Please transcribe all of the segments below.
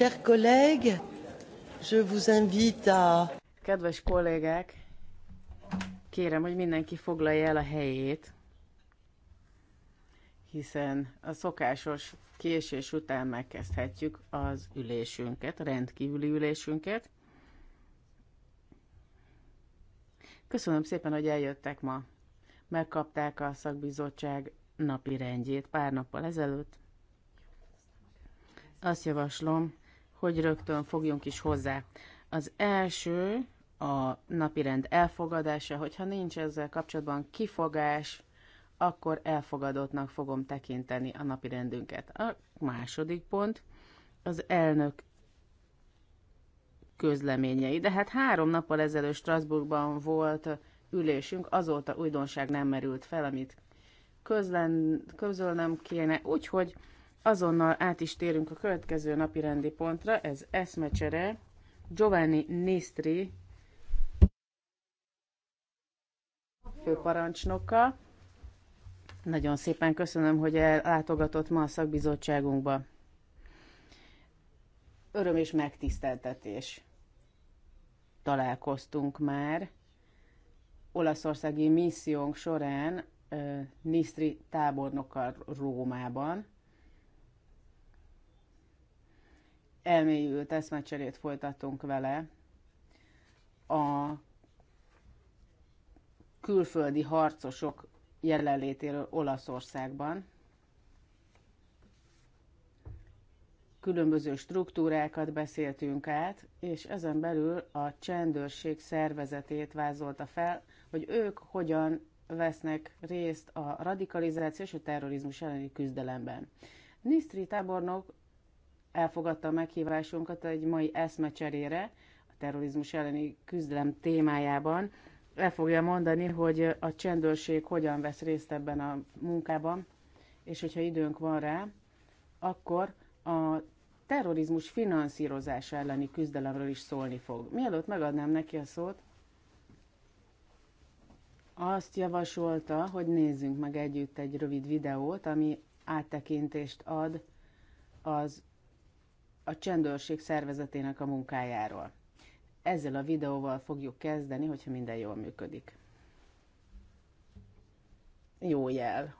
Chers collègues, je vous invite à... Kedves kollégák, kérem, hogy mindenki foglalja el a helyét, hiszen a szokásos késés után megkezdhetjük az ülésünket, a rendkívüli ülésünket. Köszönöm szépen, hogy eljöttek ma. Megkapták a szakbizottság napi rendjét pár nappal ezelőtt. Azt javaslom, hogy rögtön fogjunk is hozzá. Az első a napirend elfogadása, hogyha nincs ezzel kapcsolatban kifogás, akkor elfogadottnak fogom tekinteni a napirendünket. A második pont az elnök közleményei. De hát három nappal ezelőtt Strasbourgban volt ülésünk, azóta újdonság nem merült fel, amit közlen, közölnem kéne, úgyhogy Azonnal át is térünk a következő napi rendi pontra, ez eszmecsere Giovanni Nistri főparancsnoka. Nagyon szépen köszönöm, hogy ellátogatott ma a szakbizottságunkba. Öröm és megtiszteltetés. Találkoztunk már olaszországi missziónk során Nisztri tábornokkal Rómában, elmélyült eszmecserét folytattunk vele a külföldi harcosok jelenlétéről Olaszországban. Különböző struktúrákat beszéltünk át, és ezen belül a csendőrség szervezetét vázolta fel, hogy ők hogyan vesznek részt a radikalizáció és a terrorizmus elleni küzdelemben. Nisztri tábornok elfogadta a meghívásunkat egy mai eszmecserére a terrorizmus elleni küzdelem témájában. El fogja mondani, hogy a csendőrség hogyan vesz részt ebben a munkában, és hogyha időnk van rá, akkor a terrorizmus finanszírozása elleni küzdelemről is szólni fog. Mielőtt megadnám neki a szót, azt javasolta, hogy nézzünk meg együtt egy rövid videót, ami áttekintést ad az a csendőrség szervezetének a munkájáról. Ezzel a videóval fogjuk kezdeni, hogyha minden jól működik. Jó jel,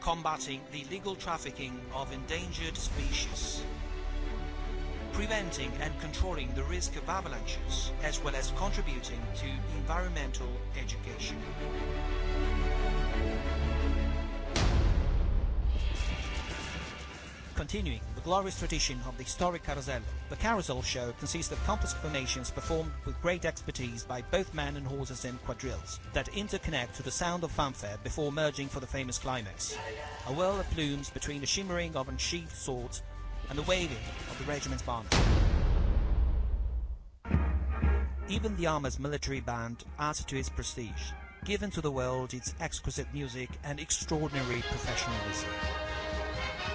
combating the illegal trafficking of endangered species, preventing and controlling the risk of avalanches, as well as contributing to environmental education. Continuing the glorious tradition of the historic carousel, the carousel show consists of complex combinations performed with great expertise by both men and horses in quadrilles, that interconnect to the sound of fanfare before merging for the famous climax. A whirl of plumes between the shimmering of unsheathed swords and the waving of the regiment's banner. Even the armor's military band adds to its prestige, giving to the world its exquisite music and extraordinary professionalism.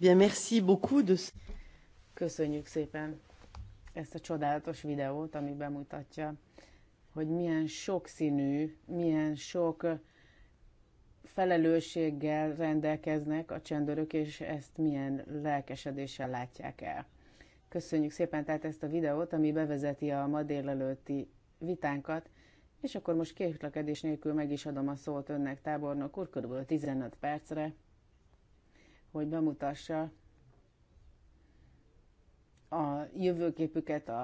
Bien, merci beaucoup de... Köszönjük szépen ezt a csodálatos videót, ami bemutatja, hogy milyen sokszínű, milyen sok felelősséggel rendelkeznek a csendőrök, és ezt milyen lelkesedéssel látják el. Köszönjük szépen tehát ezt a videót, ami bevezeti a ma délelőtti vitánkat, és akkor most késlekedés nélkül meg is adom a szót önnek, tábornok úr, kb. 15 percre, hogy bemutassa a jövőképüket, a,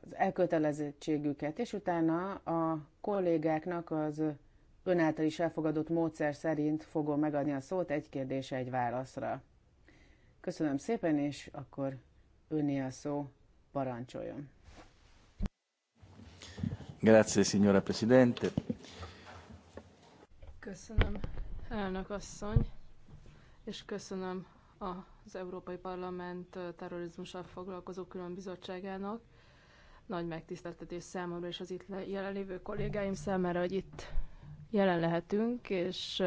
az elkötelezettségüket, és utána a kollégáknak az ön által is elfogadott módszer szerint fogom megadni a szót egy kérdése, egy válaszra. Köszönöm szépen, és akkor öné a szó, parancsoljon. Grazie, signora Presidente. Köszönöm, elnök asszony és köszönöm az Európai Parlament terrorizmussal foglalkozó külön bizottságának. Nagy megtiszteltetés számomra és az itt jelenlévő kollégáim számára, hogy itt jelen lehetünk, és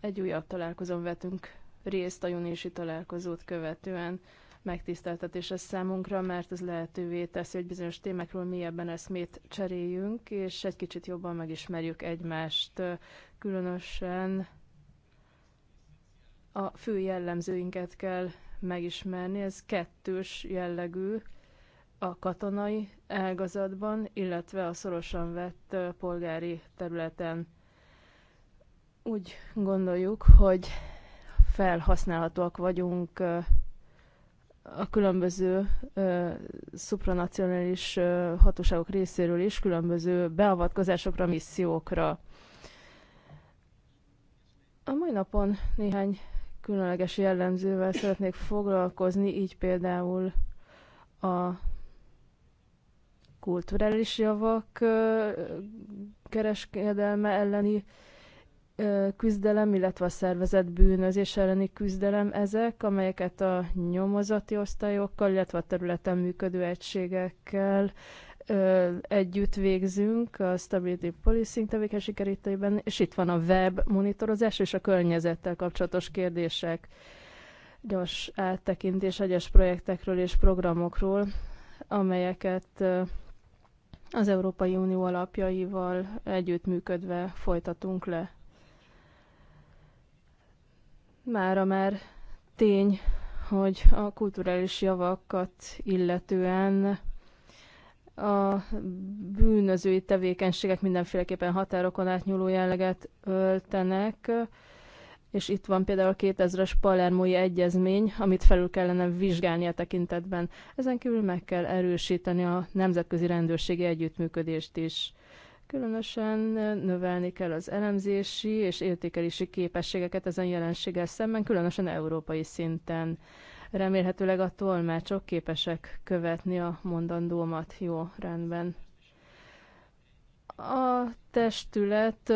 egy újabb találkozón vetünk részt a júniusi találkozót követően megtiszteltetés ez számunkra, mert ez lehetővé teszi, hogy bizonyos témákról mélyebben eszmét cseréljünk, és egy kicsit jobban megismerjük egymást, különösen a fő jellemzőinket kell megismerni. Ez kettős jellegű a katonai ágazatban, illetve a szorosan vett polgári területen. Úgy gondoljuk, hogy felhasználhatóak vagyunk a különböző uh, szupranacionális uh, hatóságok részéről is különböző beavatkozásokra, missziókra. A mai napon néhány különleges jellemzővel szeretnék foglalkozni, így például a kulturális javak kereskedelme elleni küzdelem, illetve a szervezett bűnözés elleni küzdelem ezek, amelyeket a nyomozati osztályokkal, illetve a területen működő egységekkel együtt végzünk a Stability Policing tevékenység keretében, és itt van a web monitorozás és a környezettel kapcsolatos kérdések. Gyors áttekintés egyes projektekről és programokról, amelyeket az Európai Unió alapjaival együttműködve folytatunk le. Mára már tény, hogy a kulturális javakat illetően a bűnözői tevékenységek mindenféleképpen határokon átnyúló jelleget öltenek, és itt van például a 2000-es Palermói Egyezmény, amit felül kellene vizsgálni a tekintetben. Ezen kívül meg kell erősíteni a nemzetközi rendőrségi együttműködést is. Különösen növelni kell az elemzési és értékelési képességeket ezen jelenséggel szemben, különösen európai szinten. Remélhetőleg a tolmácsok képesek követni a mondandómat. Jó, rendben. A testület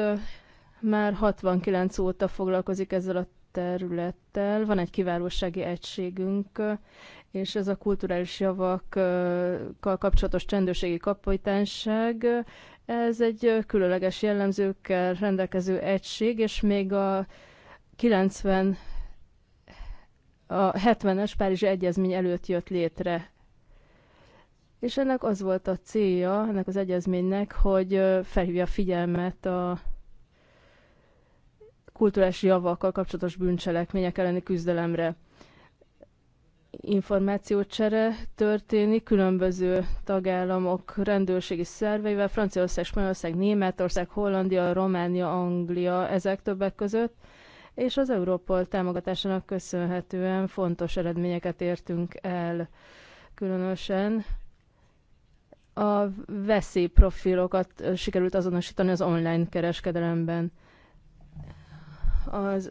már 69 óta foglalkozik ezzel a területtel. Van egy kiválósági egységünk, és ez a kulturális javakkal kapcsolatos csendőségi kapitányság, ez egy különleges jellemzőkkel rendelkező egység, és még a 90 a 70-es Párizsi Egyezmény előtt jött létre. És ennek az volt a célja, ennek az egyezménynek, hogy felhívja a figyelmet a kulturális javakkal kapcsolatos bűncselekmények elleni küzdelemre. Információcsere történik különböző tagállamok rendőrségi szerveivel, Franciaország, Spanyolország, Németország, Hollandia, Románia, Anglia, ezek többek között – és az Európol támogatásának köszönhetően fontos eredményeket értünk el, különösen a veszélyprofilokat sikerült azonosítani az online kereskedelemben. Az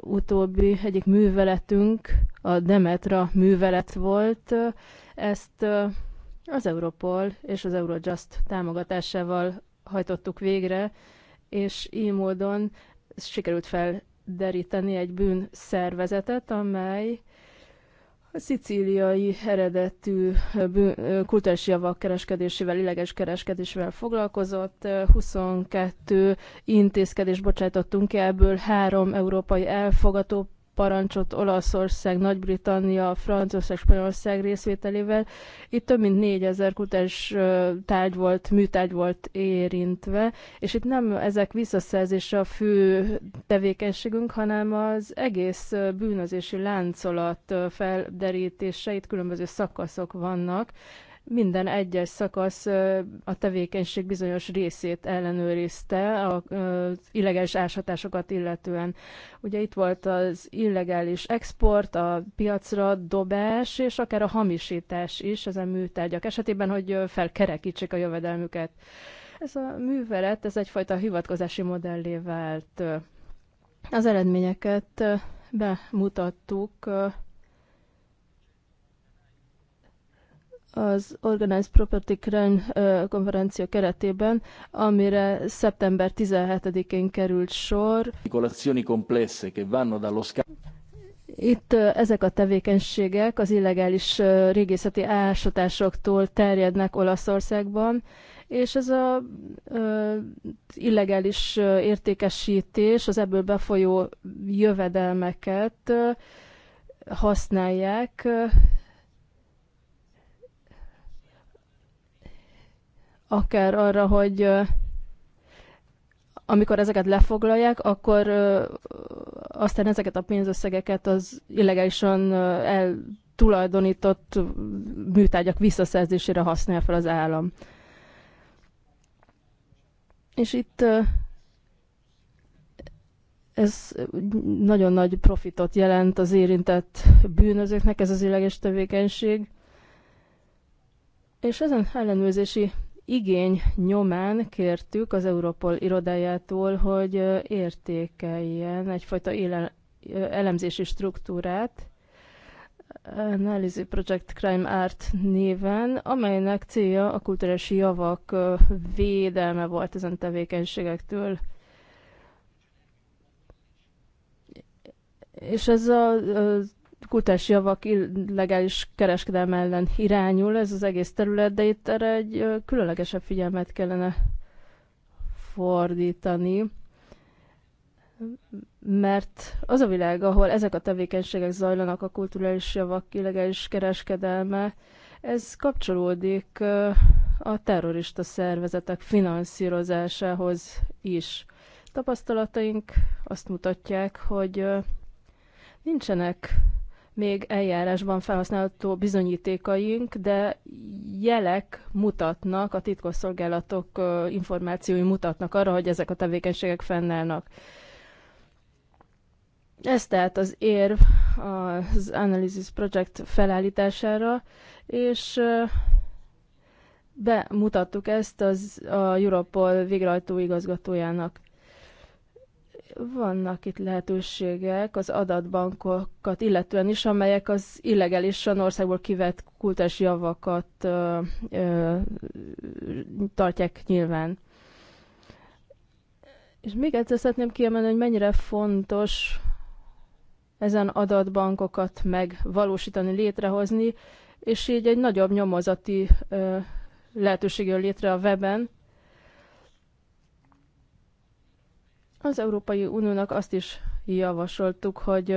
utóbbi egyik műveletünk a Demetra művelet volt. Ezt az Europol és az Eurojust támogatásával hajtottuk végre, és így módon sikerült fel deríteni egy szervezetet, amely a szicíliai eredetű kultúrás javak kereskedésével, illeges kereskedésével foglalkozott. 22 intézkedést bocsájtottunk ki, ebből három európai elfogató parancsot Olaszország, Nagy-Britannia, Franciaország, Spanyolország részvételével. Itt több mint 4000 kutás tárgy volt, műtárgy volt érintve, és itt nem ezek visszaszerzése a fő tevékenységünk, hanem az egész bűnözési láncolat felderítéseit különböző szakaszok vannak, minden egyes szakasz a tevékenység bizonyos részét ellenőrizte az illegális áshatásokat illetően. Ugye itt volt az illegális export, a piacra dobás, és akár a hamisítás is ezen műtárgyak esetében, hogy felkerekítsék a jövedelmüket. Ez a művelet, ez egyfajta hivatkozási modellé vált. Az eredményeket bemutattuk az Organized Property Crime konferencia keretében, amire szeptember 17-én került sor. Itt ezek a tevékenységek az illegális régészeti ásatásoktól terjednek Olaszországban, és ez a illegális értékesítés, az ebből befolyó jövedelmeket használják akár arra, hogy amikor ezeket lefoglalják, akkor aztán ezeket a pénzösszegeket az illegálisan eltulajdonított műtárgyak visszaszerzésére használ fel az állam. És itt ez nagyon nagy profitot jelent az érintett bűnözőknek, ez az illeges tevékenység. És ezen ellenőrzési igény nyomán kértük az Europol irodájától, hogy értékeljen egyfajta éle, elemzési struktúrát, Analysis Project Crime Art néven, amelynek célja a kulturális javak védelme volt ezen tevékenységektől. És ez a, az kutás javak illegális kereskedelme ellen irányul ez az egész terület, de itt erre egy különlegesebb figyelmet kellene fordítani, mert az a világ, ahol ezek a tevékenységek zajlanak, a kulturális javak illegális kereskedelme, ez kapcsolódik a terrorista szervezetek finanszírozásához is. Tapasztalataink azt mutatják, hogy nincsenek még eljárásban felhasználható bizonyítékaink, de jelek mutatnak, a titkosszolgálatok információi mutatnak arra, hogy ezek a tevékenységek fennállnak. Ez tehát az érv az Analysis Project felállítására, és bemutattuk ezt az a Europol végrehajtó igazgatójának. Vannak itt lehetőségek az adatbankokat illetően is, amelyek az illegálisan országból kivett kultás javakat ö, ö, tartják nyilván. És még egyszer szeretném kiemelni, hogy mennyire fontos ezen adatbankokat megvalósítani, létrehozni, és így egy nagyobb nyomozati ö, lehetőség jön létre a weben, Az Európai Uniónak azt is javasoltuk, hogy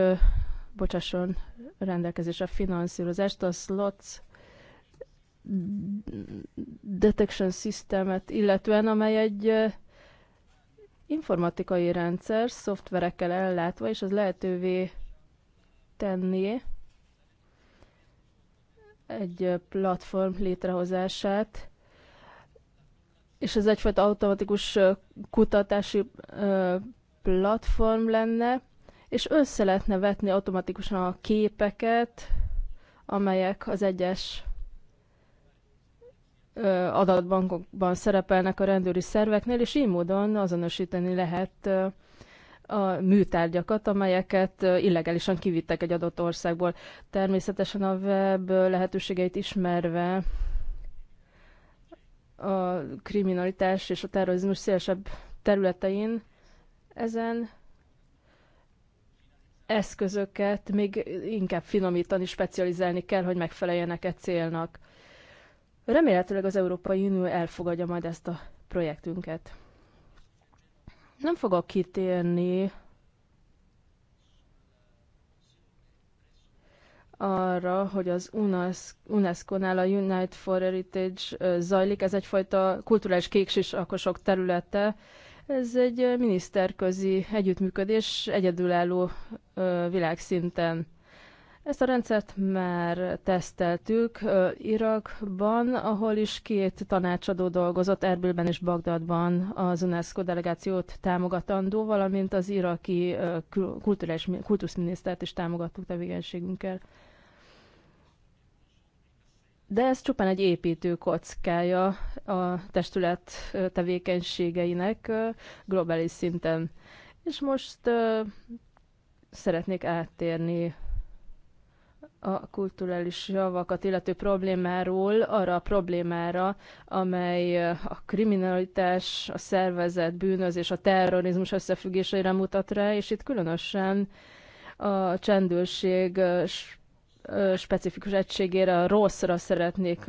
bocsásson rendelkezésre finanszírozást, a slots detection systemet, illetően amely egy informatikai rendszer szoftverekkel ellátva, és az lehetővé tenni egy platform létrehozását, és ez egyfajta automatikus kutatási platform lenne, és össze lehetne vetni automatikusan a képeket, amelyek az egyes adatbankokban szerepelnek a rendőri szerveknél, és így módon azonosítani lehet a műtárgyakat, amelyeket illegálisan kivittek egy adott országból. Természetesen a web lehetőségeit ismerve a kriminalitás és a terrorizmus szélesebb területein ezen eszközöket még inkább finomítani, specializálni kell, hogy megfeleljenek e célnak. Remélhetőleg az Európai Unió elfogadja majd ezt a projektünket. Nem fogok kitérni arra, hogy az UNESCO-nál a Unite for Heritage zajlik. Ez egyfajta kulturális kéksisakosok területe. Ez egy miniszterközi együttműködés egyedülálló világszinten. Ezt a rendszert már teszteltük Irakban, ahol is két tanácsadó dolgozott, Erbilben és Bagdadban az UNESCO delegációt támogatandó, valamint az iraki kulturális, kultuszminisztert is támogattuk tevékenységünkkel de ez csupán egy építő kockája a testület tevékenységeinek globális szinten. És most szeretnék áttérni a kulturális javakat illető problémáról arra a problémára, amely a kriminalitás, a szervezet, bűnözés, a terrorizmus összefüggéseire mutat rá, és itt különösen a csendőrség specifikus egységére, a rosszra szeretnék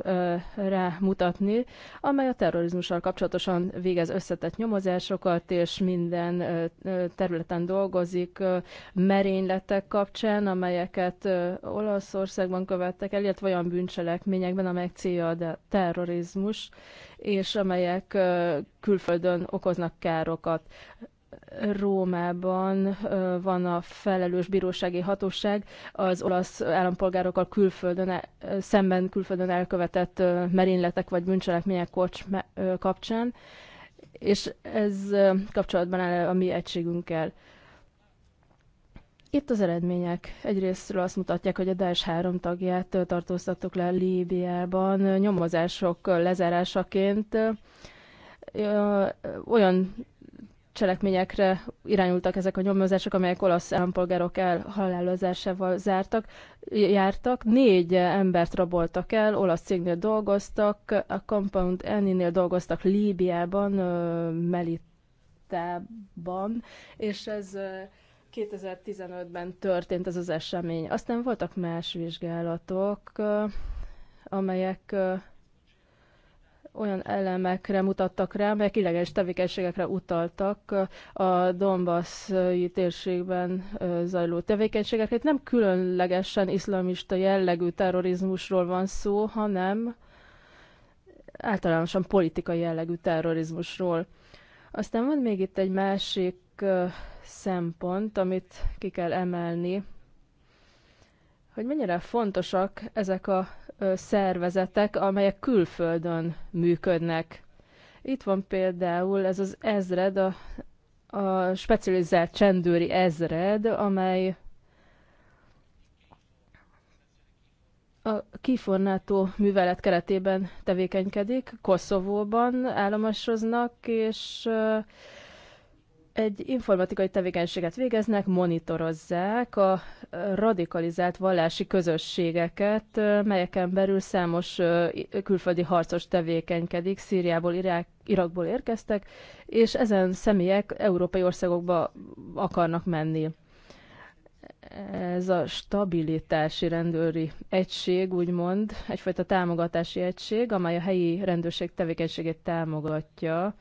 rámutatni, amely a terrorizmussal kapcsolatosan végez összetett nyomozásokat, és minden területen dolgozik merényletek kapcsán, amelyeket Olaszországban követtek el, illetve olyan bűncselekményekben, amelyek célja a terrorizmus, és amelyek külföldön okoznak károkat. Rómában van a felelős bírósági hatóság az olasz állampolgárokkal külföldön, e, szemben külföldön elkövetett merényletek vagy bűncselekmények kapcsán, és ez kapcsolatban áll a mi egységünkkel. Itt az eredmények. Egyrésztről azt mutatják, hogy a DAS három tagját tartóztattuk le Líbiában nyomozások lezárásaként. Olyan cselekményekre irányultak ezek a nyomozások, amelyek olasz állampolgárok elhalálozásával zártak, jártak. Négy embert raboltak el, olasz cégnél dolgoztak, a Compound eninél dolgoztak Líbiában, Melitában, és ez 2015-ben történt ez az esemény. Aztán voltak más vizsgálatok, amelyek olyan elemekre mutattak rá, amelyek illegális tevékenységekre utaltak a Donbassi térségben zajló tevékenységekre. Itt nem különlegesen iszlamista jellegű terrorizmusról van szó, hanem általánosan politikai jellegű terrorizmusról. Aztán van még itt egy másik szempont, amit ki kell emelni, hogy mennyire fontosak ezek a szervezetek, amelyek külföldön működnek. Itt van például ez az ezred, a, a specializált csendőri ezred, amely a kifornátó művelet keretében tevékenykedik, Koszovóban államosoznak, és egy informatikai tevékenységet végeznek, monitorozzák a radikalizált vallási közösségeket, melyeken belül számos külföldi harcos tevékenykedik, Szíriából, Irák, Irakból érkeztek, és ezen személyek európai országokba akarnak menni. Ez a stabilitási rendőri egység, úgymond, egyfajta támogatási egység, amely a helyi rendőrség tevékenységét támogatja,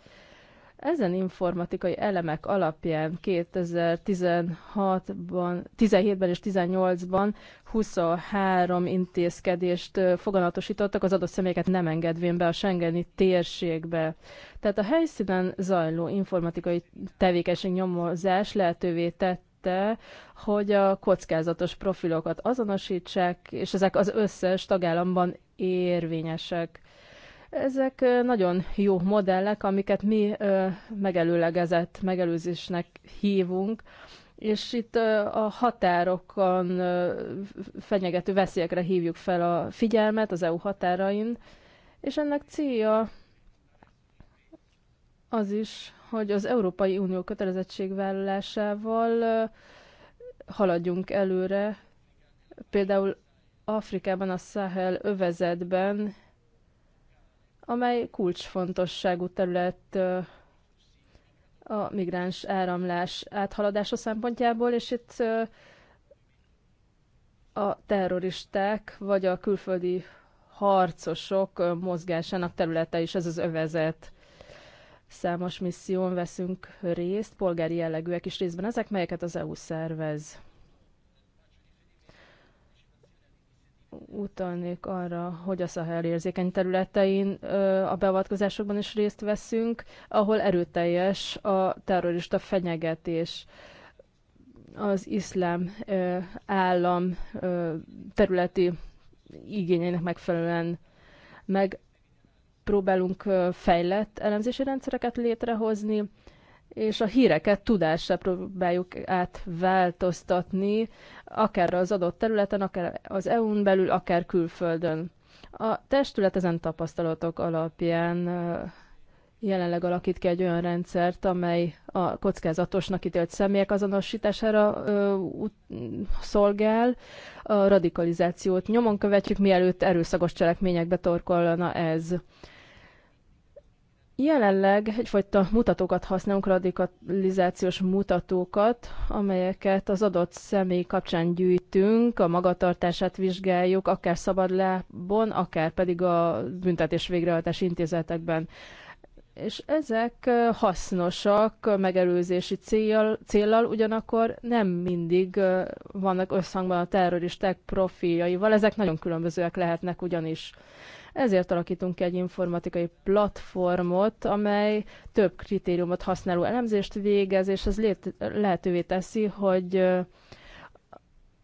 ezen informatikai elemek alapján 2016-ban, 17-ben és 18-ban 23 intézkedést foganatosítottak az adott személyeket nem engedvén be a Schengeni térségbe. Tehát a helyszínen zajló informatikai tevékenység nyomozás lehetővé tett tette, hogy a kockázatos profilokat azonosítsák, és ezek az összes tagállamban érvényesek. Ezek nagyon jó modellek, amiket mi megelőlegezett megelőzésnek hívunk, és itt a határokon fenyegető veszélyekre hívjuk fel a figyelmet az EU határain, és ennek célja az is, hogy az Európai Unió kötelezettségvállalásával haladjunk előre, például Afrikában, a Sahel övezetben amely kulcsfontosságú terület a migráns áramlás áthaladása szempontjából, és itt a terroristák vagy a külföldi harcosok mozgásának területe is ez az övezet. Számos misszión veszünk részt, polgári jellegűek is részben ezek, melyeket az EU szervez. utalnék arra, hogy a Szahel érzékeny területein a beavatkozásokban is részt veszünk, ahol erőteljes a terrorista fenyegetés az iszlám állam területi igényeinek megfelelően meg próbálunk fejlett elemzési rendszereket létrehozni, és a híreket tudásra próbáljuk átváltoztatni, akár az adott területen, akár az EU-n belül, akár külföldön. A testület ezen tapasztalatok alapján jelenleg alakít ki egy olyan rendszert, amely a kockázatosnak ítélt személyek azonosítására szolgál. A radikalizációt nyomon követjük, mielőtt erőszakos cselekményekbe torkolna ez. Jelenleg egyfajta mutatókat használunk, radikalizációs mutatókat, amelyeket az adott személy kapcsán gyűjtünk, a magatartását vizsgáljuk, akár szabadlábon, akár pedig a büntetés végrehajtás intézetekben. És ezek hasznosak megelőzési cél, céllal, ugyanakkor nem mindig vannak összhangban a terroristák profiljaival, ezek nagyon különbözőek lehetnek ugyanis. Ezért alakítunk egy informatikai platformot, amely több kritériumot használó elemzést végez, és ez lehetővé teszi, hogy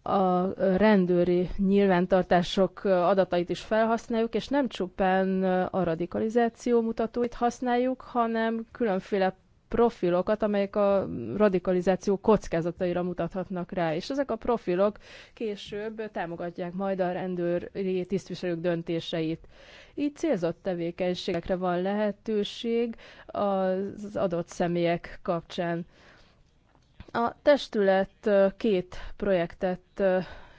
a rendőri nyilvántartások adatait is felhasználjuk, és nem csupán a radikalizáció mutatóit használjuk, hanem különféle profilokat, amelyek a radikalizáció kockázataira mutathatnak rá, és ezek a profilok később támogatják majd a rendőri tisztviselők döntéseit. Így célzott tevékenységekre van lehetőség az adott személyek kapcsán. A testület két projektet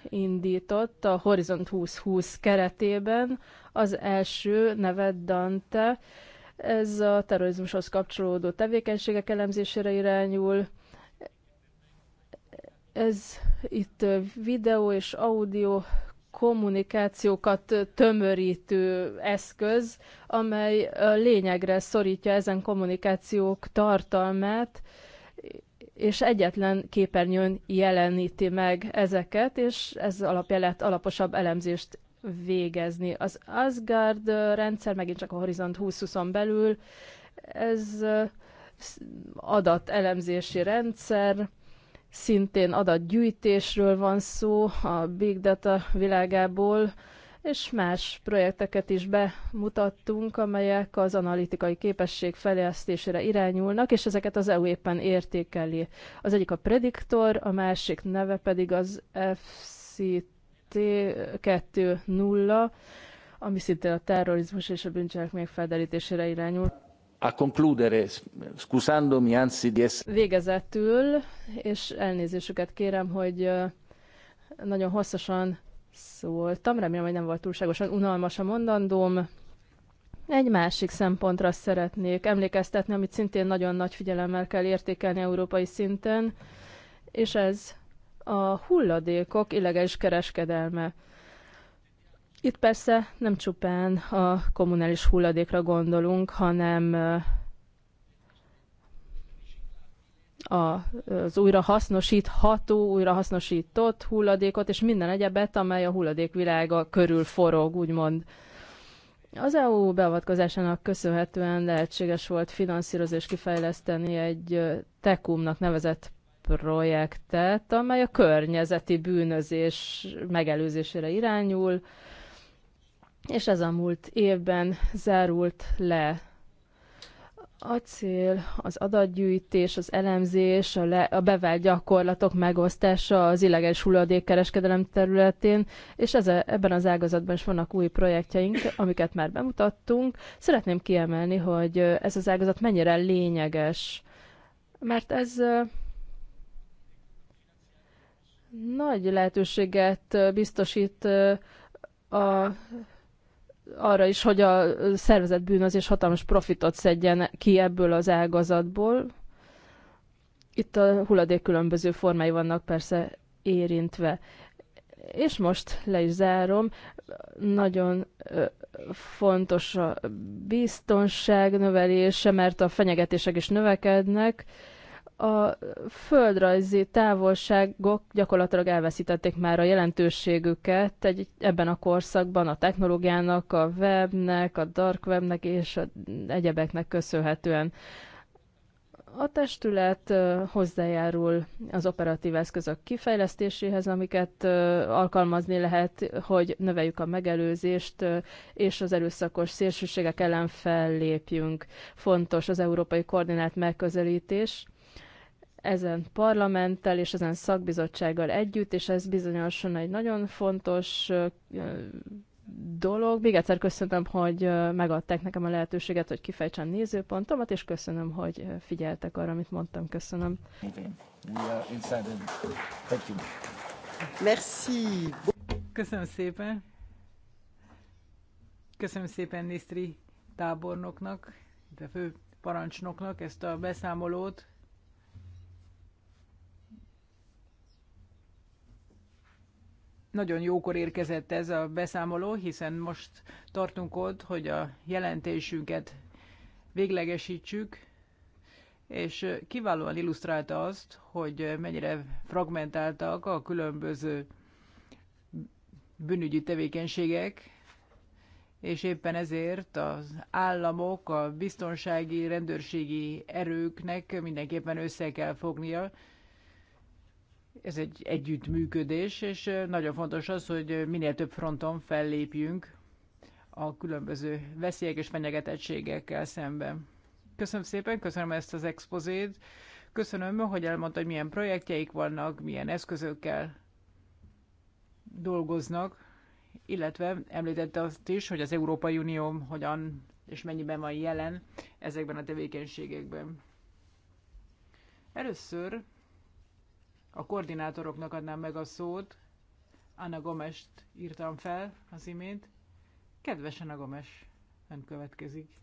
indított a Horizont 2020 keretében. Az első neve Dante, ez a terrorizmushoz kapcsolódó tevékenységek elemzésére irányul. Ez itt videó és audio kommunikációkat tömörítő eszköz, amely lényegre szorítja ezen kommunikációk tartalmát, és egyetlen képernyőn jeleníti meg ezeket, és ez alapjelet alaposabb elemzést végezni. Az Asgard rendszer, megint csak a Horizont 2020-on belül, ez adat elemzési rendszer, szintén adatgyűjtésről van szó a Big Data világából, és más projekteket is bemutattunk, amelyek az analitikai képesség fejlesztésére irányulnak, és ezeket az EU éppen értékeli. Az egyik a Predictor, a másik neve pedig az FC 2.0, ami szintén a terrorizmus és a bűncselekmények felderítésére irányul. A concludere, scusandomi anzi di essere... Végezetül, és elnézésüket kérem, hogy nagyon hosszasan szóltam, remélem, hogy nem volt túlságosan unalmas a mondandóm. Egy másik szempontra szeretnék emlékeztetni, amit szintén nagyon nagy figyelemmel kell értékelni európai szinten, és ez a hulladékok illegális kereskedelme. Itt persze nem csupán a kommunális hulladékra gondolunk, hanem az újrahasznosítható, újrahasznosított hulladékot, és minden egyebet, amely a hulladékvilága körül forog, úgymond. Az EU beavatkozásának köszönhetően lehetséges volt finanszírozni és kifejleszteni egy Tekumnak nevezett projektet, amely a környezeti bűnözés megelőzésére irányul, és ez a múlt évben zárult le. A cél az adatgyűjtés, az elemzés, a, le, a bevált gyakorlatok megosztása az illegális hulladékkereskedelem területén, és ez, ebben az ágazatban is vannak új projektjeink, amiket már bemutattunk. Szeretném kiemelni, hogy ez az ágazat mennyire lényeges, mert ez nagy lehetőséget biztosít a, arra is, hogy a szervezet bűnözés hatalmas profitot szedjen ki ebből az ágazatból. Itt a hulladék különböző formái vannak persze érintve. És most le is zárom. Nagyon fontos a biztonság növelése, mert a fenyegetések is növekednek a földrajzi távolságok gyakorlatilag elveszítették már a jelentőségüket egy, ebben a korszakban a technológiának, a webnek, a dark webnek és a egyebeknek köszönhetően. A testület hozzájárul az operatív eszközök kifejlesztéséhez, amiket alkalmazni lehet, hogy növeljük a megelőzést, és az erőszakos szélsőségek ellen fellépjünk. Fontos az európai koordinált megközelítés ezen parlamenttel és ezen szakbizottsággal együtt, és ez bizonyosan egy nagyon fontos dolog. Még egyszer köszönöm, hogy megadták nekem a lehetőséget, hogy kifejtsen nézőpontomat, és köszönöm, hogy figyeltek arra, amit mondtam. Köszönöm. Merci. Köszönöm szépen. Köszönöm szépen Nisztri tábornoknak, de fő parancsnoknak ezt a beszámolót. nagyon jókor érkezett ez a beszámoló, hiszen most tartunk ott, hogy a jelentésünket véglegesítsük, és kiválóan illusztrálta azt, hogy mennyire fragmentáltak a különböző bűnügyi tevékenységek, és éppen ezért az államok, a biztonsági, rendőrségi erőknek mindenképpen össze kell fognia, ez egy együttműködés, és nagyon fontos az, hogy minél több fronton fellépjünk a különböző veszélyek és fenyegetettségekkel szemben. Köszönöm szépen, köszönöm ezt az expozét, köszönöm, hogy elmondta, hogy milyen projektjeik vannak, milyen eszközökkel dolgoznak, illetve említette azt is, hogy az Európai Unió hogyan és mennyiben van jelen ezekben a tevékenységekben. Először a koordinátoroknak adnám meg a szót. Anna Gomest írtam fel az imént. Kedves Anna Gomes, ön következik.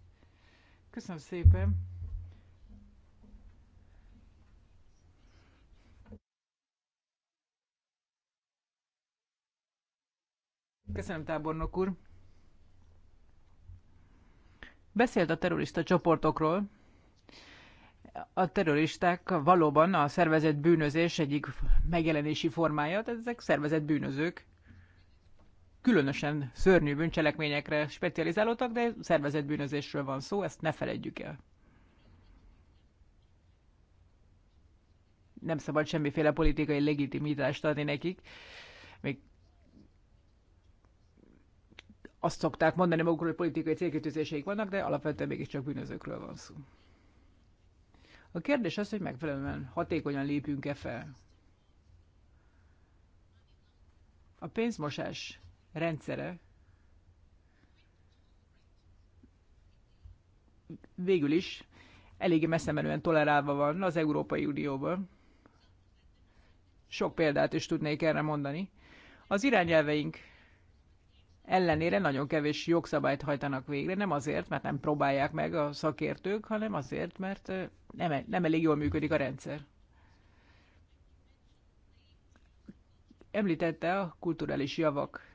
Köszönöm szépen. Köszönöm, tábornok úr. Beszélt a terrorista csoportokról, a terroristák valóban a szervezett bűnözés egyik megjelenési formája, tehát ezek szervezett bűnözők, különösen szörnyű bűncselekményekre specializálódtak, de szervezett bűnözésről van szó, ezt ne feledjük el. Nem szabad semmiféle politikai legitimitást adni nekik. Még azt szokták mondani magukról, hogy politikai célkötőzéseik vannak, de alapvetően mégiscsak bűnözőkről van szó. A kérdés az, hogy megfelelően hatékonyan lépünk-e fel. A pénzmosás rendszere végül is eléggé messze menően tolerálva van az Európai Unióban. Sok példát is tudnék erre mondani. Az irányelveink ellenére nagyon kevés jogszabályt hajtanak végre, nem azért, mert nem próbálják meg a szakértők, hanem azért, mert nem, e- nem elég jól működik a rendszer. Említette a kulturális javak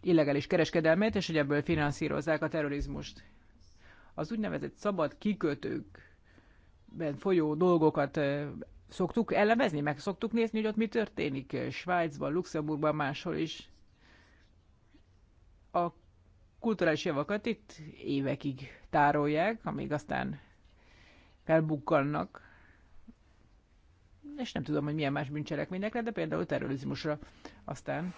illegális kereskedelmét, és hogy ebből finanszírozzák a terrorizmust. Az úgynevezett szabad kikötőkben folyó dolgokat szoktuk elemezni, meg szoktuk nézni, hogy ott mi történik Svájcban, Luxemburgban, máshol is a kulturális javakat itt évekig tárolják, amíg aztán felbukkannak. És nem tudom, hogy milyen más bűncselekményekre, de például terrorizmusra aztán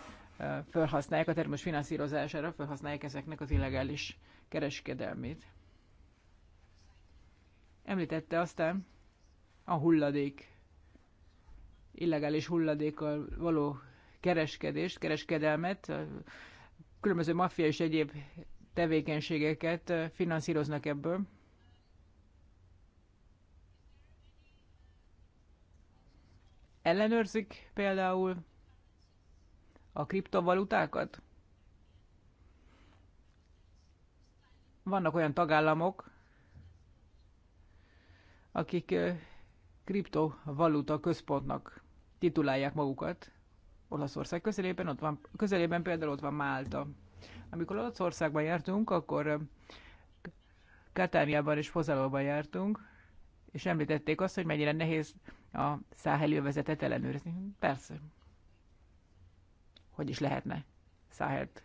felhasználják, a termés finanszírozására felhasználják ezeknek az illegális kereskedelmét. Említette aztán a hulladék, illegális hulladékkal való kereskedést, kereskedelmet, különböző maffia és egyéb tevékenységeket eh, finanszíroznak ebből. Ellenőrzik például a kriptovalutákat? Vannak olyan tagállamok, akik eh, kriptovaluta központnak titulálják magukat. Olaszország közelében, ott van, közelében például ott van Málta. Amikor Olaszországban jártunk, akkor Katániában és Pozalóban jártunk, és említették azt, hogy mennyire nehéz a száhelővezetet ellenőrizni. Persze. Hogy is lehetne száhelt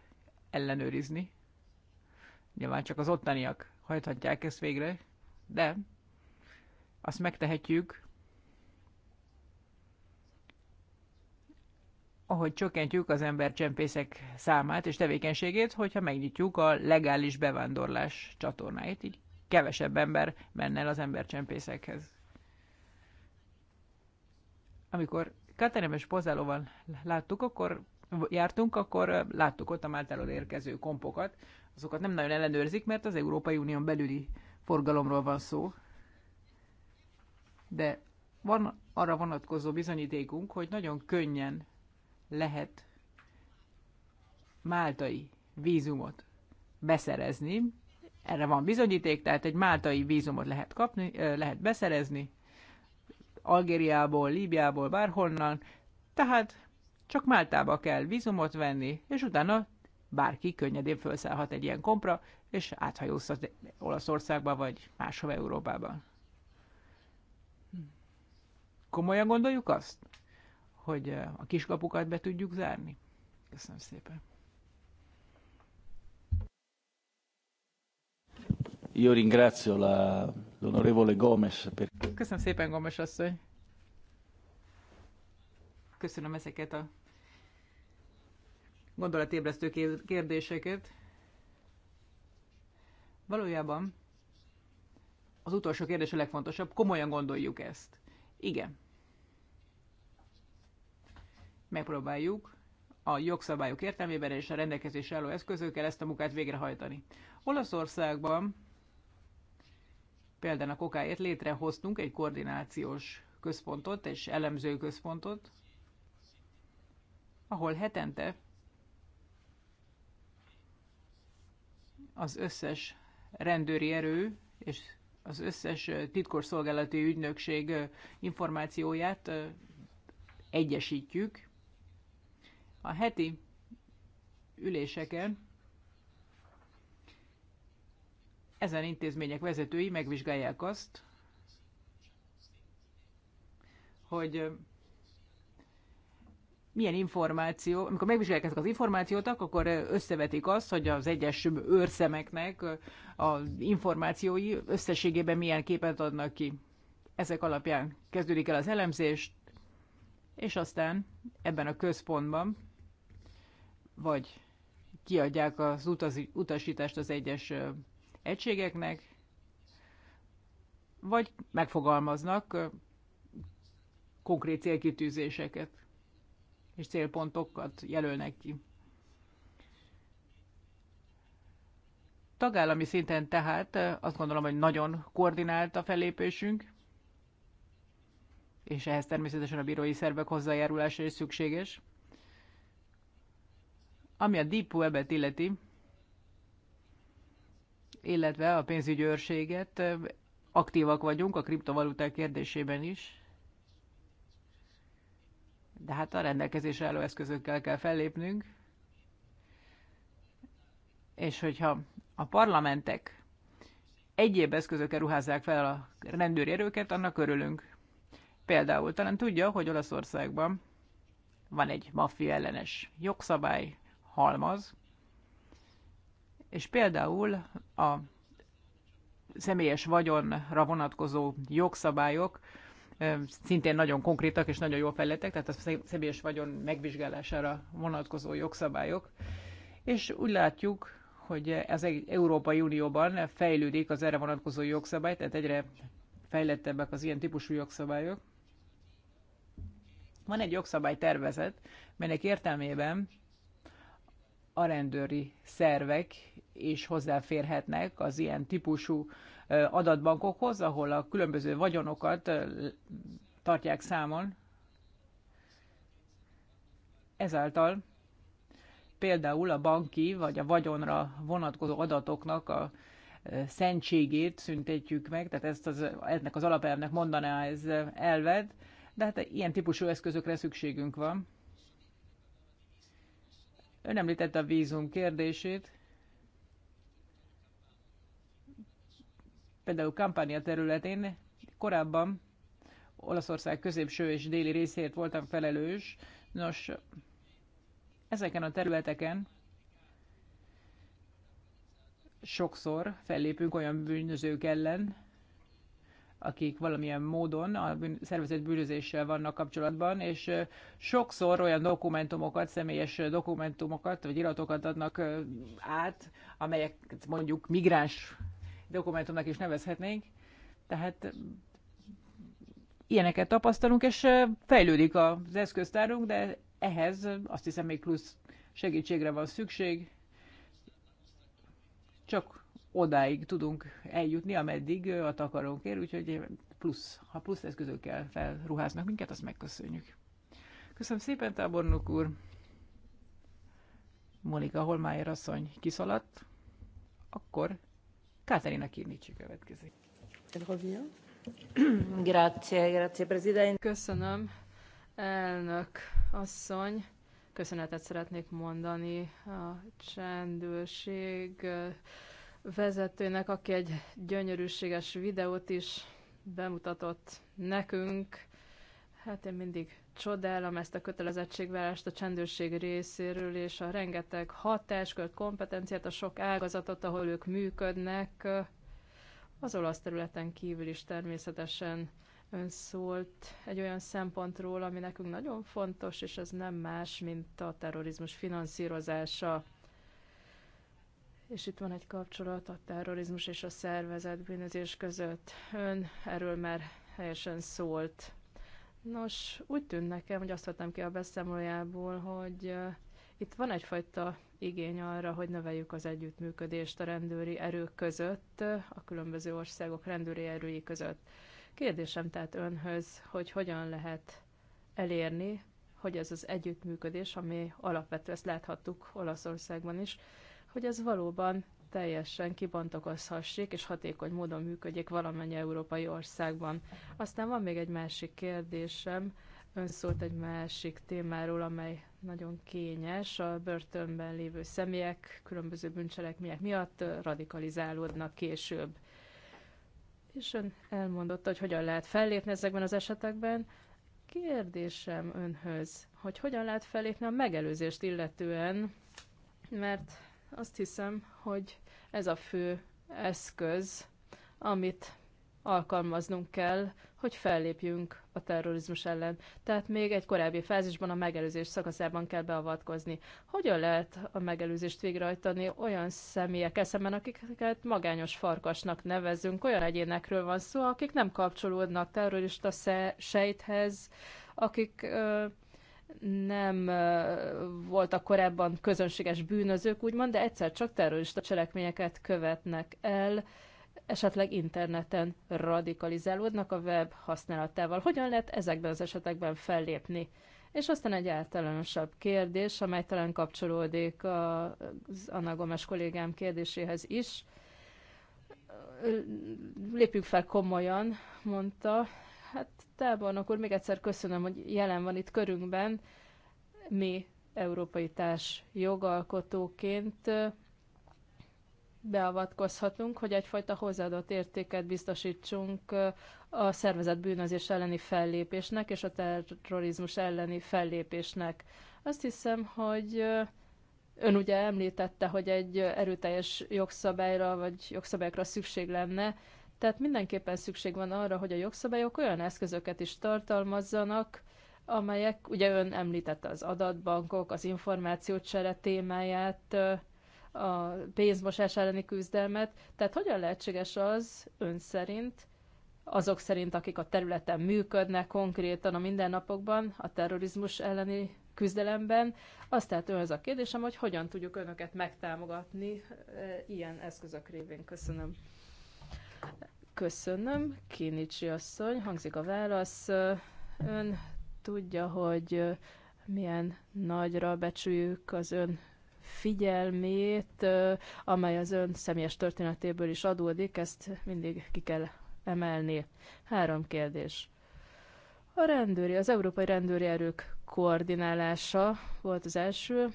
ellenőrizni? Nyilván csak az ottaniak hajthatják ezt végre, de azt megtehetjük ahogy csökkentjük az csempészek számát és tevékenységét, hogyha megnyitjuk a legális bevándorlás csatornáit, így kevesebb ember menne el az csempészekhez. Amikor Katerinemes Pozálóval láttuk, akkor jártunk, akkor láttuk ott a Máltáról érkező kompokat. Azokat nem nagyon ellenőrzik, mert az Európai Unión belüli forgalomról van szó. De van arra vonatkozó bizonyítékunk, hogy nagyon könnyen lehet máltai vízumot beszerezni, erre van bizonyíték, tehát egy máltai vízumot lehet kapni, lehet beszerezni, Algériából, Líbiából, bárhonnan, tehát csak Máltába kell vízumot venni, és utána bárki könnyedén felszállhat egy ilyen kompra, és áthajózhat Olaszországba, vagy máshova Európába. Komolyan gondoljuk azt, hogy eh, a kiskapukat be tudjuk zárni? Köszönöm szépen. Io ringrazio la, l'onorevole Gomes. Per... Köszönöm szépen, Gomes asszony. Köszönöm ezeket a gondolatébresztő kérdéseket. Valójában az utolsó kérdés a legfontosabb. Komolyan gondoljuk ezt. Igen megpróbáljuk a jogszabályok értelmében és a rendelkezésre álló eszközökkel ezt a munkát végrehajtani. Olaszországban például a kokáért létrehoztunk egy koordinációs központot, és elemző központot, ahol hetente az összes rendőri erő és az összes titkosszolgálati ügynökség információját egyesítjük, a heti üléseken ezen intézmények vezetői megvizsgálják azt, hogy milyen információ, amikor megvizsgálják ezek az információt, akkor összevetik azt, hogy az egyes őrszemeknek az információi összességében milyen képet adnak ki. Ezek alapján kezdődik el az elemzés, és aztán ebben a központban vagy kiadják az utazi, utasítást az egyes egységeknek, vagy megfogalmaznak konkrét célkitűzéseket és célpontokat jelölnek ki. Tagállami szinten tehát azt gondolom, hogy nagyon koordinált a fellépésünk, és ehhez természetesen a bírói szervek hozzájárulása is szükséges. Ami a Deep Web-et illeti, illetve a pénzügyi őrséget, aktívak vagyunk a kriptovaluták kérdésében is, de hát a rendelkezésre álló eszközökkel kell fellépnünk, és hogyha a parlamentek egyéb eszközökkel ruházzák fel a rendőri erőket, annak örülünk. Például talán tudja, hogy Olaszországban van egy maffia ellenes jogszabály, halmaz, és például a személyes vagyonra vonatkozó jogszabályok szintén nagyon konkrétak és nagyon jól fejlettek, tehát a személyes vagyon megvizsgálására vonatkozó jogszabályok. És úgy látjuk, hogy az Európai Unióban fejlődik az erre vonatkozó jogszabály, tehát egyre fejlettebbek az ilyen típusú jogszabályok. Van egy jogszabálytervezet, melynek értelmében a rendőri szervek is hozzáférhetnek az ilyen típusú adatbankokhoz, ahol a különböző vagyonokat tartják számon. Ezáltal például a banki vagy a vagyonra vonatkozó adatoknak a szentségét szüntetjük meg, tehát ezt az, ennek az alapelvnek mondaná ez elved, de hát ilyen típusú eszközökre szükségünk van. Ön említette a vízum kérdését. Például Kampánia területén korábban Olaszország középső és déli részért voltam felelős. Nos, ezeken a területeken sokszor fellépünk olyan bűnözők ellen, akik valamilyen módon a szervezett bűnözéssel vannak kapcsolatban, és sokszor olyan dokumentumokat, személyes dokumentumokat vagy iratokat adnak át, amelyeket mondjuk migráns dokumentumnak is nevezhetnénk. Tehát ilyeneket tapasztalunk, és fejlődik az eszköztárunk, de ehhez azt hiszem még plusz segítségre van szükség. Csak odáig tudunk eljutni, ameddig a takarónk ér, úgyhogy plusz, ha plusz eszközökkel felruháznak minket, azt megköszönjük. Köszönöm szépen, tábornok úr! Monika Holmájer asszony kiszaladt, akkor Káterina Kirnicsi következik. Grazie, grazie, president. Köszönöm, elnök asszony. Köszönetet szeretnék mondani a uh, vezetőnek, aki egy gyönyörűséges videót is bemutatott nekünk. Hát én mindig csodálom ezt a kötelezettségvállást a csendőrség részéről, és a rengeteg hatáskört, kompetenciát, a sok ágazatot, ahol ők működnek, az olasz területen kívül is természetesen ön szólt egy olyan szempontról, ami nekünk nagyon fontos, és ez nem más, mint a terrorizmus finanszírozása és itt van egy kapcsolat a terrorizmus és a szervezet bűnözés között. Ön erről már helyesen szólt. Nos, úgy tűnt nekem, hogy azt vettem ki a beszámolójából, hogy itt van egyfajta igény arra, hogy növeljük az együttműködést a rendőri erők között, a különböző országok rendőri erői között. Kérdésem tehát önhöz, hogy hogyan lehet elérni, hogy ez az együttműködés, ami alapvető, ezt láthattuk Olaszországban is, hogy ez valóban teljesen kibontakozhassék és hatékony módon működjék valamennyi európai országban. Aztán van még egy másik kérdésem, ön szólt egy másik témáról, amely nagyon kényes. A börtönben lévő személyek különböző bűncselekmények miatt radikalizálódnak később. És ön elmondotta, hogy hogyan lehet fellépni ezekben az esetekben. Kérdésem önhöz, hogy hogyan lehet fellépni a megelőzést illetően, mert azt hiszem, hogy ez a fő eszköz, amit alkalmaznunk kell, hogy fellépjünk a terrorizmus ellen. Tehát még egy korábbi fázisban a megelőzés szakaszában kell beavatkozni. Hogyan lehet a megelőzést végrehajtani olyan személyek eszemben, akiket magányos farkasnak nevezünk? Olyan egyénekről van szó, akik nem kapcsolódnak terrorista sejthez, akik ö, nem voltak korábban közönséges bűnözők, úgymond, de egyszer csak terrorista cselekményeket követnek el, esetleg interneten radikalizálódnak a web használatával. Hogyan lehet ezekben az esetekben fellépni? És aztán egy általánosabb kérdés, amely talán kapcsolódik az Anna Gomes kollégám kérdéséhez is. lépjük fel komolyan, mondta, Hát tábornok úr, még egyszer köszönöm, hogy jelen van itt körünkben. Mi európai társ jogalkotóként beavatkozhatunk, hogy egyfajta hozzáadott értéket biztosítsunk a szervezet bűnözés elleni fellépésnek és a terrorizmus elleni fellépésnek. Azt hiszem, hogy ön ugye említette, hogy egy erőteljes jogszabályra vagy jogszabályokra szükség lenne, tehát mindenképpen szükség van arra, hogy a jogszabályok olyan eszközöket is tartalmazzanak, amelyek, ugye ön említette az adatbankok, az információcsere témáját, a pénzmosás elleni küzdelmet. Tehát hogyan lehetséges az ön szerint, azok szerint, akik a területen működnek konkrétan a mindennapokban, a terrorizmus elleni küzdelemben. Azt tehát ön az a kérdésem, hogy hogyan tudjuk önöket megtámogatni ilyen eszközök révén. Köszönöm. Köszönöm, Kinicsi asszony, hangzik a válasz. Ön tudja, hogy milyen nagyra becsüljük az ön figyelmét, amely az ön személyes történetéből is adódik, ezt mindig ki kell emelni. Három kérdés. A rendőri, az európai rendőri erők koordinálása volt az első.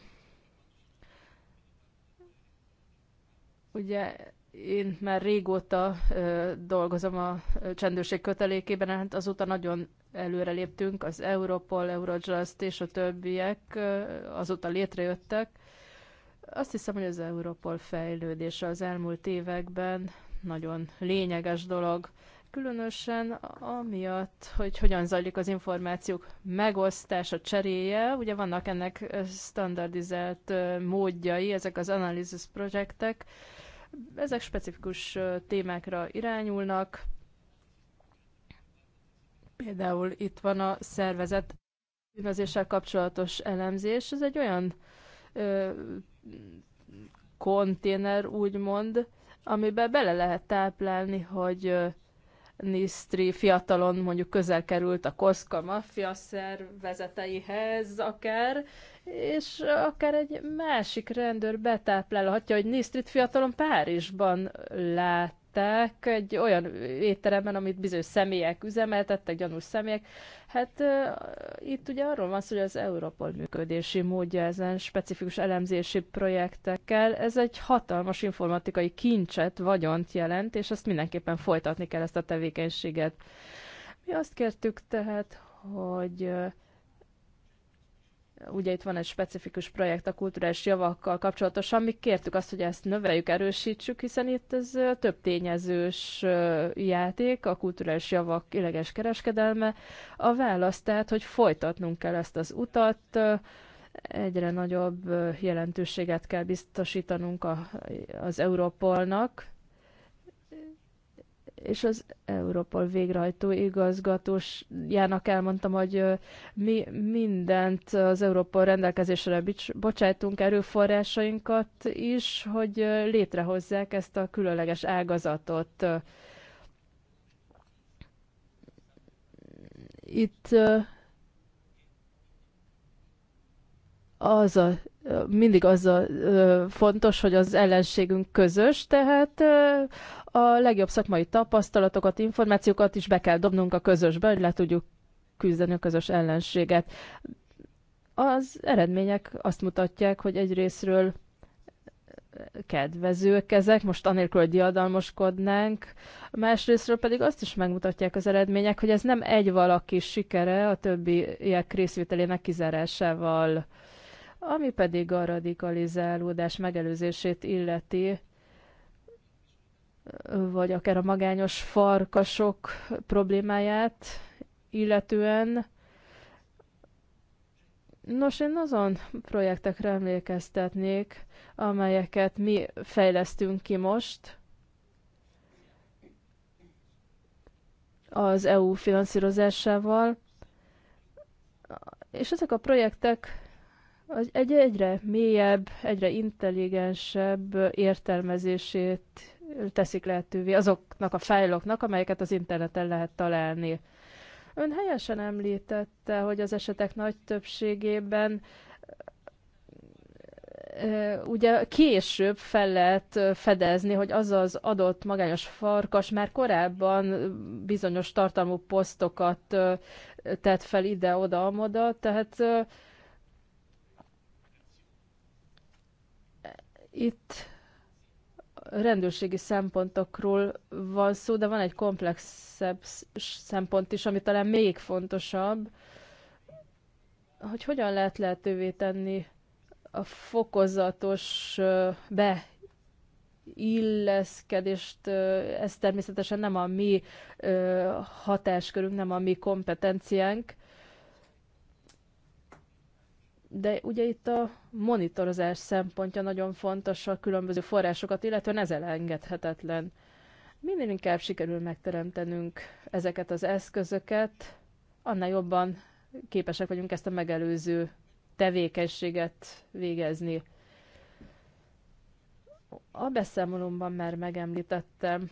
Ugye én már régóta ö, dolgozom a csendőrség kötelékében, hát azóta nagyon előreléptünk, az Europol, Eurojust és a többiek ö, azóta létrejöttek. Azt hiszem, hogy az Europol fejlődése az elmúlt években nagyon lényeges dolog, különösen amiatt, hogy hogyan zajlik az információk megosztása, cseréje. Ugye vannak ennek standardizált módjai, ezek az analysis projektek, ezek specifikus témákra irányulnak. Például itt van a szervezet bűnözéssel kapcsolatos elemzés. Ez egy olyan ö, konténer, úgymond, amiben bele lehet táplálni, hogy nisztri fiatalon mondjuk közel került a Koszka maffia szervezeteihez akár, és akár egy másik rendőr betáplálhatja, hogy Nisztrit fiatalon Párizsban lát ettek egy olyan étteremben, amit bizonyos személyek üzemeltettek, gyanús személyek. Hát uh, itt ugye arról van szó, hogy az Európol működési módja ezen specifikus elemzési projektekkel, ez egy hatalmas informatikai kincset, vagyont jelent, és ezt mindenképpen folytatni kell ezt a tevékenységet. Mi azt kértük tehát, hogy uh, ugye itt van egy specifikus projekt a kulturális javakkal kapcsolatosan, mi kértük azt, hogy ezt növeljük, erősítsük, hiszen itt ez több tényezős játék, a kulturális javak illeges kereskedelme. A válasz tehát, hogy folytatnunk kell ezt az utat, egyre nagyobb jelentőséget kell biztosítanunk a, az Európolnak, és az Európol végrehajtó igazgatósjának elmondtam, hogy mi mindent az Európol rendelkezésre bocsájtunk, erőforrásainkat is, hogy létrehozzák ezt a különleges ágazatot. Itt az a mindig az a ö, fontos, hogy az ellenségünk közös, tehát ö, a legjobb szakmai tapasztalatokat, információkat is be kell dobnunk a közösbe, hogy le tudjuk küzdeni a közös ellenséget. Az eredmények azt mutatják, hogy egyrésztről kedvezőek ezek, most anélkül, hogy diadalmoskodnánk. Másrésztről pedig azt is megmutatják az eredmények, hogy ez nem egy valaki sikere a ilyen részvételének kizárásával, ami pedig a radikalizálódás megelőzését illeti vagy akár a magányos farkasok problémáját illetően. Nos, én azon projektekre emlékeztetnék, amelyeket mi fejlesztünk ki most az EU finanszírozásával, és ezek a projektek az egy egyre mélyebb, egyre intelligensebb értelmezését teszik lehetővé azoknak a fájloknak, amelyeket az interneten lehet találni. Ön helyesen említette, hogy az esetek nagy többségében ugye később fel lehet fedezni, hogy az az adott magányos farkas már korábban bizonyos tartalmú posztokat tett fel ide-oda-amoda, tehát itt rendőrségi szempontokról van szó, de van egy komplexebb szempont is, ami talán még fontosabb, hogy hogyan lehet lehetővé tenni a fokozatos be illeszkedést, ez természetesen nem a mi hatáskörünk, nem a mi kompetenciánk, de ugye itt a monitorozás szempontja nagyon fontos a különböző forrásokat, illetően ez elengedhetetlen. Minél inkább sikerül megteremtenünk ezeket az eszközöket, annál jobban képesek vagyunk ezt a megelőző tevékenységet végezni. A beszámolomban már megemlítettem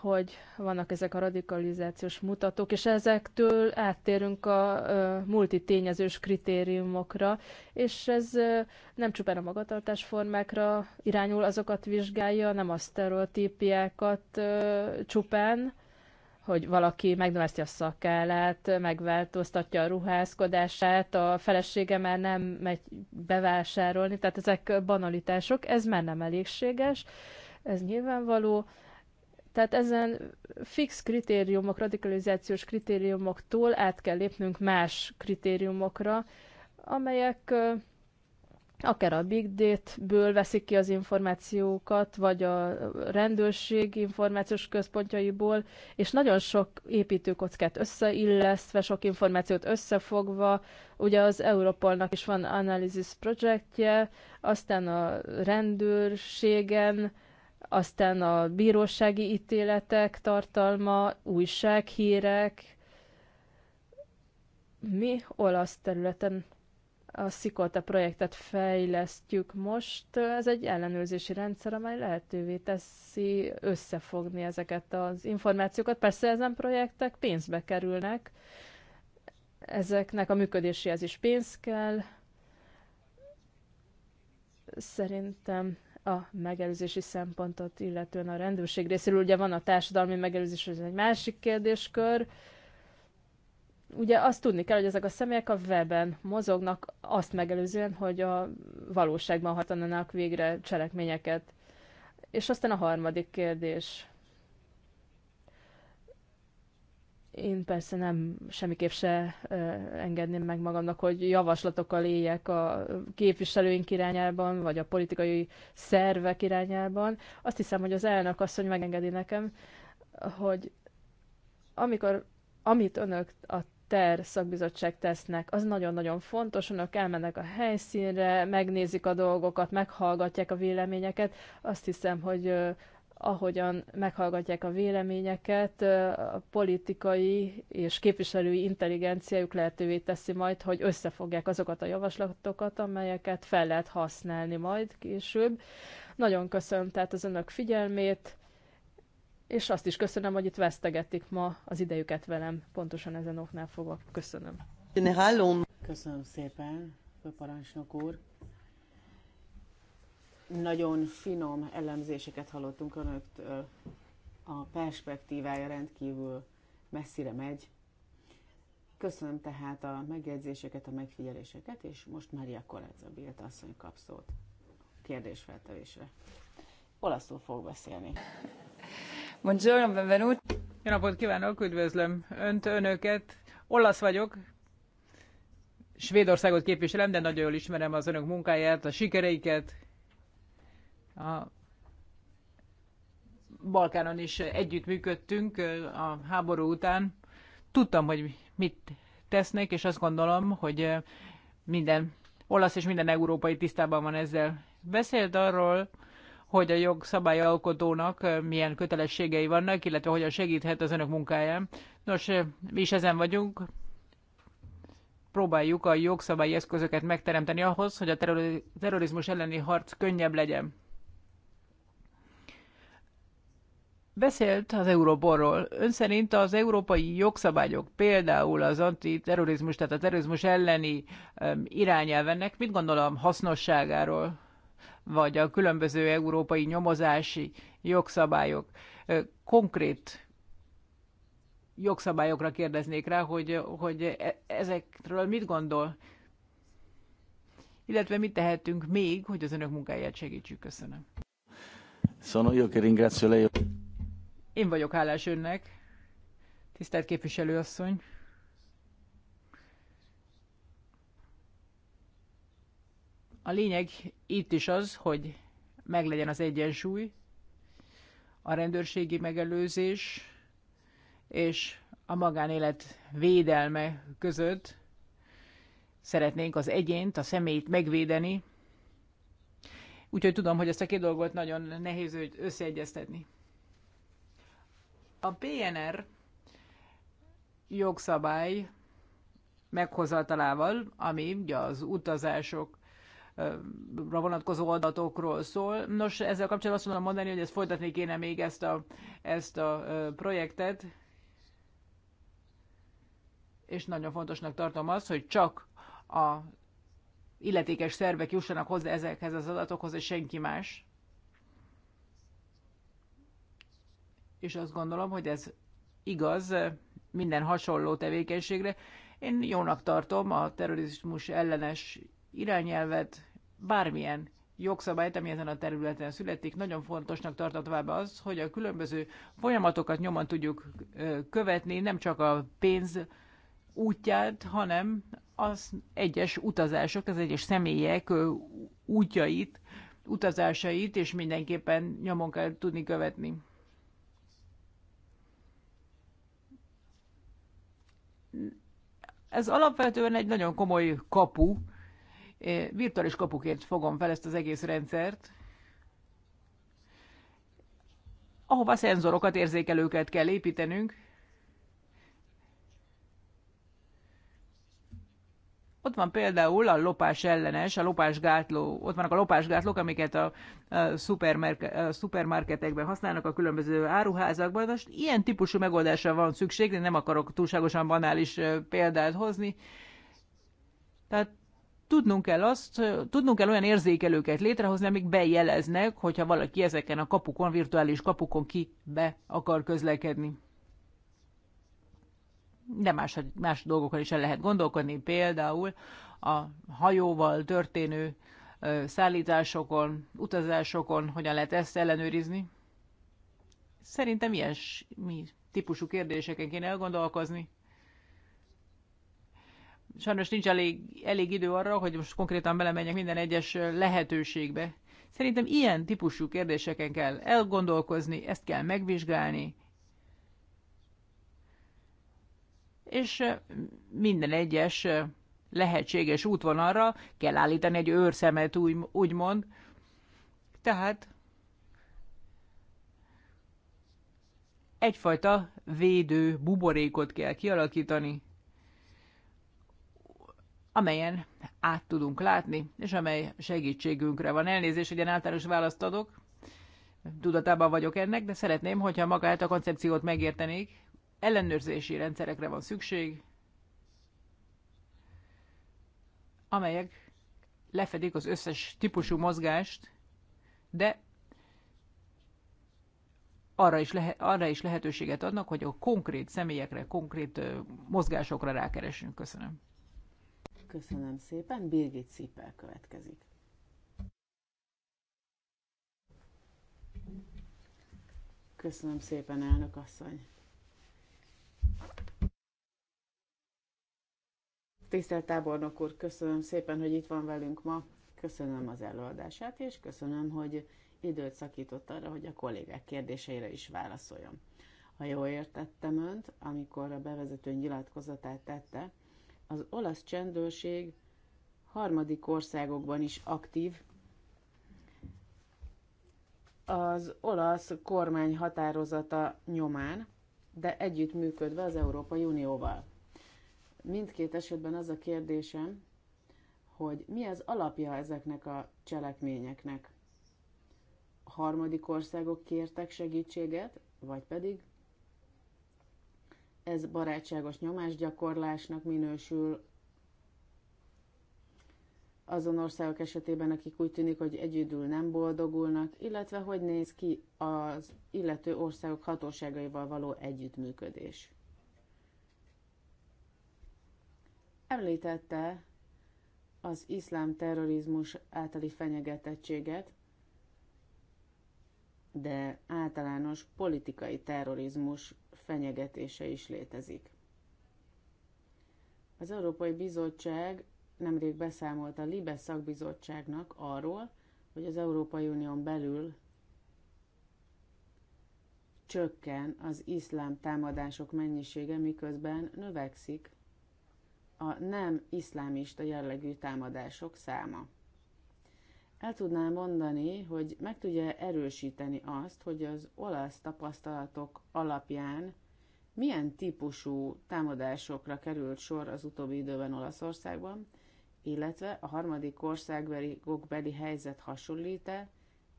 hogy vannak ezek a radikalizációs mutatók, és ezektől áttérünk a multitényezős kritériumokra, és ez nem csupán a magatartásformákra irányul, azokat vizsgálja, nem a sztereotípiákat csupán, hogy valaki megnöveszti a szakállát, megváltoztatja a ruházkodását, a felesége már nem megy bevásárolni, tehát ezek banalitások, ez már nem elégséges, ez nyilvánvaló, tehát ezen fix kritériumok, radikalizációs kritériumoktól át kell lépnünk más kritériumokra, amelyek akár a Big Date-ből veszik ki az információkat, vagy a rendőrség információs központjaiból, és nagyon sok építőkockát összeillesztve, sok információt összefogva, ugye az Europolnak is van Analysis projektje, aztán a rendőrségen, aztán a bírósági ítéletek tartalma, újsághírek. Mi olasz területen a Szikolta projektet fejlesztjük most. Ez egy ellenőrzési rendszer, amely lehetővé teszi összefogni ezeket az információkat. Persze ezen projektek pénzbe kerülnek, ezeknek a működéséhez is pénz kell. Szerintem a megelőzési szempontot, illetően a rendőrség részéről. Ugye van a társadalmi megelőzés, ez egy másik kérdéskör. Ugye azt tudni kell, hogy ezek a személyek a weben mozognak azt megelőzően, hogy a valóságban hatanának végre cselekményeket. És aztán a harmadik kérdés. Én persze nem semmiképp se engedném meg magamnak, hogy javaslatokkal éljek a képviselőink irányában, vagy a politikai szervek irányában. Azt hiszem, hogy az elnök asszony megengedi nekem, hogy amikor, amit önök a TER szakbizottság tesznek, az nagyon-nagyon fontos, önök elmennek a helyszínre, megnézik a dolgokat, meghallgatják a véleményeket. Azt hiszem, hogy ahogyan meghallgatják a véleményeket, a politikai és képviselői intelligenciájuk lehetővé teszi majd, hogy összefogják azokat a javaslatokat, amelyeket fel lehet használni majd később. Nagyon köszönöm tehát az önök figyelmét, és azt is köszönöm, hogy itt vesztegetik ma az idejüket velem, pontosan ezen oknál fogva. Köszönöm. Köszönöm szépen, főparancsnok úr. Nagyon finom elemzéseket hallottunk önöktől. A perspektívája rendkívül messzire megy. Köszönöm tehát a megjegyzéseket, a megfigyeléseket, és most Maria Koledza Bilt asszony kap szót kérdésfeltevésre. Olaszul fog beszélni. Buongiorno, benvenuti. Jó napot kívánok, üdvözlöm Önt, Önöket. Olasz vagyok, Svédországot képviselem, de nagyon jól ismerem az Önök munkáját, a sikereiket, a Balkánon is együttműködtünk a háború után. Tudtam, hogy mit tesznek, és azt gondolom, hogy minden olasz és minden európai tisztában van ezzel. Beszélt arról, hogy a jogszabályalkotónak milyen kötelességei vannak, illetve hogyan segíthet az önök munkáján. Nos, mi is ezen vagyunk. Próbáljuk a jogszabályi eszközöket megteremteni ahhoz, hogy a terrorizmus elleni harc könnyebb legyen. Beszélt az Euróborról. Ön szerint az európai jogszabályok, például az antiterrorizmus, tehát a terrorizmus elleni irányelvennek, mit gondolom hasznosságáról, vagy a különböző európai nyomozási jogszabályok konkrét jogszabályokra kérdeznék rá, hogy, hogy e, ezekről mit gondol, illetve mit tehetünk még, hogy az önök munkáját segítsük. Köszönöm. Sono io che ringrazio lei. Én vagyok hálás önnek, tisztelt képviselőasszony. A lényeg itt is az, hogy meglegyen az egyensúly, a rendőrségi megelőzés és a magánélet védelme között. Szeretnénk az egyént, a személyt megvédeni, úgyhogy tudom, hogy ezt a két dolgot nagyon nehéz összeegyeztetni. A PNR jogszabály meghozatalával, ami ugye az utazások vonatkozó adatokról szól. Nos, ezzel kapcsolatban azt mondom mondani, hogy ezt folytatni kéne még ezt a, ezt a projektet, és nagyon fontosnak tartom azt, hogy csak a illetékes szervek jussanak hozzá ezekhez az adatokhoz, és senki más. és azt gondolom, hogy ez igaz eh, minden hasonló tevékenységre. Én jónak tartom a terrorizmus ellenes irányelvet, bármilyen jogszabályt, ami ezen a területen születik. Nagyon fontosnak tartott továbbá az, hogy a különböző folyamatokat nyomon tudjuk eh, követni, nem csak a pénz útját, hanem az egyes utazások, az egyes személyek eh, útjait, utazásait, és mindenképpen nyomon kell tudni követni. ez alapvetően egy nagyon komoly kapu, virtuális kapuként fogom fel ezt az egész rendszert, ahova szenzorokat, érzékelőket kell építenünk, Ott van például a lopás ellenes, a lopásgátló, ott vannak a lopásgátlók, amiket a, a, a szupermarketekben használnak, a különböző áruházakban. Most ilyen típusú megoldásra van szükség, de nem akarok túlságosan banális példát hozni. Tehát tudnunk kell azt, tudnunk kell olyan érzékelőket létrehozni, amik bejeleznek, hogyha valaki ezeken a kapukon, virtuális kapukon ki be akar közlekedni de más, más dolgokon is el lehet gondolkodni, például a hajóval történő szállításokon, utazásokon hogyan lehet ezt ellenőrizni. Szerintem mi típusú kérdéseken kéne elgondolkozni. Sajnos nincs elég, elég idő arra, hogy most konkrétan belemenjek minden egyes lehetőségbe. Szerintem ilyen típusú kérdéseken kell elgondolkozni, ezt kell megvizsgálni, és minden egyes lehetséges útvonalra kell állítani egy őrszemet, úgy, úgymond. Tehát egyfajta védő buborékot kell kialakítani, amelyen át tudunk látni, és amely segítségünkre van. Elnézést, hogy ilyen általános választ adok, tudatában vagyok ennek, de szeretném, hogyha magát a koncepciót megértenék, ellenőrzési rendszerekre van szükség, amelyek lefedik az összes típusú mozgást, de arra is, lehet, arra is lehetőséget adnak, hogy a konkrét személyekre, konkrét mozgásokra rákeresünk. Köszönöm. Köszönöm szépen. Birgit Széppel következik. Köszönöm szépen, elnök asszony. Tisztelt tábornok úr, köszönöm szépen, hogy itt van velünk ma. Köszönöm az előadását, és köszönöm, hogy időt szakított arra, hogy a kollégák kérdéseire is válaszoljon. Ha jól értettem önt, amikor a bevezető nyilatkozatát tette, az olasz csendőrség harmadik országokban is aktív. Az olasz kormány határozata nyomán, de együttműködve az Európai Unióval. Mindkét esetben az a kérdésem, hogy mi az alapja ezeknek a cselekményeknek. A harmadik országok kértek segítséget, vagy pedig ez barátságos nyomásgyakorlásnak minősül azon országok esetében, akik úgy tűnik, hogy egyedül nem boldogulnak, illetve hogy néz ki az illető országok hatóságaival való együttműködés. Említette az iszlám terrorizmus általi fenyegetettséget, de általános politikai terrorizmus fenyegetése is létezik. Az Európai Bizottság nemrég beszámolt a Libe szakbizottságnak arról, hogy az Európai Unión belül csökken az iszlám támadások mennyisége, miközben növekszik a nem iszlámista jellegű támadások száma. El tudnám mondani, hogy meg tudja erősíteni azt, hogy az olasz tapasztalatok alapján milyen típusú támadásokra került sor az utóbbi időben Olaszországban, illetve a harmadik országbeli helyzet hasonlít-e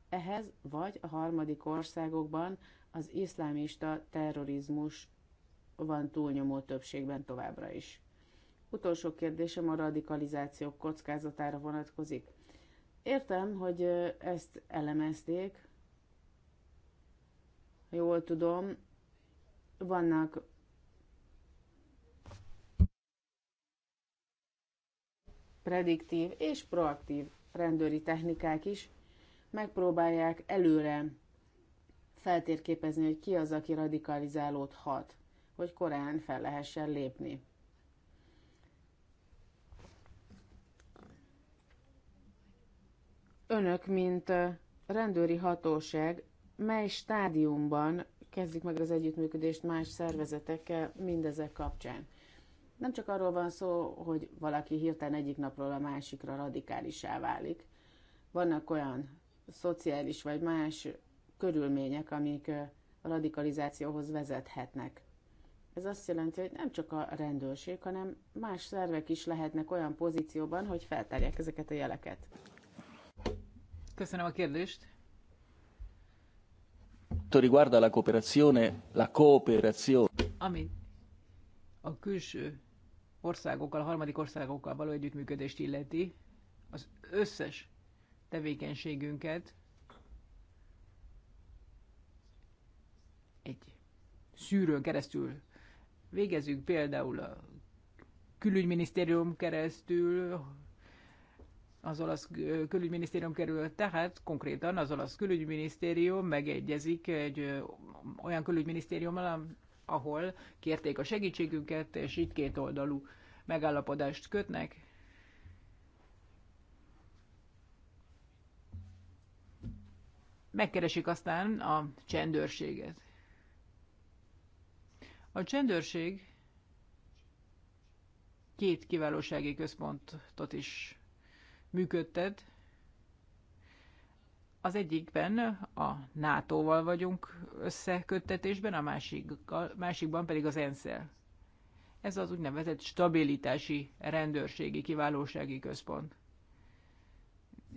ehhez, vagy a harmadik országokban az iszlámista terrorizmus van túlnyomó többségben továbbra is. Utolsó kérdésem a radikalizáció kockázatára vonatkozik. Értem, hogy ezt elemezték, jól tudom, vannak prediktív és proaktív rendőri technikák is, megpróbálják előre feltérképezni, hogy ki az, aki radikalizálódhat, hogy korán fel lehessen lépni. önök, mint rendőri hatóság, mely stádiumban kezdik meg az együttműködést más szervezetekkel mindezek kapcsán? Nem csak arról van szó, hogy valaki hirtelen egyik napról a másikra radikálisá válik. Vannak olyan szociális vagy más körülmények, amik a radikalizációhoz vezethetnek. Ez azt jelenti, hogy nem csak a rendőrség, hanem más szervek is lehetnek olyan pozícióban, hogy feltárják ezeket a jeleket. Köszönöm a kérdést. Riguarda la cooperazione, la cooperazione. Ami a külső országokkal, a harmadik országokkal való együttműködést illeti, az összes tevékenységünket egy szűrőn keresztül végezzük, például a külügyminisztérium keresztül, az olasz külügyminisztérium kerül, tehát konkrétan az olasz külügyminisztérium megegyezik egy olyan külügyminisztériummal, ahol kérték a segítségünket, és így két oldalú megállapodást kötnek. Megkeresik aztán a csendőrséget. A csendőrség két kiválósági központot is működtet. Az egyikben a NATO-val vagyunk összeköttetésben, a másik, másikban pedig az ensz -el. Ez az úgynevezett stabilitási rendőrségi kiválósági központ.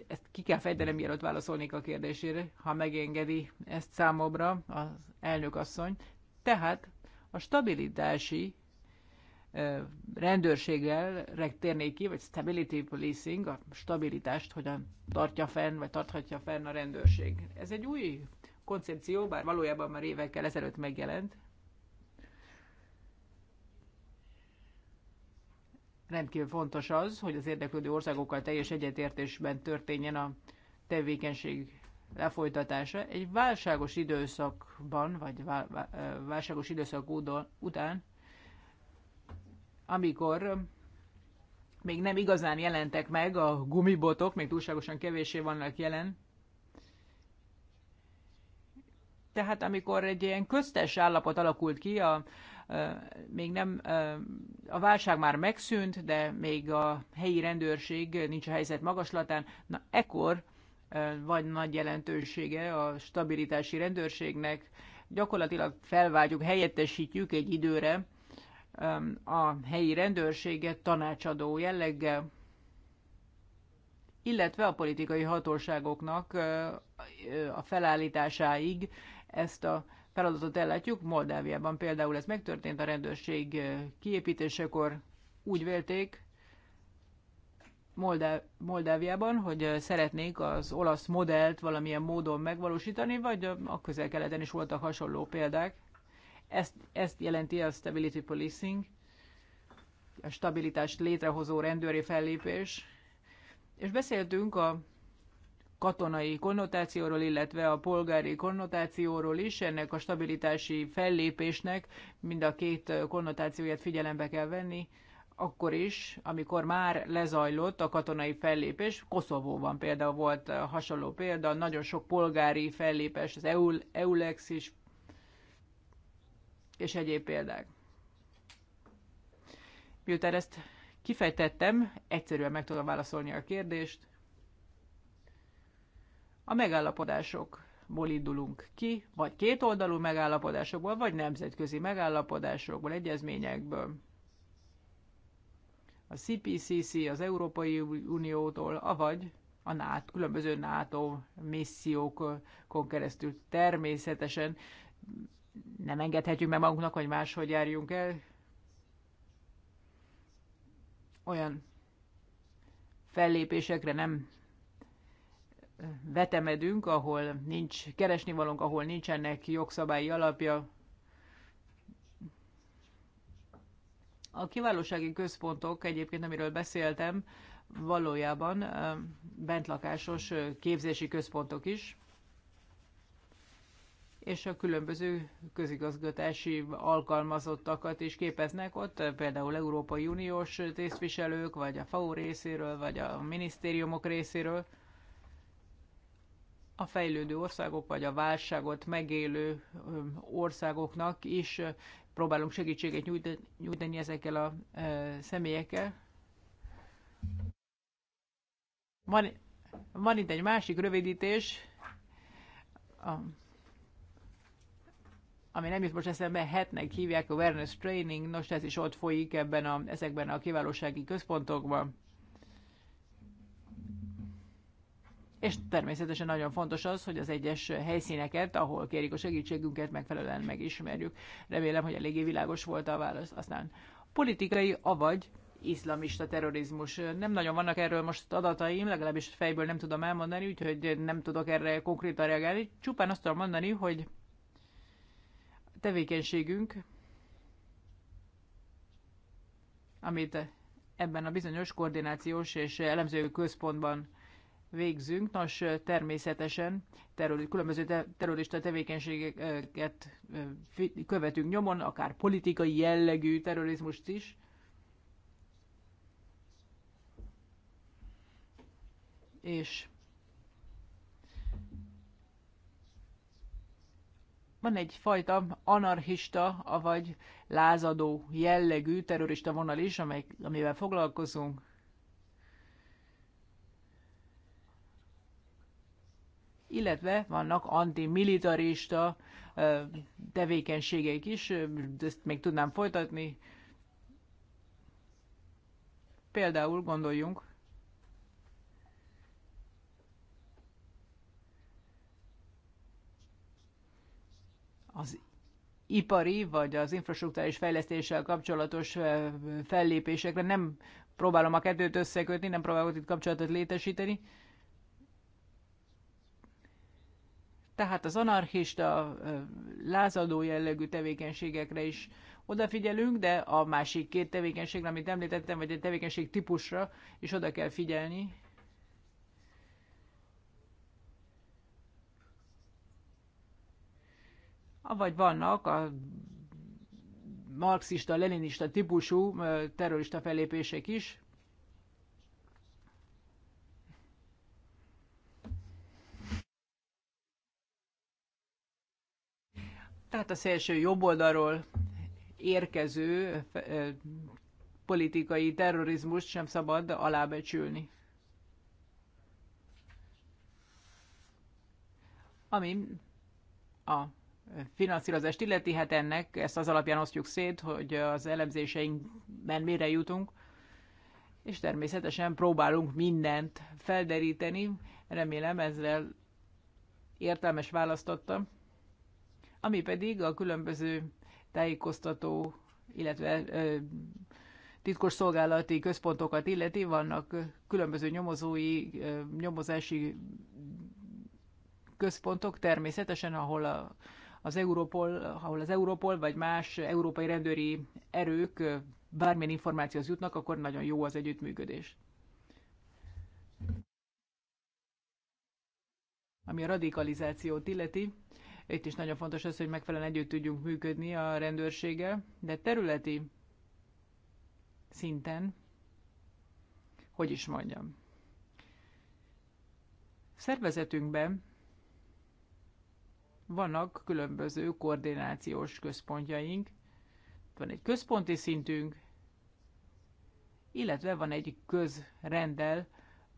Ezt ki kell fejtenem, mielőtt válaszolnék a kérdésére, ha megengedi ezt számomra az elnök asszony. Tehát a stabilitási rendőrséggel térnék ki, vagy stability policing, a stabilitást hogyan tartja fenn, vagy tarthatja fenn a rendőrség. Ez egy új koncepció, bár valójában már évekkel ezelőtt megjelent. Rendkívül fontos az, hogy az érdeklődő országokkal teljes egyetértésben történjen a tevékenység lefolytatása. Egy válságos időszakban, vagy válságos időszak után amikor még nem igazán jelentek meg a gumibotok, még túlságosan kevésé vannak jelen. Tehát amikor egy ilyen köztes állapot alakult ki, a, még nem, a válság már megszűnt, de még a helyi rendőrség nincs a helyzet magaslatán, na ekkor vagy nagy jelentősége a stabilitási rendőrségnek, gyakorlatilag felvágyjuk, helyettesítjük egy időre a helyi rendőrséget tanácsadó jelleggel, illetve a politikai hatóságoknak a felállításáig ezt a feladatot ellátjuk. Moldáviában például ez megtörtént a rendőrség kiépítésekor. Úgy vélték Moldáviában, hogy szeretnék az olasz modellt valamilyen módon megvalósítani, vagy a közel-keleten is voltak hasonló példák. Ezt, ezt jelenti a stability policing, a stabilitást létrehozó rendőri fellépés. És beszéltünk a katonai konnotációról, illetve a polgári konnotációról is. Ennek a stabilitási fellépésnek mind a két konnotációját figyelembe kell venni, akkor is, amikor már lezajlott a katonai fellépés, Koszovóban például volt eh, hasonló példa, nagyon sok polgári fellépés, az EULEX is és egyéb példák. Miután ezt kifejtettem, egyszerűen meg tudom válaszolni a kérdést. A megállapodásokból indulunk ki, vagy kétoldalú megállapodásokból, vagy nemzetközi megállapodásokból, egyezményekből. A CPCC az Európai Uniótól, avagy a NATO, különböző NATO missziókon keresztül természetesen nem engedhetjük meg magunknak, hogy máshogy járjunk el. Olyan fellépésekre nem vetemedünk, ahol nincs keresnivalónk, ahol nincsenek jogszabályi alapja. A kiválósági központok egyébként, amiről beszéltem, valójában bentlakásos képzési központok is és a különböző közigazgatási alkalmazottakat is képeznek ott, például Európai Uniós tisztviselők, vagy a FAO részéről, vagy a minisztériumok részéről. A fejlődő országok, vagy a válságot megélő országoknak is próbálunk segítséget nyújtani ezekkel a személyekkel. Van, van itt egy másik rövidítés, a ami nem jut most eszembe, hetnek hívják awareness training, nos ez is ott folyik ebben a, ezekben a kiválósági központokban. És természetesen nagyon fontos az, hogy az egyes helyszíneket, ahol kérik a segítségünket, megfelelően megismerjük. Remélem, hogy eléggé világos volt a válasz. Aztán politikai, avagy iszlamista terrorizmus. Nem nagyon vannak erről most adataim, legalábbis fejből nem tudom elmondani, úgyhogy nem tudok erre konkrétan reagálni. Csupán azt tudom mondani, hogy tevékenységünk, amit ebben a bizonyos koordinációs és elemző központban végzünk. Nos, természetesen terrori, különböző te, terrorista tevékenységeket követünk nyomon, akár politikai jellegű terrorizmust is. És van egy fajta anarchista, avagy lázadó jellegű terrorista vonal is, amely, amivel foglalkozunk. Illetve vannak antimilitarista tevékenységeik is, ezt még tudnám folytatni. Például gondoljunk az ipari vagy az infrastruktúrális fejlesztéssel kapcsolatos fellépésekre. Nem próbálom a kettőt összekötni, nem próbálok itt kapcsolatot létesíteni. Tehát az anarchista, lázadó jellegű tevékenységekre is odafigyelünk, de a másik két tevékenységre, amit említettem, vagy egy tevékenység típusra is oda kell figyelni. vagy vannak a marxista, leninista típusú terrorista fellépések is. Tehát a szélső jobb oldalról érkező politikai terrorizmust sem szabad alábecsülni. Ami a finanszírozást illeti, hát ennek ezt az alapján osztjuk szét, hogy az elemzéseinkben mire jutunk, és természetesen próbálunk mindent felderíteni. Remélem ezzel értelmes választottam. Ami pedig a különböző tájékoztató, illetve ö, titkos szolgálati központokat illeti, vannak különböző nyomozói, ö, nyomozási központok természetesen, ahol a az Europol, ahol az Europol vagy más európai rendőri erők bármilyen információhoz jutnak, akkor nagyon jó az együttműködés. Ami a radikalizációt illeti, itt is nagyon fontos az, hogy megfelelően együtt tudjunk működni a rendőrséggel, de területi szinten, hogy is mondjam, szervezetünkben vannak különböző koordinációs központjaink. Van egy központi szintünk, illetve van egy közrendel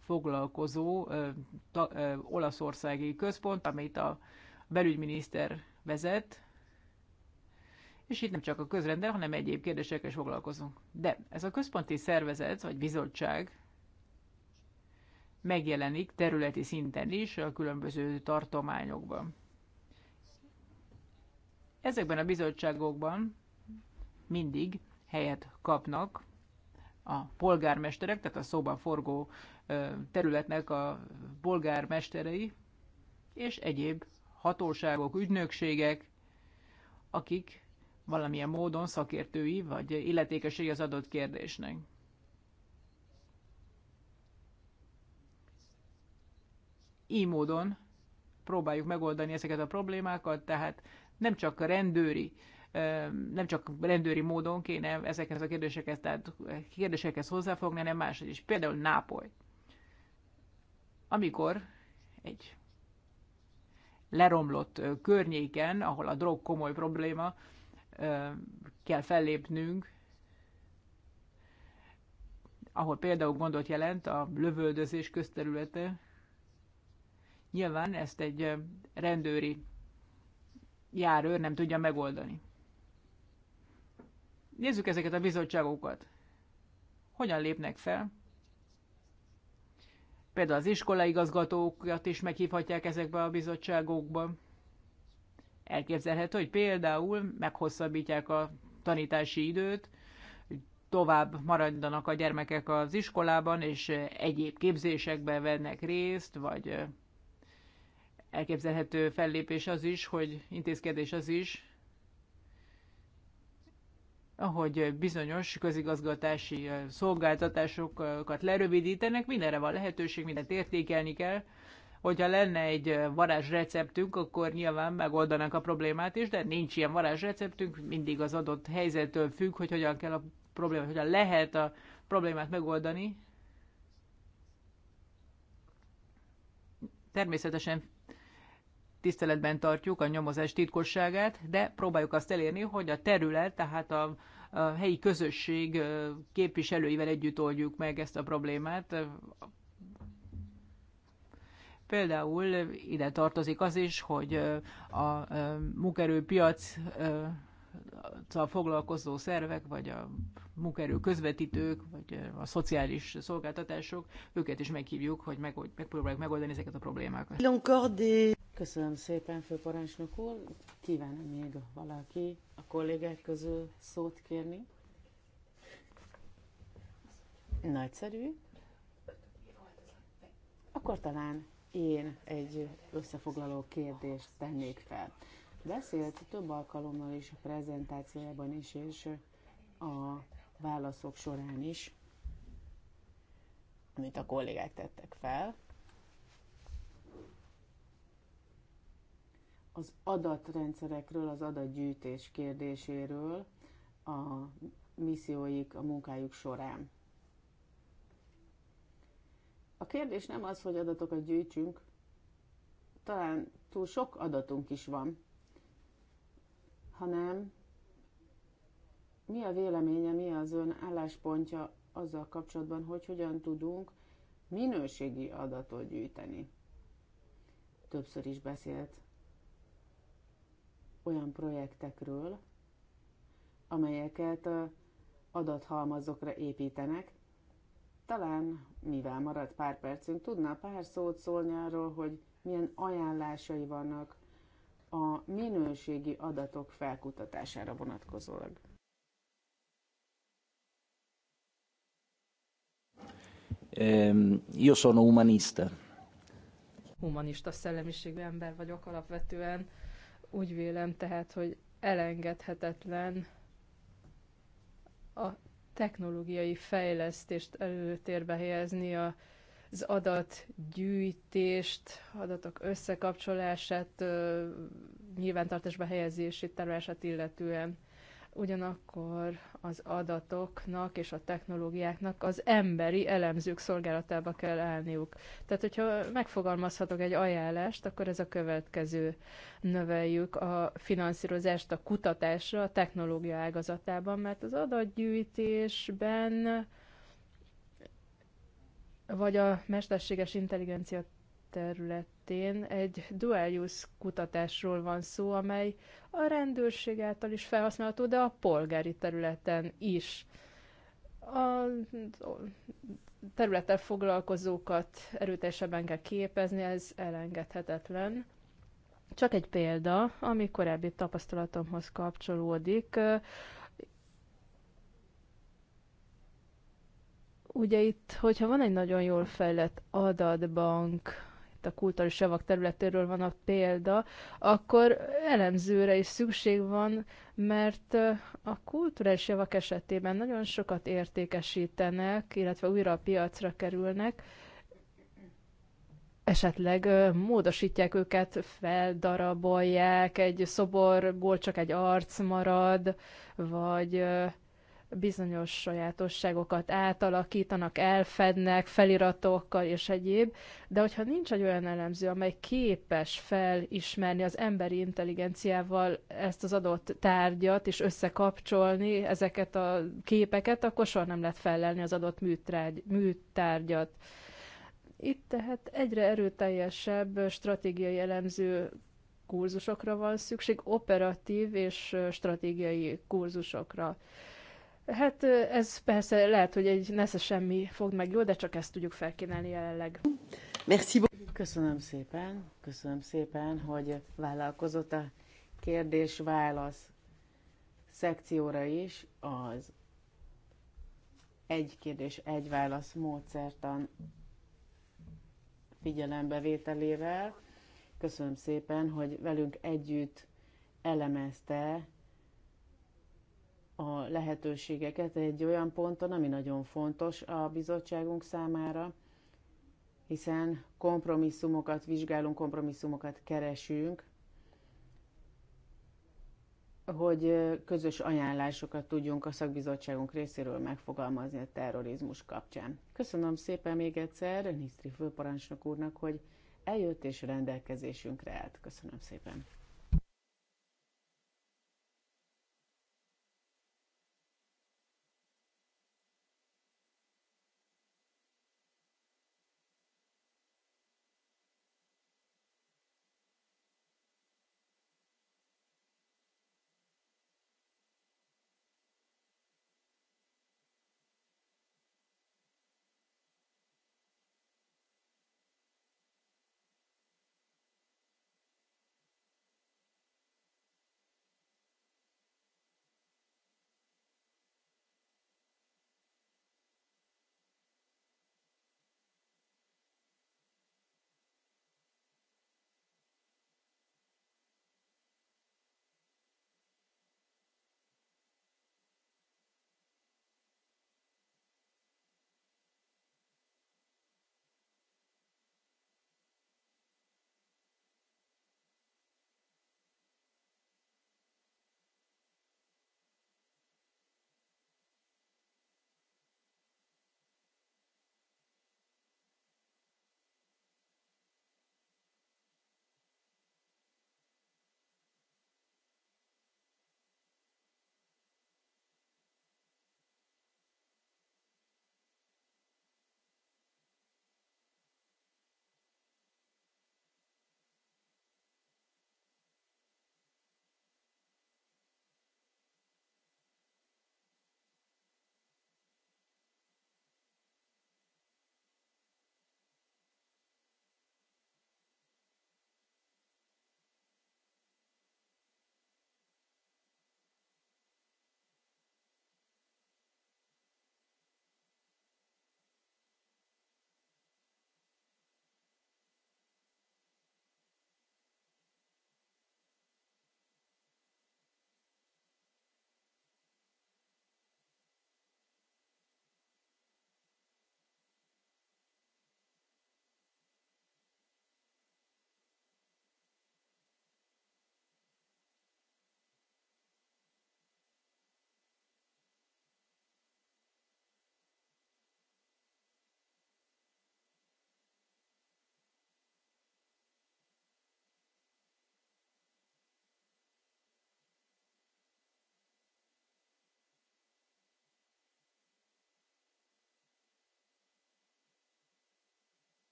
foglalkozó ö, ta, ö, olaszországi központ, amit a belügyminiszter vezet, és itt nem csak a közrendel, hanem egyéb kérdésekkel is foglalkozunk. De ez a központi szervezet, vagy bizottság megjelenik területi szinten is a különböző tartományokban. Ezekben a bizottságokban mindig helyet kapnak a polgármesterek, tehát a szóban forgó területnek a polgármesterei, és egyéb hatóságok, ügynökségek, akik valamilyen módon szakértői vagy illetékesei az adott kérdésnek. Így módon próbáljuk megoldani ezeket a problémákat, tehát nem csak rendőri nem csak rendőri módon kéne ezekhez a kérdésekhez, tehát kérdésekhez hozzáfogni, hanem máshogy is. Például Nápoly. Amikor egy leromlott környéken, ahol a drog komoly probléma, kell fellépnünk, ahol például gondot jelent a lövöldözés közterülete. Nyilván ezt egy rendőri járőr nem tudja megoldani. Nézzük ezeket a bizottságokat. Hogyan lépnek fel? Például az iskolaigazgatókat is meghívhatják ezekbe a bizottságokba. Elképzelhető, hogy például meghosszabbítják a tanítási időt, tovább maradjanak a gyermekek az iskolában, és egyéb képzésekben vennek részt, vagy Elképzelhető fellépés az is, hogy intézkedés az is, ahogy bizonyos közigazgatási szolgáltatásokat lerövidítenek, mindenre van lehetőség, mindent értékelni kell. Hogyha lenne egy varázsreceptünk, akkor nyilván megoldanak a problémát is, de nincs ilyen varázsreceptünk, mindig az adott helyzettől függ, hogy hogyan kell a problémát, hogyan lehet a problémát megoldani. Természetesen tiszteletben tartjuk a nyomozás titkosságát, de próbáljuk azt elérni, hogy a terület, tehát a, a helyi közösség képviselőivel együtt oldjuk meg ezt a problémát. Például ide tartozik az is, hogy a munkerőpiac foglalkozó szervek, vagy a munkaerő közvetítők, vagy a szociális szolgáltatások, őket is meghívjuk, hogy megold, megpróbáljuk megoldani ezeket a problémákat. Köszönöm szépen, főparancsnok úr. Kívánom még valaki a kollégák közül szót kérni? Nagyszerű. Akkor talán én egy összefoglaló kérdést tennék fel. Beszélt több alkalommal is a prezentációjában is, és a válaszok során is, amit a kollégák tettek fel, az adatrendszerekről, az adatgyűjtés kérdéséről a misszióik, a munkájuk során. A kérdés nem az, hogy adatokat gyűjtsünk, talán túl sok adatunk is van, hanem mi a véleménye, mi az ön álláspontja azzal kapcsolatban, hogy hogyan tudunk minőségi adatot gyűjteni. Többször is beszélt olyan projektekről, amelyeket adathalmazokra építenek. Talán, mivel maradt pár percünk, tudna pár szót szólni arról, hogy milyen ajánlásai vannak a minőségi adatok felkutatására vonatkozólag. Um, io sono umanista. Humanista szellemiségű ember vagyok alapvetően. Úgy vélem tehát, hogy elengedhetetlen a technológiai fejlesztést előtérbe helyezni a az adatgyűjtést, adatok összekapcsolását, nyilvántartásba helyezését, tárolását illetően. Ugyanakkor az adatoknak és a technológiáknak az emberi elemzők szolgálatába kell állniuk. Tehát, hogyha megfogalmazhatok egy ajánlást, akkor ez a következő. Növeljük a finanszírozást a kutatásra, a technológia ágazatában, mert az adatgyűjtésben vagy a mesterséges intelligencia területén egy dual use kutatásról van szó, amely a rendőrség által is felhasználható, de a polgári területen is. A területtel foglalkozókat erőteljesebben kell képezni, ez elengedhetetlen. Csak egy példa, ami korábbi tapasztalatomhoz kapcsolódik. Ugye itt, hogyha van egy nagyon jól fejlett adatbank, itt a kulturális javak területéről van a példa, akkor elemzőre is szükség van, mert a kulturális javak esetében nagyon sokat értékesítenek, illetve újra a piacra kerülnek, esetleg módosítják őket, feldarabolják, egy szoborból csak egy arc marad, vagy bizonyos sajátosságokat átalakítanak, elfednek feliratokkal és egyéb, de hogyha nincs egy olyan elemző, amely képes felismerni az emberi intelligenciával ezt az adott tárgyat, és összekapcsolni ezeket a képeket, akkor soha nem lehet felelni az adott műtrágy, műtárgyat. Itt tehát egyre erőteljesebb stratégiai elemző kurzusokra van szükség, operatív és stratégiai kurzusokra. Hát ez persze lehet, hogy egy nesze semmi fog meg jó, de csak ezt tudjuk felkínálni jelenleg. Merci. Köszönöm szépen, köszönöm szépen, hogy vállalkozott a kérdés-válasz szekcióra is az egy kérdés, egy válasz módszertan figyelembevételével. Köszönöm szépen, hogy velünk együtt elemezte a lehetőségeket egy olyan ponton, ami nagyon fontos a bizottságunk számára, hiszen kompromisszumokat vizsgálunk, kompromisszumokat keresünk, hogy közös ajánlásokat tudjunk a szakbizottságunk részéről megfogalmazni a terrorizmus kapcsán. Köszönöm szépen még egyszer Nisztri főparancsnok úrnak, hogy eljött és rendelkezésünkre állt. Köszönöm szépen.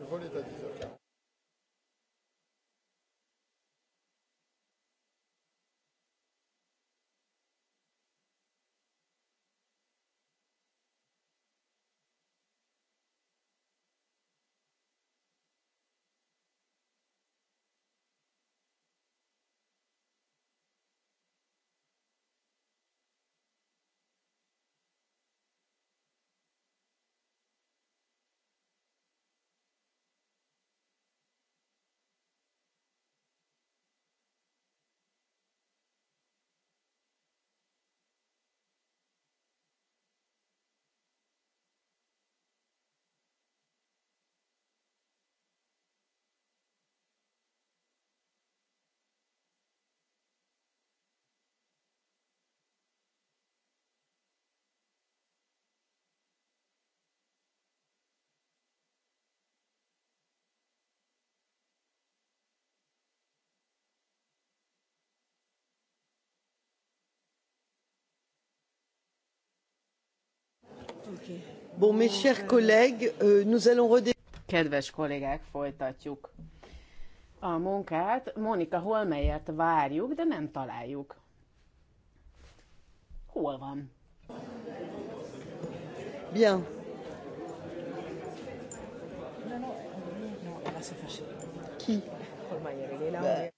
Le vol est à 10h40. Bon, mes chers collègues, nous allons redé... Kedves kollégák, folytatjuk a munkát. Monika Holmeyet várjuk, de nem találjuk. Hol van? Bien. Ki? Holmeyer,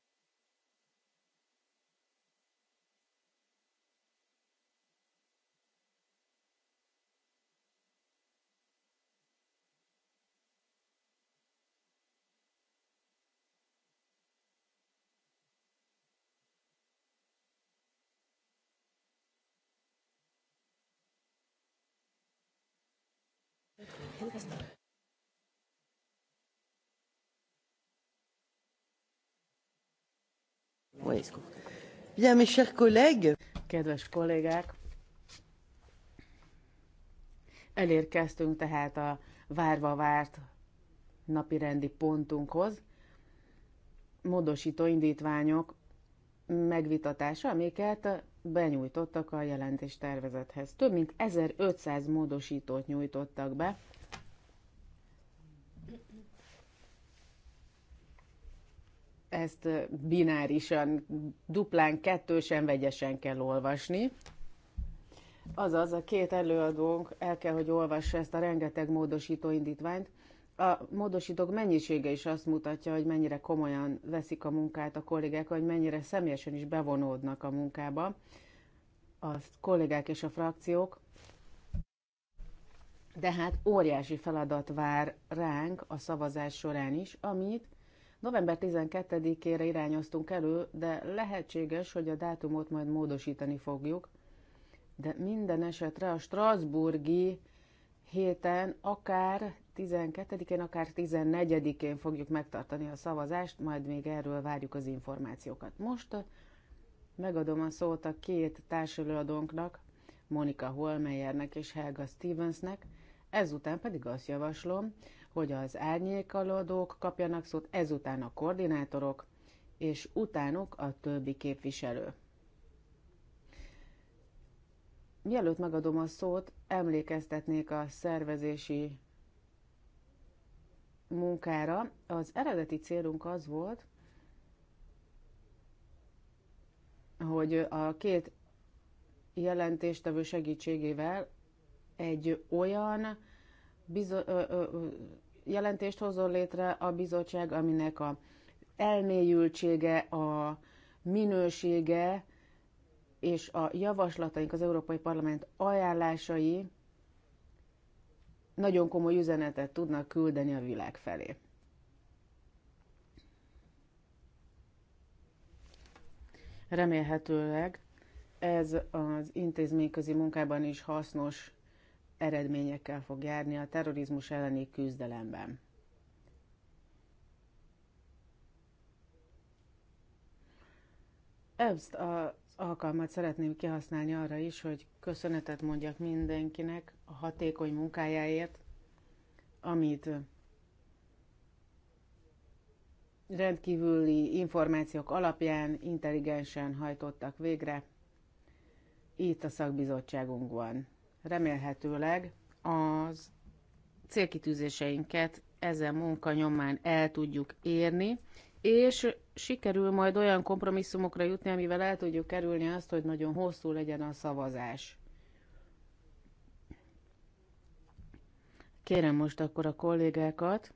Bien, mes chers collègues. Kedves kollégák, elérkeztünk tehát a várva várt napirendi pontunkhoz. Módosító indítványok megvitatása, amiket benyújtottak a jelentés tervezethez. Több mint 1500 módosítót nyújtottak be, ezt binárisan, duplán, kettősen, vegyesen kell olvasni. Azaz, a két előadónk el kell, hogy olvassa ezt a rengeteg módosító indítványt. A módosítók mennyisége is azt mutatja, hogy mennyire komolyan veszik a munkát a kollégák, hogy mennyire személyesen is bevonódnak a munkába a kollégák és a frakciók. De hát óriási feladat vár ránk a szavazás során is, amit November 12-ére irányoztunk elő, de lehetséges, hogy a dátumot majd módosítani fogjuk. De minden esetre a Strasburgi héten akár 12-én, akár 14-én fogjuk megtartani a szavazást, majd még erről várjuk az információkat. Most megadom a szót a két társelőadónknak, Monika Holmeyernek és Helga Stevensnek, ezután pedig azt javaslom, hogy az árnyékaladók kapjanak szót, ezután a koordinátorok, és utánuk a többi képviselő. Mielőtt megadom a szót, emlékeztetnék a szervezési munkára. Az eredeti célunk az volt, hogy a két jelentéstevő segítségével egy olyan bizo- ö, ö, jelentést hozzon létre a bizottság, aminek a elmélyültsége, a minősége és a javaslataink, az Európai Parlament ajánlásai nagyon komoly üzenetet tudnak küldeni a világ felé. Remélhetőleg ez az intézményközi munkában is hasznos eredményekkel fog járni a terrorizmus elleni küzdelemben. Ezt az alkalmat szeretném kihasználni arra is, hogy köszönetet mondjak mindenkinek a hatékony munkájáért, amit rendkívüli információk alapján intelligensen hajtottak végre itt a szakbizottságunkban remélhetőleg az célkitűzéseinket ezen munka nyomán el tudjuk érni, és sikerül majd olyan kompromisszumokra jutni, amivel el tudjuk kerülni azt, hogy nagyon hosszú legyen a szavazás. Kérem most akkor a kollégákat,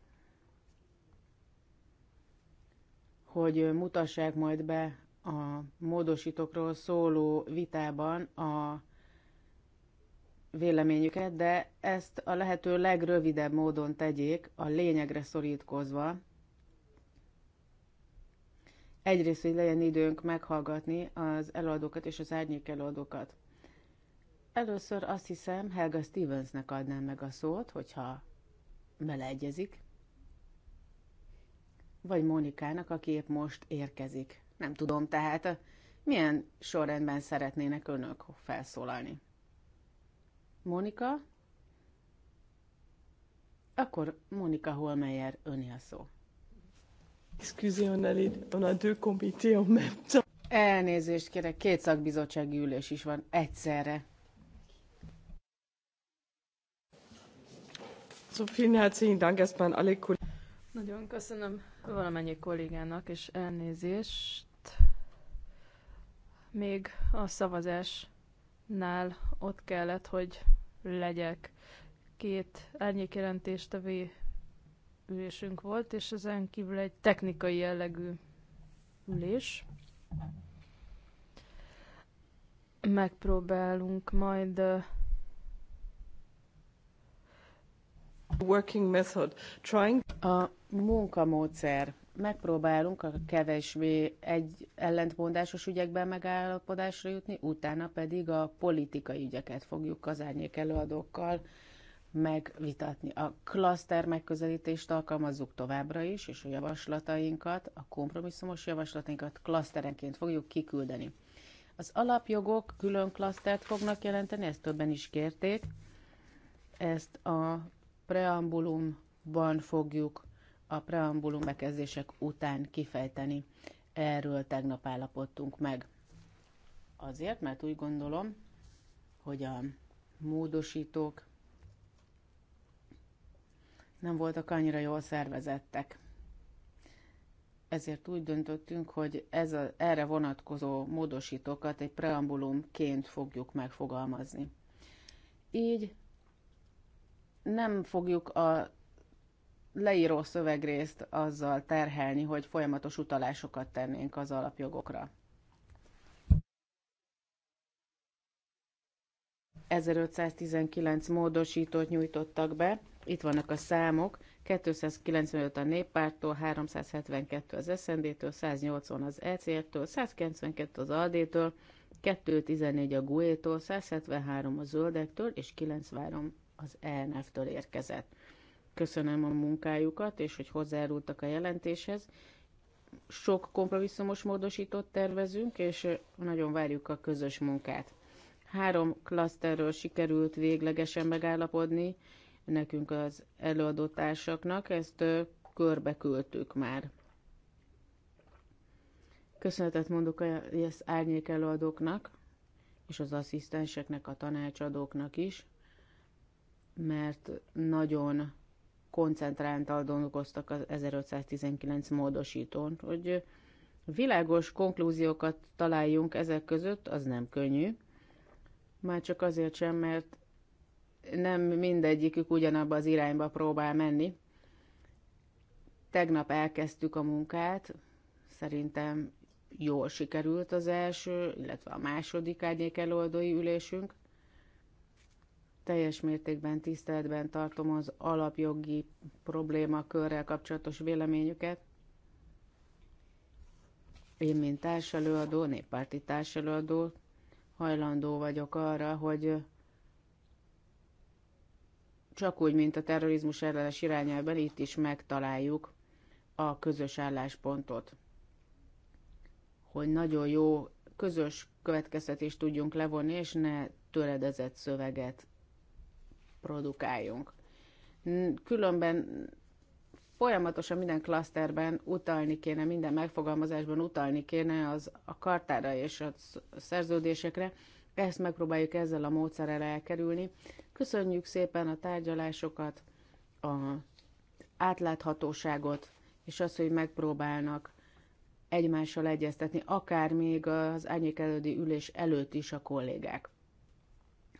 hogy mutassák majd be a módosítókról szóló vitában a véleményüket, de ezt a lehető legrövidebb módon tegyék, a lényegre szorítkozva. Egyrészt, hogy legyen időnk meghallgatni az előadókat és az árnyék előadókat. Először azt hiszem Helga Stevensnek adnám meg a szót, hogyha beleegyezik. Vagy Mónikának, aki épp most érkezik. Nem tudom tehát, milyen sorrendben szeretnének önök felszólalni. Monika? Akkor Monika Holmeyer öné a szó. Excusez, on a, on a deux comités en même temps. Elnézést kérek, két szakbizottsági ülés is van egyszerre. So, vielen Dank erstmal alle Nagyon köszönöm valamennyi kollégának, és elnézést. Még a szavazásnál ott kellett, hogy legyek. Két a ülésünk volt, és ezen kívül egy technikai jellegű ülés. Megpróbálunk majd working method, trying a munkamódszer megpróbálunk a kevésbé egy ellentmondásos ügyekben megállapodásra jutni, utána pedig a politikai ügyeket fogjuk az árnyék előadókkal megvitatni. A klaszter megközelítést alkalmazzuk továbbra is, és a javaslatainkat, a kompromisszumos javaslatainkat klaszterenként fogjuk kiküldeni. Az alapjogok külön klasztert fognak jelenteni, ezt többen is kérték. Ezt a preambulumban fogjuk a preambulum bekezdések után kifejteni. Erről tegnap állapodtunk meg. Azért, mert úgy gondolom, hogy a módosítók nem voltak annyira jól szervezettek. Ezért úgy döntöttünk, hogy ez a, erre vonatkozó módosítókat egy preambulumként fogjuk megfogalmazni. Így nem fogjuk a leíró szövegrészt azzal terhelni, hogy folyamatos utalásokat tennénk az alapjogokra. 1519 módosítót nyújtottak be, itt vannak a számok, 295 a néppártól, 372 az SZND-től, 180 az ECR-től, 192 az ALD-től, 214 a gue től 173 a Zöldektől és 93 az ENF-től érkezett köszönöm a munkájukat, és hogy hozzájárultak a jelentéshez. Sok kompromisszumos módosítót tervezünk, és nagyon várjuk a közös munkát. Három klaszterről sikerült véglegesen megállapodni nekünk az előadótársaknak, ezt körbe küldtük már. Köszönetet mondok az árnyék előadóknak, és az asszisztenseknek, a tanácsadóknak is, mert nagyon koncentráltan dolgoztak az 1519 módosítón, hogy világos konklúziókat találjunk ezek között, az nem könnyű. Már csak azért sem, mert nem mindegyikük ugyanabba az irányba próbál menni. Tegnap elkezdtük a munkát, szerintem jól sikerült az első, illetve a második árnyék előadói ülésünk teljes mértékben tiszteletben tartom az alapjogi problémakörrel kapcsolatos véleményüket. Én, mint társelőadó, néppárti társelőadó, hajlandó vagyok arra, hogy csak úgy, mint a terrorizmus ellenes irányában itt is megtaláljuk a közös álláspontot. Hogy nagyon jó közös következtetést tudjunk levonni, és ne töredezett szöveget produkáljunk. Különben folyamatosan minden klaszterben utalni kéne, minden megfogalmazásban utalni kéne az a kartára és a szerződésekre. Ezt megpróbáljuk ezzel a módszerrel elkerülni. Köszönjük szépen a tárgyalásokat, a átláthatóságot, és azt, hogy megpróbálnak egymással egyeztetni, akár még az árnyékelődi ülés előtt is a kollégák.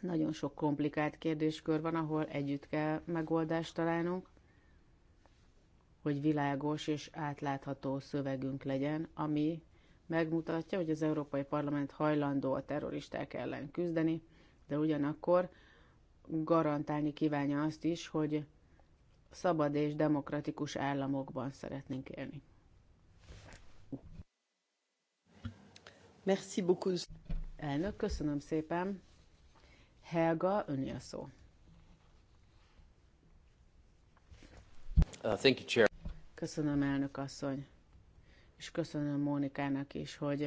Nagyon sok komplikált kérdéskör van, ahol együtt kell megoldást találnunk, hogy világos és átlátható szövegünk legyen, ami megmutatja, hogy az Európai Parlament hajlandó a terroristák ellen küzdeni, de ugyanakkor garantálni kívánja azt is, hogy szabad és demokratikus államokban szeretnénk élni. Merci beaucoup. Elnök, köszönöm szépen. Helga, öné a szó. Uh, thank you, Chair. Köszönöm, elnök asszony, és köszönöm Mónikának is, hogy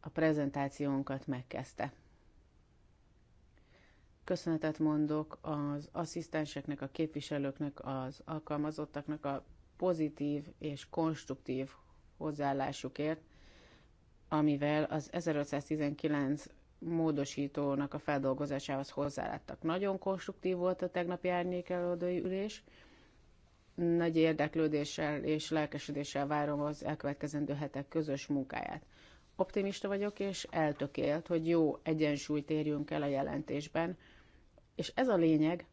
a prezentációnkat megkezdte. Köszönetet mondok az asszisztenseknek, a képviselőknek, az alkalmazottaknak a pozitív és konstruktív hozzáállásukért, amivel az 1519 módosítónak a feldolgozásához hozzáláttak. Nagyon konstruktív volt a tegnapi árnyék előadói ülés. Nagy érdeklődéssel és lelkesedéssel várom az elkövetkezendő hetek közös munkáját. Optimista vagyok és eltökélt, hogy jó egyensúlyt érjünk el a jelentésben, és ez a lényeg,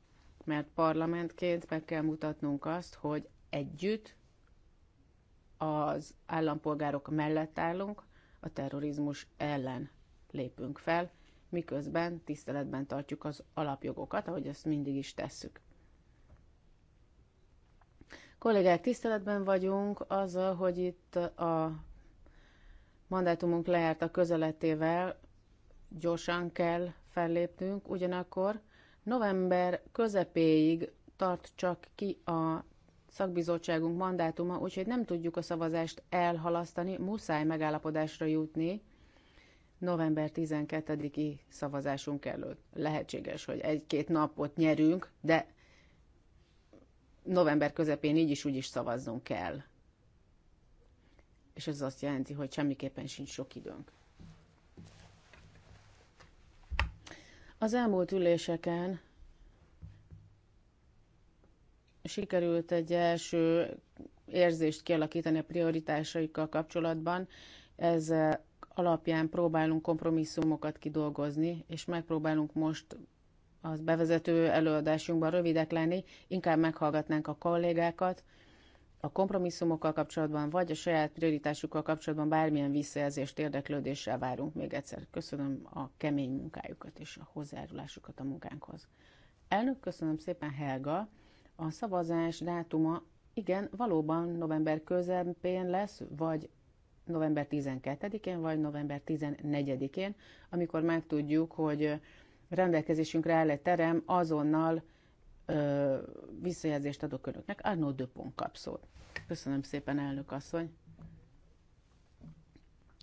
mert parlamentként meg kell mutatnunk azt, hogy együtt az állampolgárok mellett állunk a terrorizmus ellen lépünk fel, miközben tiszteletben tartjuk az alapjogokat, ahogy ezt mindig is tesszük. Kollégák, tiszteletben vagyunk azzal, hogy itt a mandátumunk lejárt a közeletével, gyorsan kell fellépnünk, ugyanakkor november közepéig tart csak ki a szakbizottságunk mandátuma, úgyhogy nem tudjuk a szavazást elhalasztani, muszáj megállapodásra jutni november 12-i szavazásunk előtt. Lehetséges, hogy egy-két napot nyerünk, de november közepén így is úgy is szavaznunk kell. És ez azt jelenti, hogy semmiképpen sincs sok időnk. Az elmúlt üléseken sikerült egy első érzést kialakítani a prioritásaikkal kapcsolatban. Ez alapján próbálunk kompromisszumokat kidolgozni, és megpróbálunk most az bevezető előadásunkban rövidek lenni, inkább meghallgatnánk a kollégákat, a kompromisszumokkal kapcsolatban, vagy a saját prioritásukkal kapcsolatban bármilyen visszajelzést, érdeklődéssel várunk. Még egyszer köszönöm a kemény munkájukat és a hozzájárulásukat a munkánkhoz. Elnök, köszönöm szépen, Helga. A szavazás dátuma igen, valóban november közepén lesz, vagy november 12-én vagy november 14-én, amikor megtudjuk, hogy rendelkezésünkre áll egy terem, azonnal ö, visszajelzést adok önöknek. Arnaud Dupont kap szót. Köszönöm szépen, elnök asszony.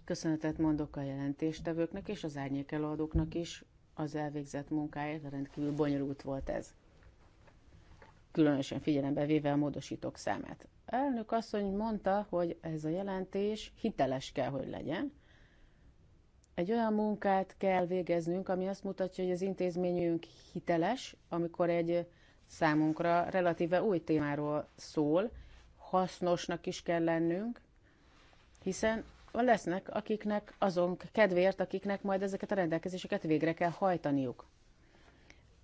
Köszönetet mondok a jelentéstevőknek és az árnyékeladóknak is az elvégzett munkáért, rendkívül bonyolult volt ez különösen figyelembe véve a módosítók számát. elnök asszony mondta, hogy ez a jelentés hiteles kell, hogy legyen. Egy olyan munkát kell végeznünk, ami azt mutatja, hogy az intézményünk hiteles, amikor egy számunkra relatíve új témáról szól, hasznosnak is kell lennünk, hiszen lesznek akiknek azon kedvéért, akiknek majd ezeket a rendelkezéseket végre kell hajtaniuk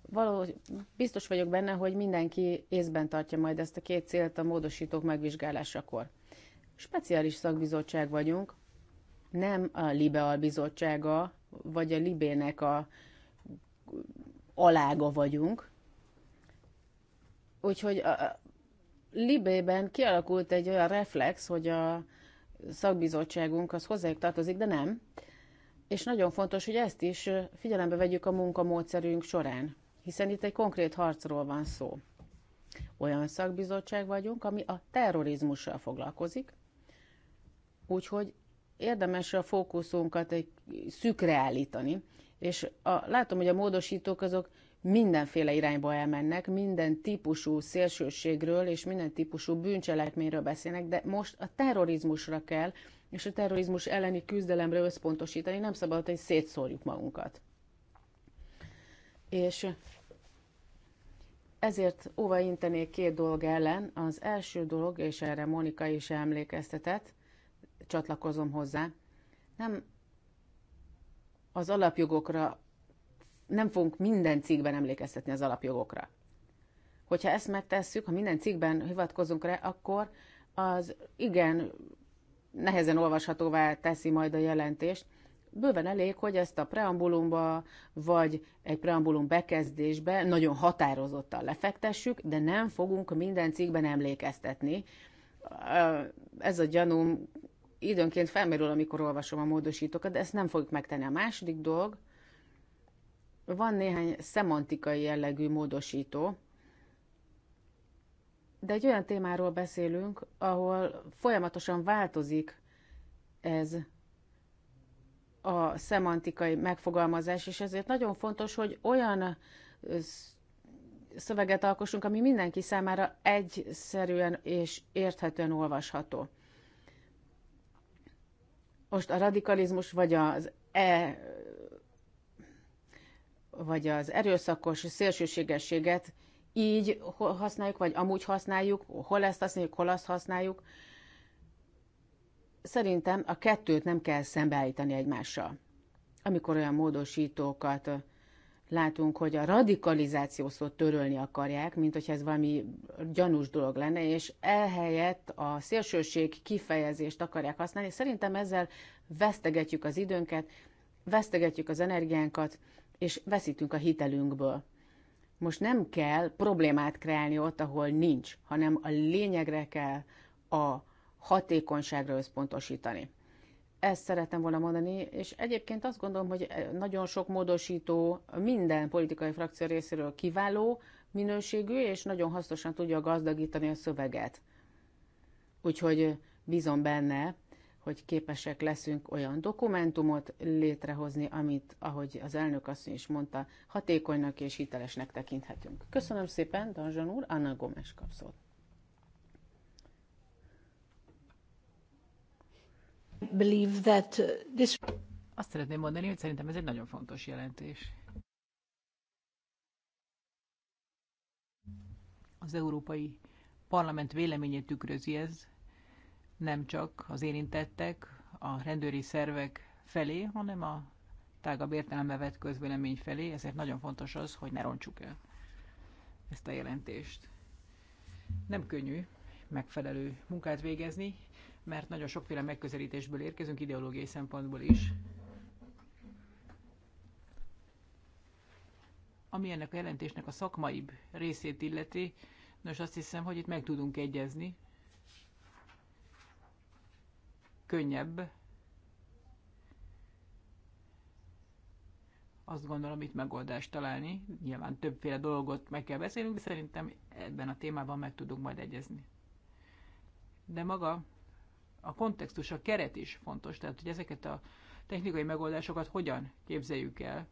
valahogy biztos vagyok benne, hogy mindenki észben tartja majd ezt a két célt a módosítók megvizsgálásakor. Speciális szakbizottság vagyunk, nem a Libeal bizottsága, vagy a Libének a alága vagyunk. Úgyhogy a Libében kialakult egy olyan reflex, hogy a szakbizottságunk az hozzájuk tartozik, de nem. És nagyon fontos, hogy ezt is figyelembe vegyük a munkamódszerünk során hiszen itt egy konkrét harcról van szó. Olyan szakbizottság vagyunk, ami a terrorizmussal foglalkozik, úgyhogy érdemes a fókuszunkat egy szükre állítani, és a, látom, hogy a módosítók azok mindenféle irányba elmennek, minden típusú szélsőségről és minden típusú bűncselekményről beszélnek, de most a terrorizmusra kell, és a terrorizmus elleni küzdelemre összpontosítani, nem szabad, hogy szétszórjuk magunkat. És ezért óva intenék két dolog ellen. Az első dolog, és erre Monika is emlékeztetett, csatlakozom hozzá, nem az alapjogokra, nem fogunk minden cikkben emlékeztetni az alapjogokra. Hogyha ezt megtesszük, ha minden cikkben hivatkozunk rá, akkor az igen nehezen olvashatóvá teszi majd a jelentést, bőven elég, hogy ezt a preambulumba, vagy egy preambulum bekezdésbe nagyon határozottan lefektessük, de nem fogunk minden cikkben emlékeztetni. Ez a gyanúm időnként felmerül, amikor olvasom a módosítókat, de ezt nem fogjuk megtenni. A második dolog, van néhány szemantikai jellegű módosító, de egy olyan témáról beszélünk, ahol folyamatosan változik ez a szemantikai megfogalmazás, és ezért nagyon fontos, hogy olyan szöveget alkossunk, ami mindenki számára egyszerűen és érthetően olvasható. Most a radikalizmus vagy az e vagy az erőszakos szélsőségességet így használjuk, vagy amúgy használjuk, hol ezt használjuk, hol azt használjuk. Szerintem a kettőt nem kell szembeállítani egymással. Amikor olyan módosítókat látunk, hogy a radikalizáció szót törölni akarják, mint hogyha ez valami gyanús dolog lenne, és ehelyett a szélsőség kifejezést akarják használni. Szerintem ezzel vesztegetjük az időnket, vesztegetjük az energiánkat, és veszítünk a hitelünkből. Most nem kell problémát kreálni ott, ahol nincs, hanem a lényegre kell, a hatékonyságra összpontosítani. Ezt szerettem volna mondani, és egyébként azt gondolom, hogy nagyon sok módosító minden politikai frakció részéről kiváló, minőségű, és nagyon hasznosan tudja gazdagítani a szöveget. Úgyhogy bízom benne, hogy képesek leszünk olyan dokumentumot létrehozni, amit, ahogy az elnök asszony is mondta, hatékonynak és hitelesnek tekinthetünk. Köszönöm szépen, Danzsan úr, Anna Gomes kapszott. Uh, Azt szeretném mondani, hogy szerintem ez egy nagyon fontos jelentés. Az Európai Parlament véleményét tükrözi ez, nem csak az érintettek, a rendőri szervek felé, hanem a tágabb értelembe vett közvélemény felé, ezért nagyon fontos az, hogy ne roncsuk el ezt a jelentést. Nem könnyű megfelelő munkát végezni, mert nagyon sokféle megközelítésből érkezünk, ideológiai szempontból is. Ami ennek a jelentésnek a szakmaibb részét illeti, nos azt hiszem, hogy itt meg tudunk egyezni. Könnyebb. Azt gondolom, itt megoldást találni. Nyilván többféle dolgot meg kell beszélnünk, de szerintem ebben a témában meg tudunk majd egyezni. De maga a kontextus, a keret is fontos, tehát hogy ezeket a technikai megoldásokat hogyan képzeljük el.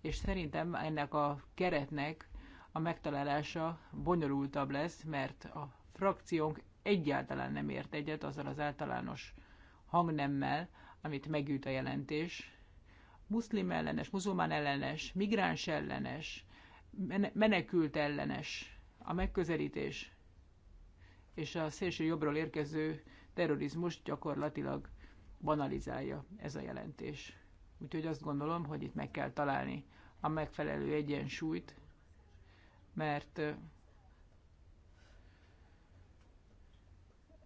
És szerintem ennek a keretnek a megtalálása bonyolultabb lesz, mert a frakciónk egyáltalán nem ért egyet azzal az általános hangnemmel, amit megüt a jelentés. Muszlim ellenes, muzulmán ellenes, migráns ellenes, menekült ellenes a megközelítés és a szélső jobbról érkező terrorizmust gyakorlatilag banalizálja ez a jelentés. Úgyhogy azt gondolom, hogy itt meg kell találni a megfelelő egyensúlyt, mert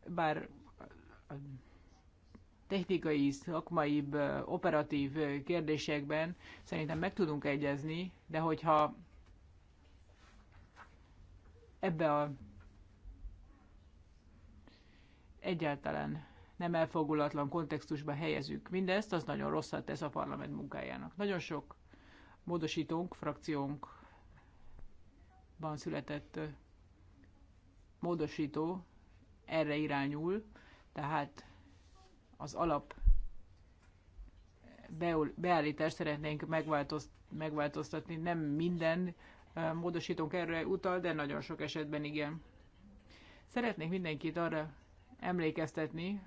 bár a technikai, szakmaibb, operatív kérdésekben szerintem meg tudunk egyezni, de hogyha ebbe a egyáltalán nem elfogulatlan kontextusba helyezünk mindezt, az nagyon rosszat tesz a parlament munkájának. Nagyon sok módosítónk, frakciónkban született módosító erre irányul, tehát az alap beállítást szeretnénk megváltoztatni. Nem minden módosítónk erre utal, de nagyon sok esetben igen. Szeretnék mindenkit arra emlékeztetni,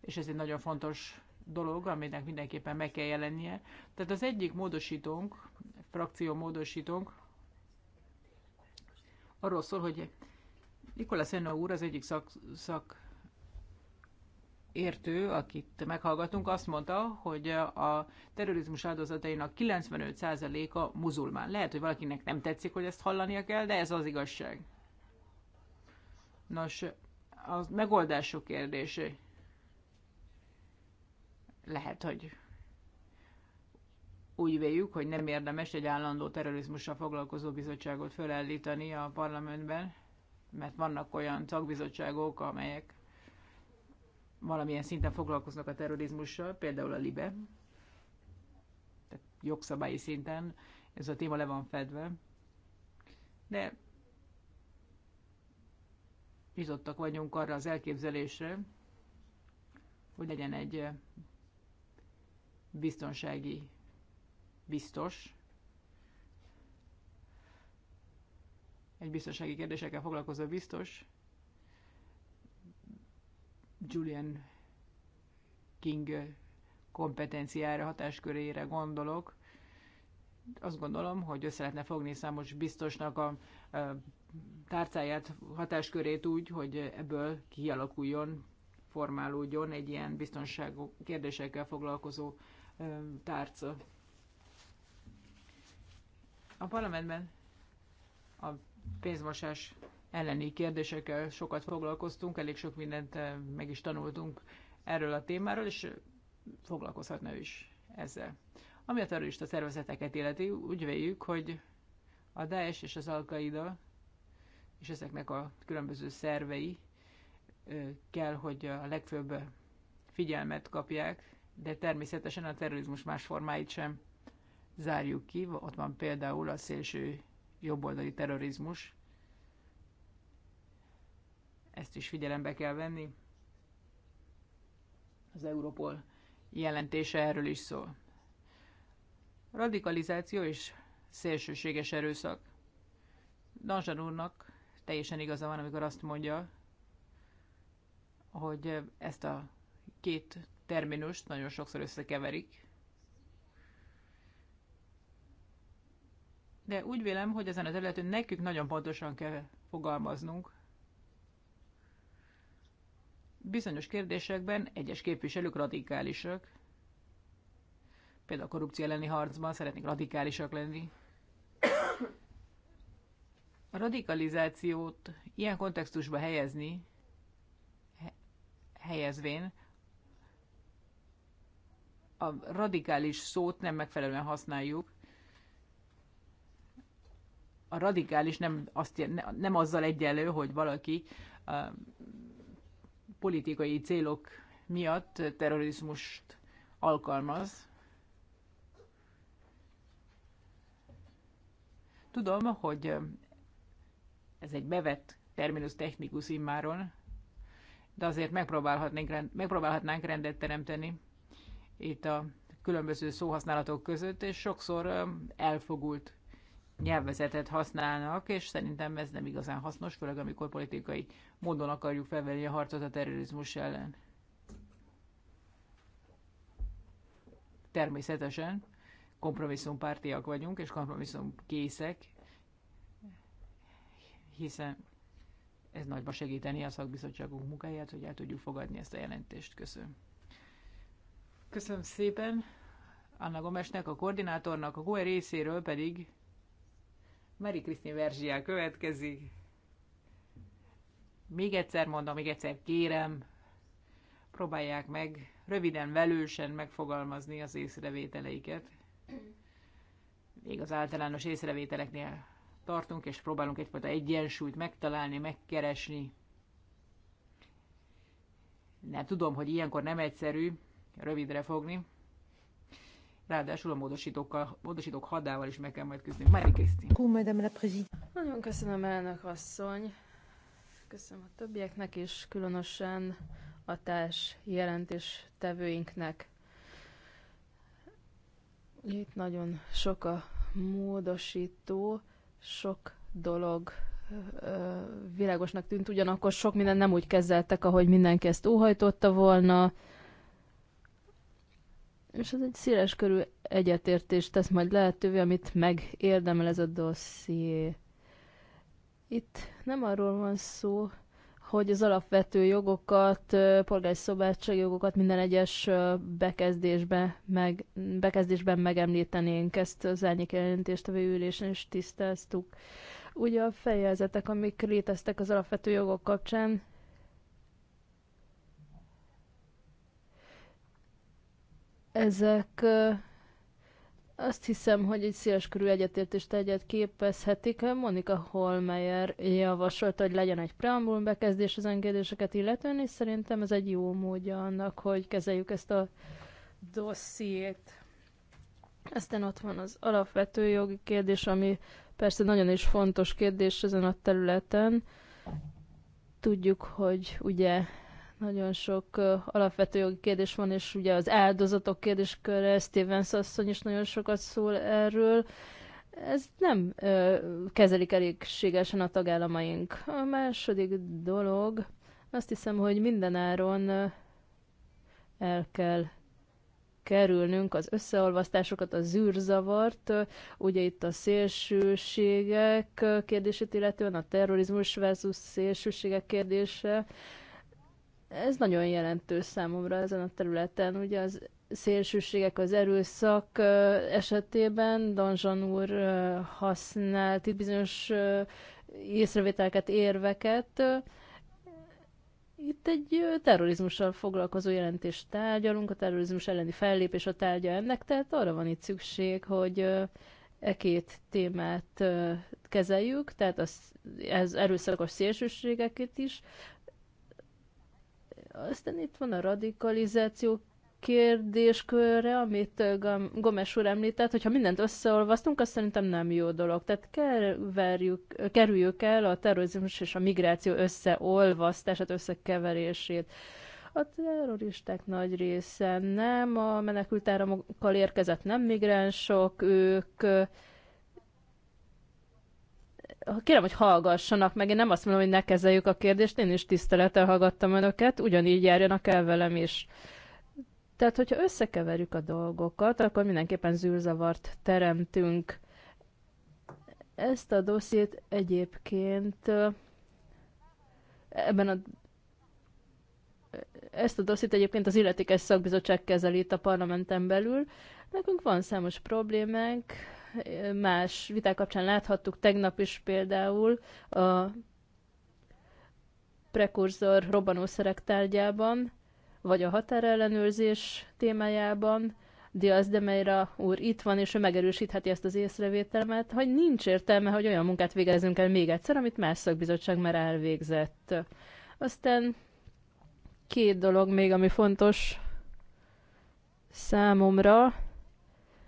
és ez egy nagyon fontos dolog, aminek mindenképpen meg kell jelennie. Tehát az egyik módosítónk, frakció módosítónk, arról szól, hogy Nikola Szenna úr az egyik szak, szak értő, akit meghallgatunk, azt mondta, hogy a terrorizmus áldozatainak 95%-a muzulmán. Lehet, hogy valakinek nem tetszik, hogy ezt hallania kell, de ez az igazság. Nos, a megoldások kérdése. Lehet, hogy úgy véljük, hogy nem érdemes egy állandó terrorizmussal foglalkozó bizottságot felállítani a parlamentben, mert vannak olyan tagbizottságok, amelyek valamilyen szinten foglalkoznak a terrorizmussal, például a LIBE, tehát jogszabályi szinten ez a téma le van fedve, de nyitottak vagyunk arra az elképzelésre, hogy legyen egy biztonsági biztos, egy biztonsági kérdésekkel foglalkozó biztos, Julian King kompetenciára, hatáskörére gondolok. Azt gondolom, hogy össze lehetne fogni számos biztosnak a tárcáját, hatáskörét úgy, hogy ebből kialakuljon, formálódjon egy ilyen biztonság kérdésekkel foglalkozó tárca. A parlamentben a pénzmosás elleni kérdésekkel sokat foglalkoztunk, elég sok mindent meg is tanultunk erről a témáról, és foglalkozhatna is ezzel. Ami a terrorista szervezeteket illeti, úgy véljük, hogy a Daesh és az Al-Qaida és ezeknek a különböző szervei kell, hogy a legfőbb figyelmet kapják, de természetesen a terrorizmus más formáit sem zárjuk ki. Ott van például a szélső jobboldali terrorizmus. Ezt is figyelembe kell venni. Az Europol jelentése erről is szól. Radikalizáció és szélsőséges erőszak. Danzsan úrnak teljesen igaza van, amikor azt mondja, hogy ezt a két terminust nagyon sokszor összekeverik. De úgy vélem, hogy ezen a területen nekünk nagyon pontosan kell fogalmaznunk. Bizonyos kérdésekben egyes képviselők radikálisak. Például a korrupció elleni harcban szeretnék radikálisak lenni radikalizációt ilyen kontextusba helyezni, helyezvén, a radikális szót nem megfelelően használjuk. A radikális nem, azt, nem azzal egyenlő, hogy valaki a politikai célok miatt terrorizmust alkalmaz. Tudom, hogy ez egy bevett terminus technikus immáron, de azért megpróbálhatnánk, megpróbálhatnánk rendet teremteni itt a különböző szóhasználatok között, és sokszor elfogult nyelvezetet használnak, és szerintem ez nem igazán hasznos, főleg amikor politikai módon akarjuk felvenni a harcot a terrorizmus ellen. Természetesen kompromisszumpártiak vagyunk, és kompromisszumkészek, hiszen ez nagyba segíteni a szakbizottságunk munkáját, hogy el tudjuk fogadni ezt a jelentést. Köszönöm. Köszönöm szépen Anna Gomesnek, a koordinátornak, a GUE részéről pedig Mari Krisztin Verzsiá következik. Még egyszer mondom, még egyszer kérem, próbálják meg röviden, velősen megfogalmazni az észrevételeiket. Még az általános észrevételeknél tartunk, és próbálunk egyfajta egyensúlyt megtalálni, megkeresni. Nem tudom, hogy ilyenkor nem egyszerű rövidre fogni. Ráadásul a módosítókkal, módosítók hadával is meg kell majd küzdeni. Mári Krisztin. Nagyon köszönöm elnök asszony. Köszönöm a többieknek is, különösen a társ jelentés tevőinknek. Itt nagyon sok a módosító, sok dolog világosnak tűnt, ugyanakkor sok minden nem úgy kezeltek, ahogy mindenki ezt óhajtotta volna. És ez egy széles körű egyetértést tesz majd lehetővé, amit megérdemel ez a dosszié. Itt nem arról van szó, hogy az alapvető jogokat, polgári szabadsági jogokat minden egyes bekezdésben, meg, bekezdésben megemlítenénk. Ezt az jelentést a ülésen is tisztáztuk. Ugye a fejezetek, amik léteztek az alapvető jogok kapcsán, ezek azt hiszem, hogy egy széleskörű egyetértést egyet képezhetik. Monika Holmeyer javasolta, hogy legyen egy preambulum bekezdés az engedéseket illetően, és szerintem ez egy jó módja annak, hogy kezeljük ezt a dossziét. Aztán ott van az alapvető jogi kérdés, ami persze nagyon is fontos kérdés ezen a területen. Tudjuk, hogy ugye nagyon sok alapvető jogi kérdés van, és ugye az áldozatok kérdéskörre Stevens asszony is nagyon sokat szól erről. Ez nem kezelik elégségesen a tagállamaink. A második dolog, azt hiszem, hogy mindenáron el kell kerülnünk az összeolvasztásokat, a zűrzavart, ugye itt a szélsőségek kérdését illetően, a terrorizmus versus szélsőségek kérdése, ez nagyon jelentős számomra ezen a területen. Ugye az szélsőségek az erőszak esetében Danzsan úr használt itt bizonyos észrevételket, érveket. Itt egy terrorizmussal foglalkozó jelentést tárgyalunk, a terrorizmus elleni fellépés a tárgya ennek, tehát arra van itt szükség, hogy e két témát kezeljük, tehát az, ez erőszakos szélsőségeket is, aztán itt van a radikalizáció kérdéskörre, amit eh, Gomes úr említett, hogyha mindent összeolvasztunk, azt szerintem nem jó dolog. Tehát keverjük, kerüljük el a terrorizmus és a migráció összeolvasztását, összekeverését. A terroristák nagy része nem, a menekültáramokkal érkezett nem migránsok, ők kérem, hogy hallgassanak meg, én nem azt mondom, hogy ne kezeljük a kérdést, én is tisztelettel hallgattam önöket, ugyanígy járjanak el velem is. Tehát, hogyha összekeverjük a dolgokat, akkor mindenképpen zűrzavart teremtünk. Ezt a dossziét egyébként ebben a ezt a dosszit egyébként az illetékes szakbizottság kezeli itt a parlamenten belül. Nekünk van számos problémánk, más viták kapcsán láthattuk tegnap is például a prekurzor robbanószerek tárgyában, vagy a határellenőrzés témájában, Diaz de Meira úr itt van, és ő megerősítheti ezt az észrevételmet, hogy nincs értelme, hogy olyan munkát végezzünk el még egyszer, amit más szakbizottság már elvégzett. Aztán két dolog még, ami fontos számomra,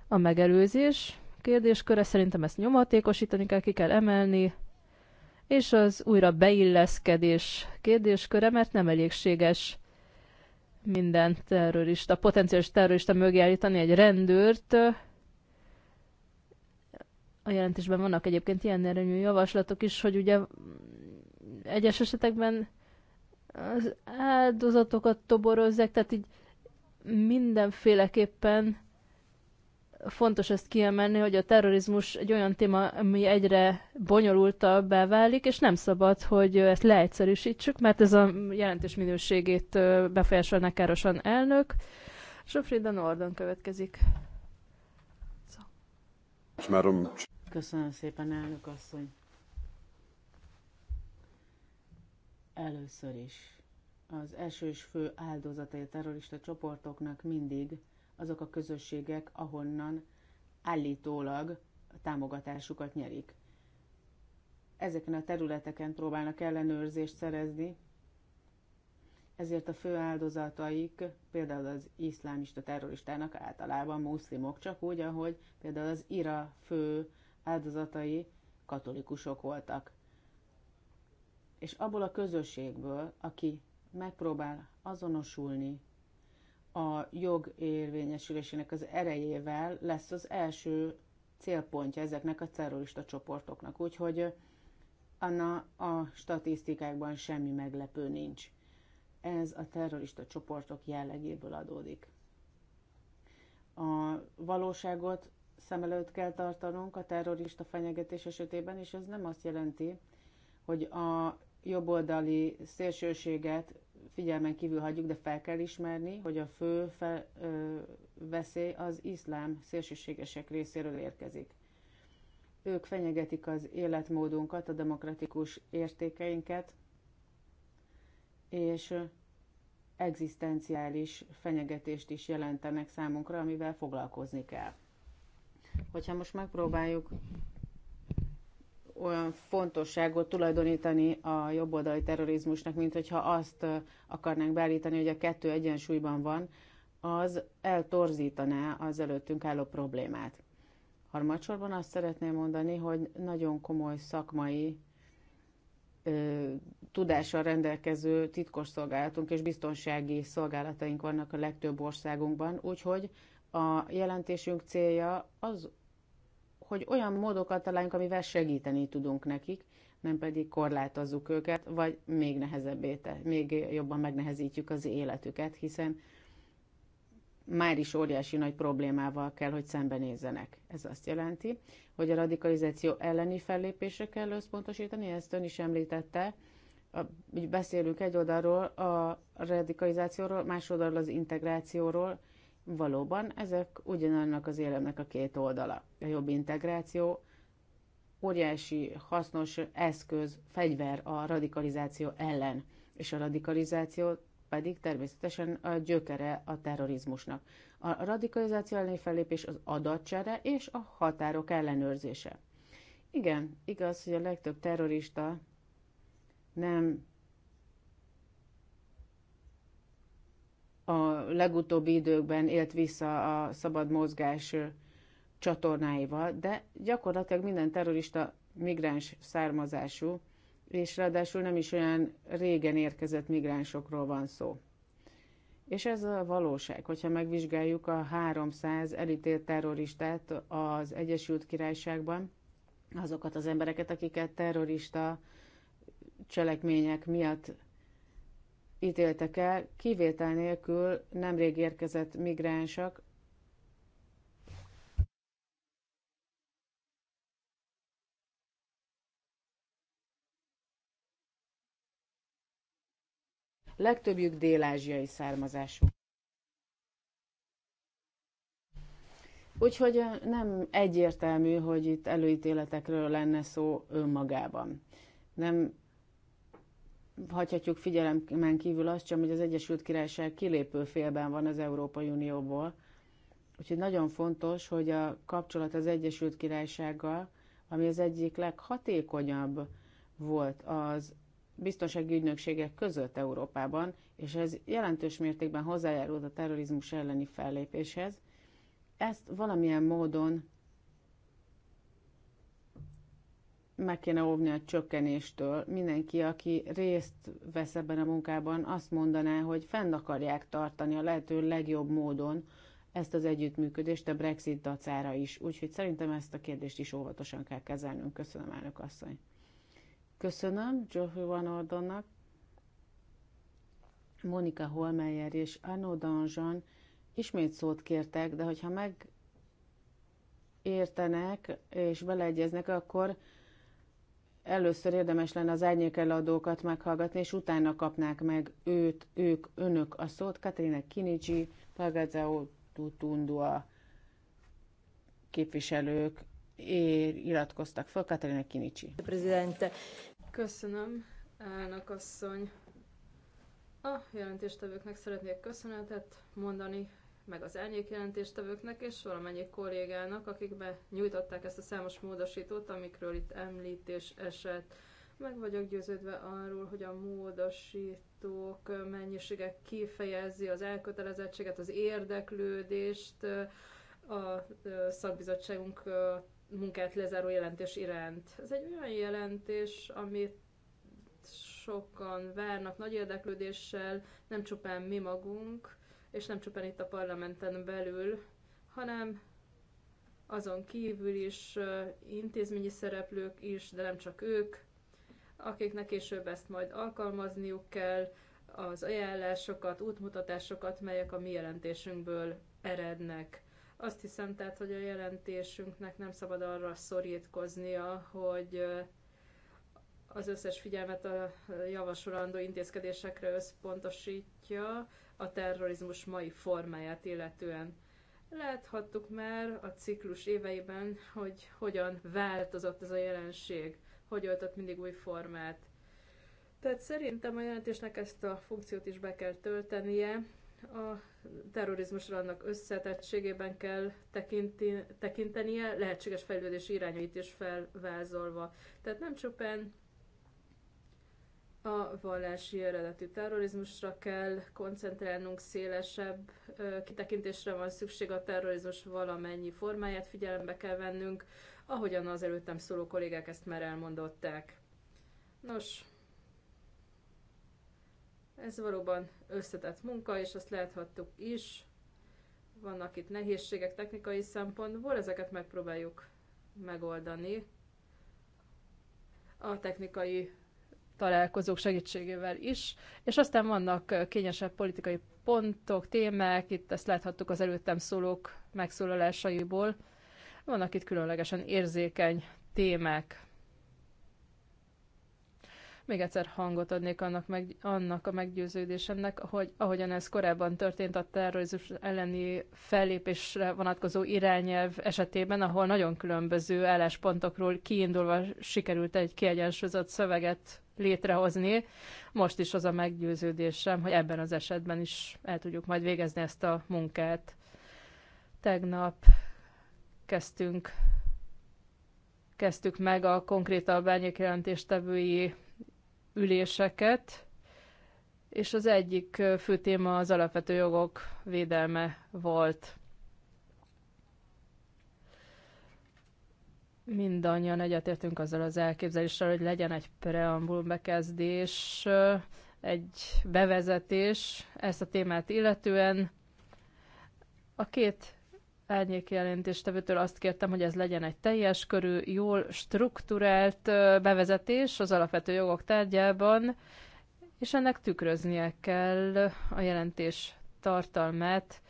a megelőzés, kérdésköre, szerintem ezt nyomatékosítani kell, ki kell emelni, és az újra beilleszkedés kérdésköre, mert nem elégséges minden terrorista, potenciális terrorista mögé állítani egy rendőrt. A jelentésben vannak egyébként ilyen erőnyű javaslatok is, hogy ugye egyes esetekben az áldozatokat toborozzák, tehát így mindenféleképpen fontos ezt kiemelni, hogy a terrorizmus egy olyan téma, ami egyre bonyolultabbá válik, és nem szabad, hogy ezt leegyszerűsítsük, mert ez a jelentés minőségét befolyásolná károsan elnök. Sofrida Norden következik. Köszönöm szépen, elnök asszony. Először is az esős fő áldozatai a terrorista csoportoknak mindig azok a közösségek, ahonnan állítólag a támogatásukat nyerik. Ezeken a területeken próbálnak ellenőrzést szerezni, ezért a fő áldozataik például az iszlámista terroristának általában muszlimok, csak úgy, ahogy például az IRA fő áldozatai katolikusok voltak. És abból a közösségből, aki megpróbál azonosulni a jog érvényesülésének az erejével lesz az első célpontja ezeknek a terrorista csoportoknak. Úgyhogy Anna a statisztikákban semmi meglepő nincs. Ez a terrorista csoportok jellegéből adódik. A valóságot szem előtt kell tartanunk a terrorista fenyegetés esetében, és ez nem azt jelenti, hogy a jobboldali szélsőséget figyelmen kívül hagyjuk, de fel kell ismerni, hogy a fő fe, ö, veszély az iszlám szélsőségesek részéről érkezik. Ők fenyegetik az életmódunkat, a demokratikus értékeinket, és egzisztenciális fenyegetést is jelentenek számunkra, amivel foglalkozni kell. Hogyha most megpróbáljuk olyan fontosságot tulajdonítani a jobboldali terrorizmusnak, mint hogyha azt akarnánk beállítani, hogy a kettő egyensúlyban van, az eltorzítaná az előttünk álló problémát. Harmadsorban azt szeretném mondani, hogy nagyon komoly szakmai ö, tudással rendelkező titkos szolgálatunk és biztonsági szolgálataink vannak a legtöbb országunkban, úgyhogy a jelentésünk célja az hogy olyan módokat találjunk, amivel segíteni tudunk nekik, nem pedig korlátozzuk őket, vagy még nehezebbé, még jobban megnehezítjük az életüket, hiszen már is óriási nagy problémával kell, hogy szembenézzenek. Ez azt jelenti, hogy a radikalizáció elleni fellépésre kell összpontosítani, ezt ön is említette, a, beszélünk egy oldalról a radikalizációról, más oldalról az integrációról, Valóban ezek ugyanannak az élemnek a két oldala. A jobb integráció óriási hasznos eszköz, fegyver a radikalizáció ellen, és a radikalizáció pedig természetesen a gyökere a terrorizmusnak. A radikalizáció elleni fellépés az adatcsere és a határok ellenőrzése. Igen, igaz, hogy a legtöbb terrorista nem a legutóbbi időkben élt vissza a szabad mozgás csatornáival, de gyakorlatilag minden terrorista migráns származású, és ráadásul nem is olyan régen érkezett migránsokról van szó. És ez a valóság, hogyha megvizsgáljuk a 300 elítélt terroristát az Egyesült Királyságban, azokat az embereket, akiket terrorista cselekmények miatt ítéltek el, kivétel nélkül nemrég érkezett migránsok, legtöbbjük dél-ázsiai származású. Úgyhogy nem egyértelmű, hogy itt előítéletekről lenne szó önmagában. Nem hagyhatjuk figyelemen kívül azt sem, hogy az Egyesült Királyság kilépő félben van az Európai Unióból. Úgyhogy nagyon fontos, hogy a kapcsolat az Egyesült Királysággal, ami az egyik leghatékonyabb volt az biztonsági ügynökségek között Európában, és ez jelentős mértékben hozzájárult a terrorizmus elleni fellépéshez, ezt valamilyen módon meg kéne óvni a csökkenéstől. Mindenki, aki részt vesz ebben a munkában, azt mondaná, hogy fenn akarják tartani a lehető legjobb módon ezt az együttműködést a Brexit dacára is. Úgyhogy szerintem ezt a kérdést is óvatosan kell kezelnünk. Köszönöm, elnök asszony. Köszönöm Geoffrey Van Ordonnak, Monika Holmeyer és Arnaud Danjean ismét szót kértek, de hogyha meg értenek és beleegyeznek, akkor először érdemes lenne az árnyékeladókat meghallgatni, és utána kapnák meg őt, ők, önök a szót. Katerina Kinicsi, Pagazao Tutundua képviselők ér, iratkoztak fel. Katerina Kinicsi. Prezidente. Köszönöm, elnök asszony. A jelentéstevőknek szeretnék köszönetet mondani meg az elnyékjelentéstevőknek és valamennyi kollégának, akik nyújtották ezt a számos módosítót, amikről itt említés esett. Meg vagyok győződve arról, hogy a módosítók mennyisége kifejezi az elkötelezettséget, az érdeklődést a szakbizottságunk munkát lezáró jelentés iránt. Ez egy olyan jelentés, amit sokan várnak nagy érdeklődéssel, nem csupán mi magunk, és nem csupán itt a parlamenten belül, hanem azon kívül is intézményi szereplők is, de nem csak ők, akiknek később ezt majd alkalmazniuk kell, az ajánlásokat, útmutatásokat, melyek a mi jelentésünkből erednek. Azt hiszem tehát, hogy a jelentésünknek nem szabad arra szorítkoznia, hogy az összes figyelmet a javasolandó intézkedésekre összpontosítja a terrorizmus mai formáját illetően. Láthattuk már a ciklus éveiben, hogy hogyan változott ez a jelenség, hogy öltött mindig új formát. Tehát szerintem a jelentésnek ezt a funkciót is be kell töltenie, a terrorizmusra annak összetettségében kell tekinti, tekintenie, lehetséges fejlődés irányait is felvázolva. Tehát nem csupán a vallási eredetű terrorizmusra kell koncentrálnunk, szélesebb kitekintésre van szükség a terrorizmus valamennyi formáját figyelembe kell vennünk, ahogyan az előttem szóló kollégák ezt már elmondották. Nos, ez valóban összetett munka, és azt láthattuk is. Vannak itt nehézségek technikai szempontból, ezeket megpróbáljuk megoldani. A technikai találkozók segítségével is, és aztán vannak kényesebb politikai pontok, témák, itt ezt láthattuk az előttem szólók megszólalásaiból, vannak itt különlegesen érzékeny témák. Még egyszer hangot adnék annak, meg, annak a meggyőződésemnek, hogy ahogyan ez korábban történt a terrorizmus elleni fellépésre vonatkozó irányelv esetében, ahol nagyon különböző álláspontokról kiindulva sikerült egy kiegyensúlyozott szöveget létrehozni. Most is az a meggyőződésem, hogy ebben az esetben is el tudjuk majd végezni ezt a munkát. Tegnap kezdtünk kezdtük meg a konkrét albányok jelentéstevői üléseket, és az egyik fő téma az alapvető jogok védelme volt. mindannyian egyetértünk azzal az elképzeléssel, hogy legyen egy preambul bekezdés, egy bevezetés ezt a témát illetően. A két árnyék jelentéstevőtől azt kértem, hogy ez legyen egy teljes körű, jól strukturált bevezetés az alapvető jogok tárgyában, és ennek tükröznie kell a jelentés tartalmát,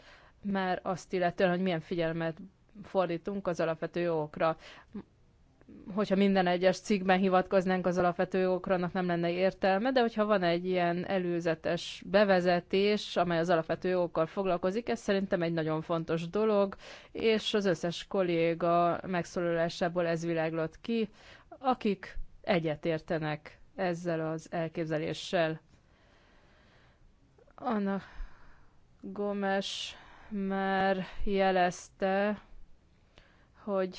már azt illetően, hogy milyen figyelmet fordítunk az alapvető jogokra hogyha minden egyes cikkben hivatkoznánk az alapvető jogokra, annak nem lenne értelme, de hogyha van egy ilyen előzetes bevezetés, amely az alapvető jogokkal foglalkozik, ez szerintem egy nagyon fontos dolog, és az összes kolléga megszólalásából ez világlott ki, akik egyetértenek ezzel az elképzeléssel. Anna Gomes már jelezte, hogy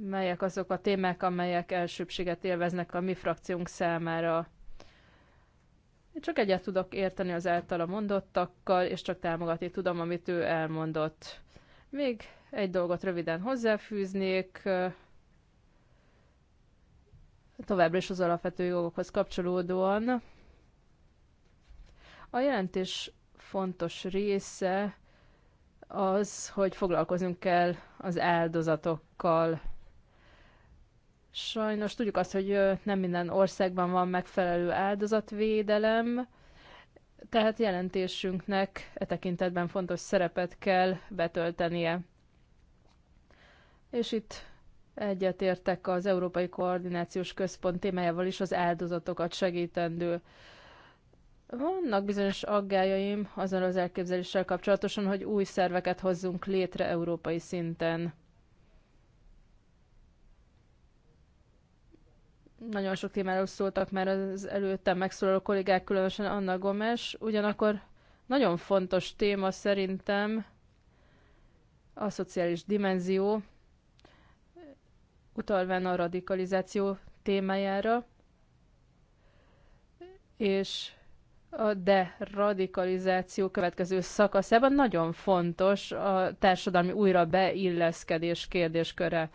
melyek azok a témák, amelyek elsőbséget élveznek a mi frakciónk számára. Én csak egyet tudok érteni az általa mondottakkal, és csak támogatni tudom, amit ő elmondott. Még egy dolgot röviden hozzáfűznék. Továbbra is az alapvető jogokhoz kapcsolódóan. A jelentés fontos része az, hogy foglalkoznunk kell az áldozatokkal. Sajnos tudjuk azt, hogy nem minden országban van megfelelő áldozatvédelem, tehát jelentésünknek e tekintetben fontos szerepet kell betöltenie. És itt egyetértek az Európai Koordinációs Központ témájával is az áldozatokat segítendő. Vannak bizonyos aggájaim azzal az elképzeléssel kapcsolatosan, hogy új szerveket hozzunk létre európai szinten. Nagyon sok témáról szóltak már az előttem megszólaló kollégák, különösen Anna Gomes. Ugyanakkor nagyon fontos téma szerintem a szociális dimenzió, utalván a radikalizáció témájára, és a de radikalizáció következő szakaszában nagyon fontos a társadalmi újra beilleszkedés kérdésköre.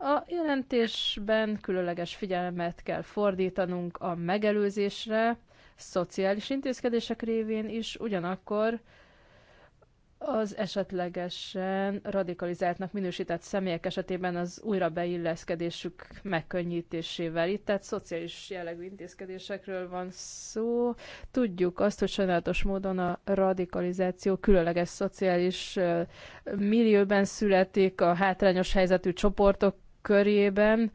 A jelentésben különleges figyelmet kell fordítanunk a megelőzésre, szociális intézkedések révén is, ugyanakkor az esetlegesen radikalizáltnak minősített személyek esetében az újra beilleszkedésük megkönnyítésével. Itt tehát szociális jellegű intézkedésekről van szó. Tudjuk azt, hogy sajnálatos módon a radikalizáció különleges szociális millióben születik, a hátrányos helyzetű csoportok körében.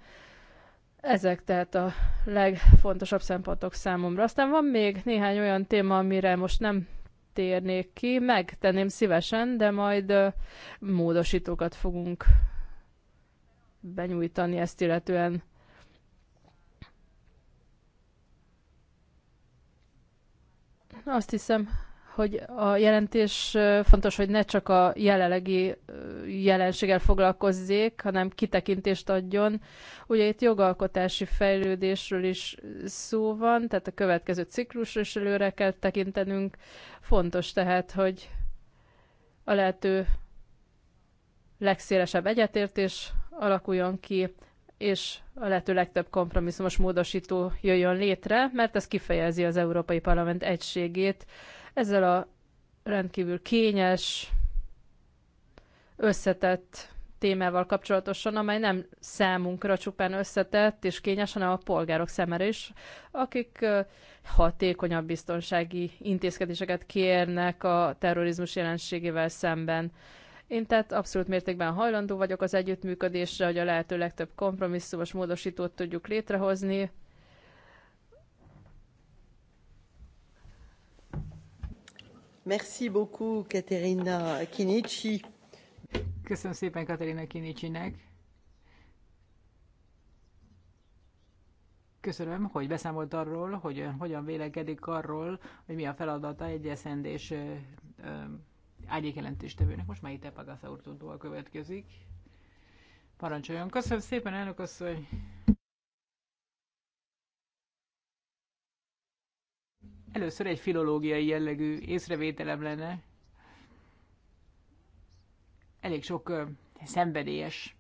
Ezek tehát a legfontosabb szempontok számomra. Aztán van még néhány olyan téma, amire most nem térnék ki, megtenném szívesen, de majd módosítókat fogunk benyújtani ezt illetően. Azt hiszem, hogy a jelentés fontos, hogy ne csak a jelenlegi jelenséggel foglalkozzék, hanem kitekintést adjon. Ugye itt jogalkotási fejlődésről is szó van, tehát a következő ciklusra is előre kell tekintenünk. Fontos tehát, hogy a lehető legszélesebb egyetértés alakuljon ki, és a lehető legtöbb kompromisszumos módosító jöjjön létre, mert ez kifejezi az Európai Parlament egységét, ezzel a rendkívül kényes, összetett témával kapcsolatosan, amely nem számunkra csupán összetett és kényes, hanem a polgárok szemére is, akik hatékonyabb biztonsági intézkedéseket kérnek a terrorizmus jelenségével szemben. Én tehát abszolút mértékben hajlandó vagyok az együttműködésre, hogy a lehető legtöbb kompromisszumos módosítót tudjuk létrehozni, Merci beaucoup, Katerina Kinichi. Köszönöm szépen Katerina Kinicsinek. Köszönöm, hogy beszámolt arról, hogy hogyan vélekedik arról, hogy mi a feladata egy eszendés ágyékjelentéstevőnek. Most már itt Epagasza úr tudóval következik. Parancsoljon. Köszönöm szépen, elnök asszony! Először egy filológiai jellegű észrevételem lenne. Elég sok szenvedélyes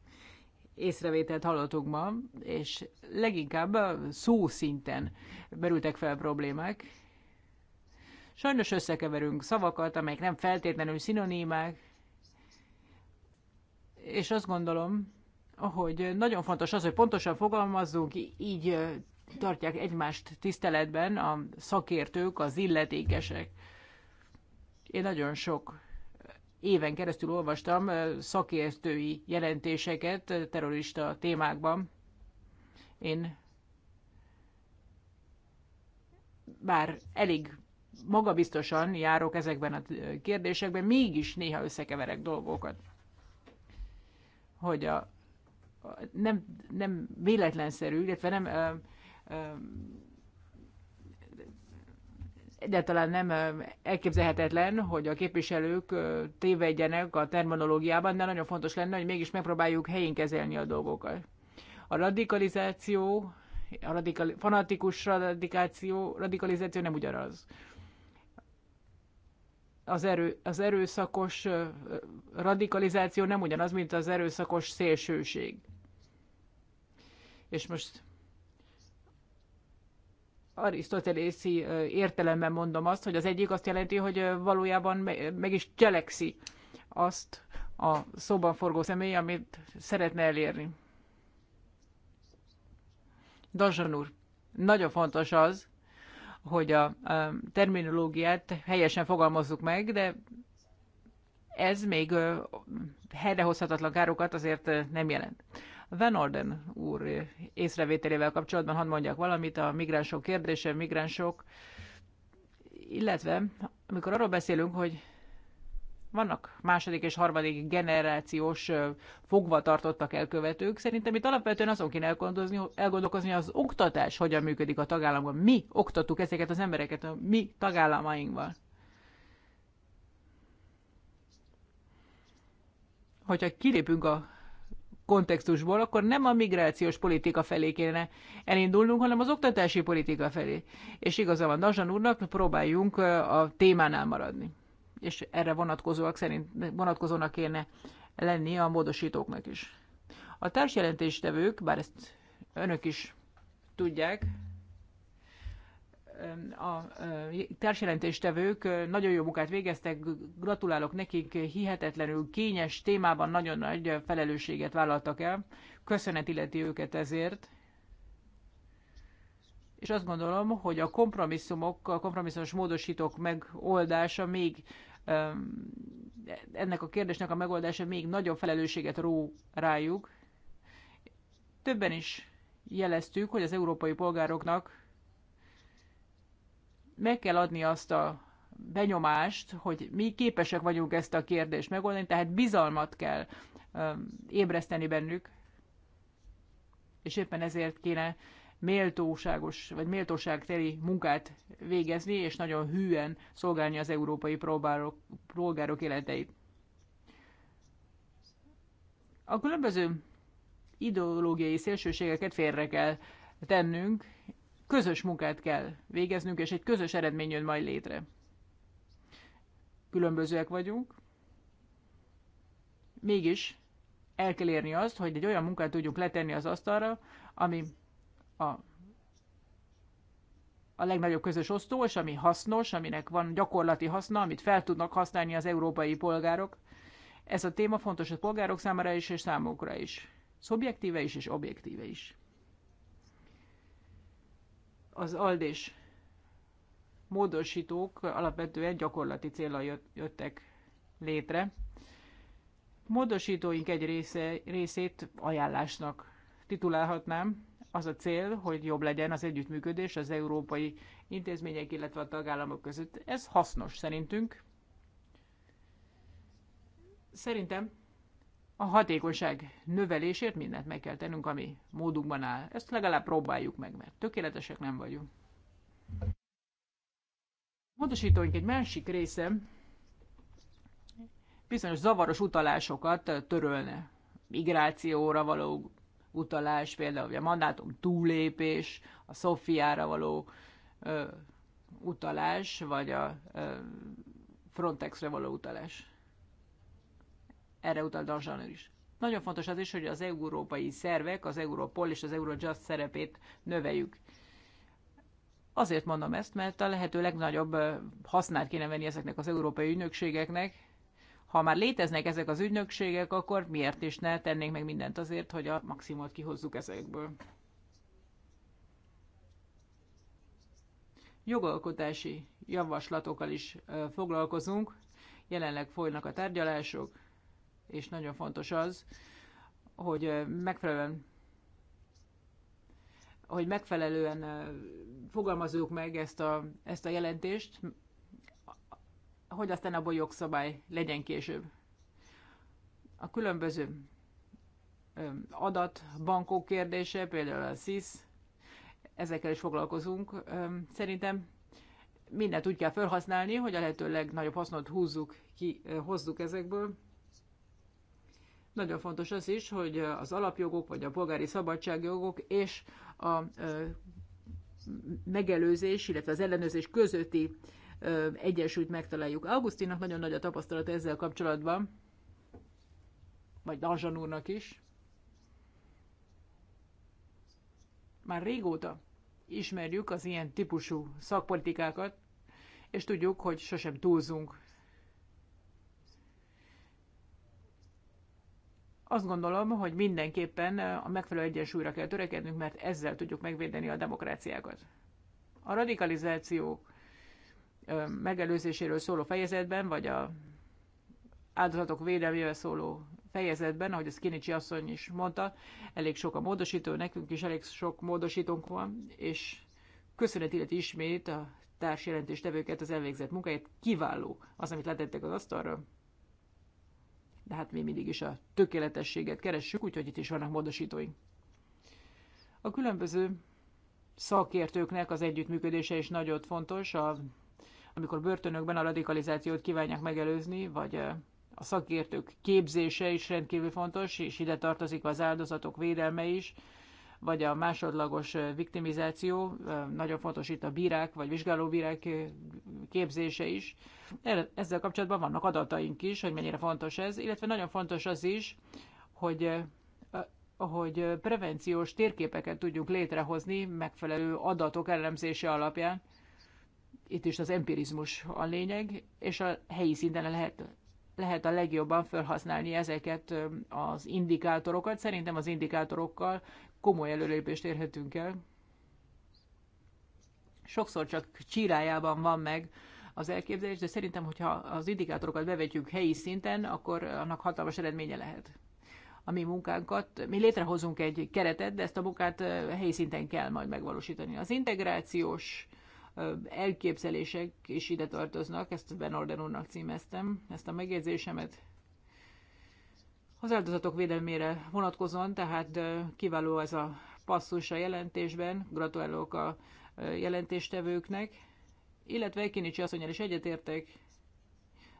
észrevételt hallottunk ma, és leginkább szó szinten merültek fel problémák. Sajnos összekeverünk szavakat, amelyek nem feltétlenül szinonímák, és azt gondolom, hogy nagyon fontos az, hogy pontosan fogalmazzunk, így tartják egymást tiszteletben a szakértők, az illetékesek. Én nagyon sok éven keresztül olvastam szakértői jelentéseket terrorista témákban. Én bár elég magabiztosan járok ezekben a kérdésekben, mégis néha összekeverek dolgokat. Hogy a, nem, nem véletlenszerű, illetve nem egyáltalán nem elképzelhetetlen, hogy a képviselők tévedjenek a terminológiában, de nagyon fontos lenne, hogy mégis megpróbáljuk helyén kezelni a dolgokat. A radikalizáció, a radikal, fanatikus radikáció, radikalizáció nem ugyanaz. Az, erő, az erőszakos radikalizáció nem ugyanaz, mint az erőszakos szélsőség. És most arisztotelészi értelemben mondom azt, hogy az egyik azt jelenti, hogy valójában meg is cselekszi azt a szóban forgó személy, amit szeretne elérni. Dazsan úr, nagyon fontos az, hogy a terminológiát helyesen fogalmazzuk meg, de ez még helyrehozhatatlan károkat azért nem jelent. Van Orden úr észrevételével kapcsolatban hadd mondjak valamit, a migránsok kérdése, migránsok, illetve amikor arról beszélünk, hogy vannak második és harmadik generációs fogvatartottak elkövetők. Szerintem itt alapvetően azon kéne elgondolkozni, elgondolkozni az oktatás hogyan működik a tagállamban. Mi oktattuk ezeket az embereket a mi tagállamainkban. Hogyha kilépünk a kontextusból, akkor nem a migrációs politika felé kéne elindulnunk, hanem az oktatási politika felé. És igaza van Dazsan úrnak, próbáljunk a témánál maradni. És erre vonatkozóak szerint, vonatkozónak kéne lenni a módosítóknak is. A társjelentéstevők, bár ezt önök is tudják, a társjelentéstevők nagyon jó munkát végeztek, gratulálok nekik, hihetetlenül kényes témában nagyon nagy felelősséget vállaltak el. Köszönet illeti őket ezért. És azt gondolom, hogy a kompromisszumok, a kompromisszumos módosítók megoldása még ennek a kérdésnek a megoldása még nagyobb felelősséget ró rájuk. Többen is jeleztük, hogy az európai polgároknak meg kell adni azt a benyomást, hogy mi képesek vagyunk ezt a kérdést megoldani, tehát bizalmat kell ébreszteni bennük, és éppen ezért kéne méltóságos, vagy méltóságteli munkát végezni, és nagyon hűen szolgálni az európai próbárok, polgárok életeit. A különböző ideológiai szélsőségeket félre kell tennünk, közös munkát kell végeznünk, és egy közös eredmény jön majd létre. Különbözőek vagyunk, mégis el kell érni azt, hogy egy olyan munkát tudjunk letenni az asztalra, ami a, a legnagyobb közös osztó, és ami hasznos, aminek van gyakorlati haszna, amit fel tudnak használni az európai polgárok. Ez a téma fontos a polgárok számára is, és számukra is. Szobjektíve is, és objektíve is az aldés módosítók alapvetően gyakorlati célra jöttek létre. Módosítóink egy része, részét ajánlásnak titulálhatnám. Az a cél, hogy jobb legyen az együttműködés az európai intézmények, illetve a tagállamok között. Ez hasznos szerintünk. Szerintem a hatékonyság növelésért mindent meg kell tennünk, ami módunkban áll. Ezt legalább próbáljuk meg, mert tökéletesek nem vagyunk. Módosítóink egy másik része bizonyos zavaros utalásokat törölne. Migrációra való utalás, például a mandátum túlépés, a Szofiára való ö, utalás, vagy a ö, Frontexre való utalás erre utal Danzsanő is. Nagyon fontos az is, hogy az európai szervek, az Europol és az Eurojust szerepét növeljük. Azért mondom ezt, mert a lehető legnagyobb hasznát kéne venni ezeknek az európai ügynökségeknek. Ha már léteznek ezek az ügynökségek, akkor miért is ne tennénk meg mindent azért, hogy a maximumot kihozzuk ezekből. Jogalkotási javaslatokkal is foglalkozunk. Jelenleg folynak a tárgyalások és nagyon fontos az, hogy megfelelően hogy megfelelően fogalmazzuk meg ezt a, ezt a jelentést, hogy aztán a jogszabály legyen később. A különböző adatbankok kérdése, például a SIS, ezekkel is foglalkozunk. Szerintem mindent úgy kell felhasználni, hogy a lehető legnagyobb hasznot húzzuk ki, hozzuk ezekből. Nagyon fontos az is, hogy az alapjogok vagy a polgári szabadságjogok és a megelőzés, illetve az ellenőrzés közötti egyensúlyt megtaláljuk. Augustinnak nagyon nagy a tapasztalata ezzel kapcsolatban, vagy Darzsan úrnak is. Már régóta ismerjük az ilyen típusú szakpolitikákat, és tudjuk, hogy sosem túlzunk Azt gondolom, hogy mindenképpen a megfelelő egyensúlyra kell törekednünk, mert ezzel tudjuk megvédeni a demokráciákat. A radikalizáció megelőzéséről szóló fejezetben, vagy a áldozatok védelmével szóló fejezetben, ahogy a Kinicsi asszony is mondta, elég sok a módosító, nekünk is elég sok módosítónk van, és köszönet illeti ismét a társjelentéstevőket az elvégzett munkáját. Kiváló az, amit letettek az asztalra de hát mi mindig is a tökéletességet keressük, úgyhogy itt is vannak módosítóink. A különböző szakértőknek az együttműködése is nagyon fontos, a, amikor börtönökben a radikalizációt kívánják megelőzni, vagy eh, a szakértők képzése is rendkívül fontos, és ide tartozik az áldozatok védelme is, vagy a másodlagos viktimizáció, nagyon fontos itt a bírák vagy vizsgálóbírák képzése is. Ezzel kapcsolatban vannak adataink is, hogy mennyire fontos ez, illetve nagyon fontos az is, hogy hogy prevenciós térképeket tudjunk létrehozni megfelelő adatok elemzése alapján. Itt is az empirizmus a lényeg, és a helyi szinten lehet, lehet a legjobban felhasználni ezeket az indikátorokat. Szerintem az indikátorokkal komoly előrelépést érhetünk el. Sokszor csak csirájában van meg az elképzelés, de szerintem, hogyha az indikátorokat bevetjük helyi szinten, akkor annak hatalmas eredménye lehet a mi munkánkat. Mi létrehozunk egy keretet, de ezt a munkát helyi szinten kell majd megvalósítani. Az integrációs elképzelések is ide tartoznak, ezt Ben Orden úrnak címeztem, ezt a megjegyzésemet. Az áldozatok védelmére vonatkozóan, tehát kiváló ez a passzus a jelentésben, gratulálok a jelentéstevőknek, illetve Kinicsi asszonyjal is egyetértek,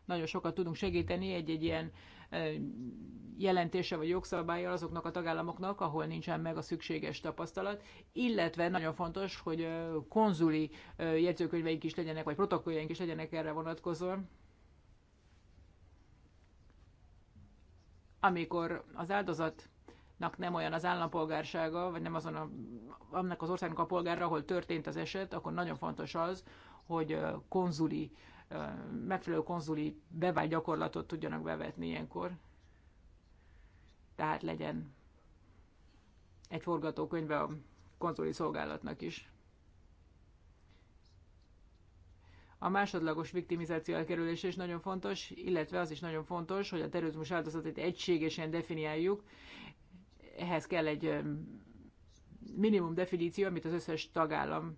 nagyon sokat tudunk segíteni egy-egy ilyen jelentése vagy jogszabálya azoknak a tagállamoknak, ahol nincsen meg a szükséges tapasztalat, illetve nagyon fontos, hogy konzuli jegyzőkönyveink is legyenek, vagy protokolljaink is legyenek erre vonatkozóan. amikor az áldozatnak nem olyan az állampolgársága, vagy nem azon a, annak az országnak a polgára, ahol történt az eset, akkor nagyon fontos az, hogy konzuli, megfelelő konzuli bevált gyakorlatot tudjanak bevetni ilyenkor. Tehát legyen egy forgatókönyve a konzuli szolgálatnak is. A másodlagos viktimizáció elkerülése is nagyon fontos, illetve az is nagyon fontos, hogy a terrorizmus áldozatait egységesen definiáljuk. Ehhez kell egy minimum definíció, amit az összes tagállam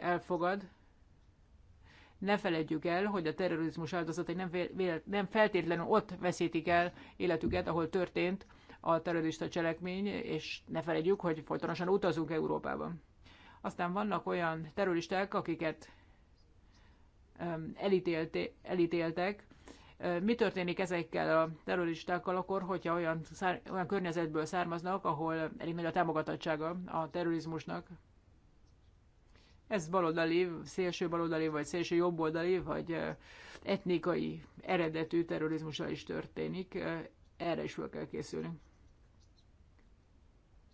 elfogad. Ne feledjük el, hogy a terrorizmus áldozatai nem, nem feltétlenül ott veszítik el életüket, ahol történt a terrorista cselekmény, és ne felejtjük, hogy folytonosan utazunk Európában. Aztán vannak olyan terroristák, akiket elítélt, elítéltek. Mi történik ezekkel a terroristákkal akkor, hogyha olyan, szár, olyan környezetből származnak, ahol elég nagy a támogatottsága a terrorizmusnak? Ez baloldali, szélső baloldali, vagy szélső jobboldali, vagy etnikai eredetű terrorizmussal is történik. Erre is fel kell készülni.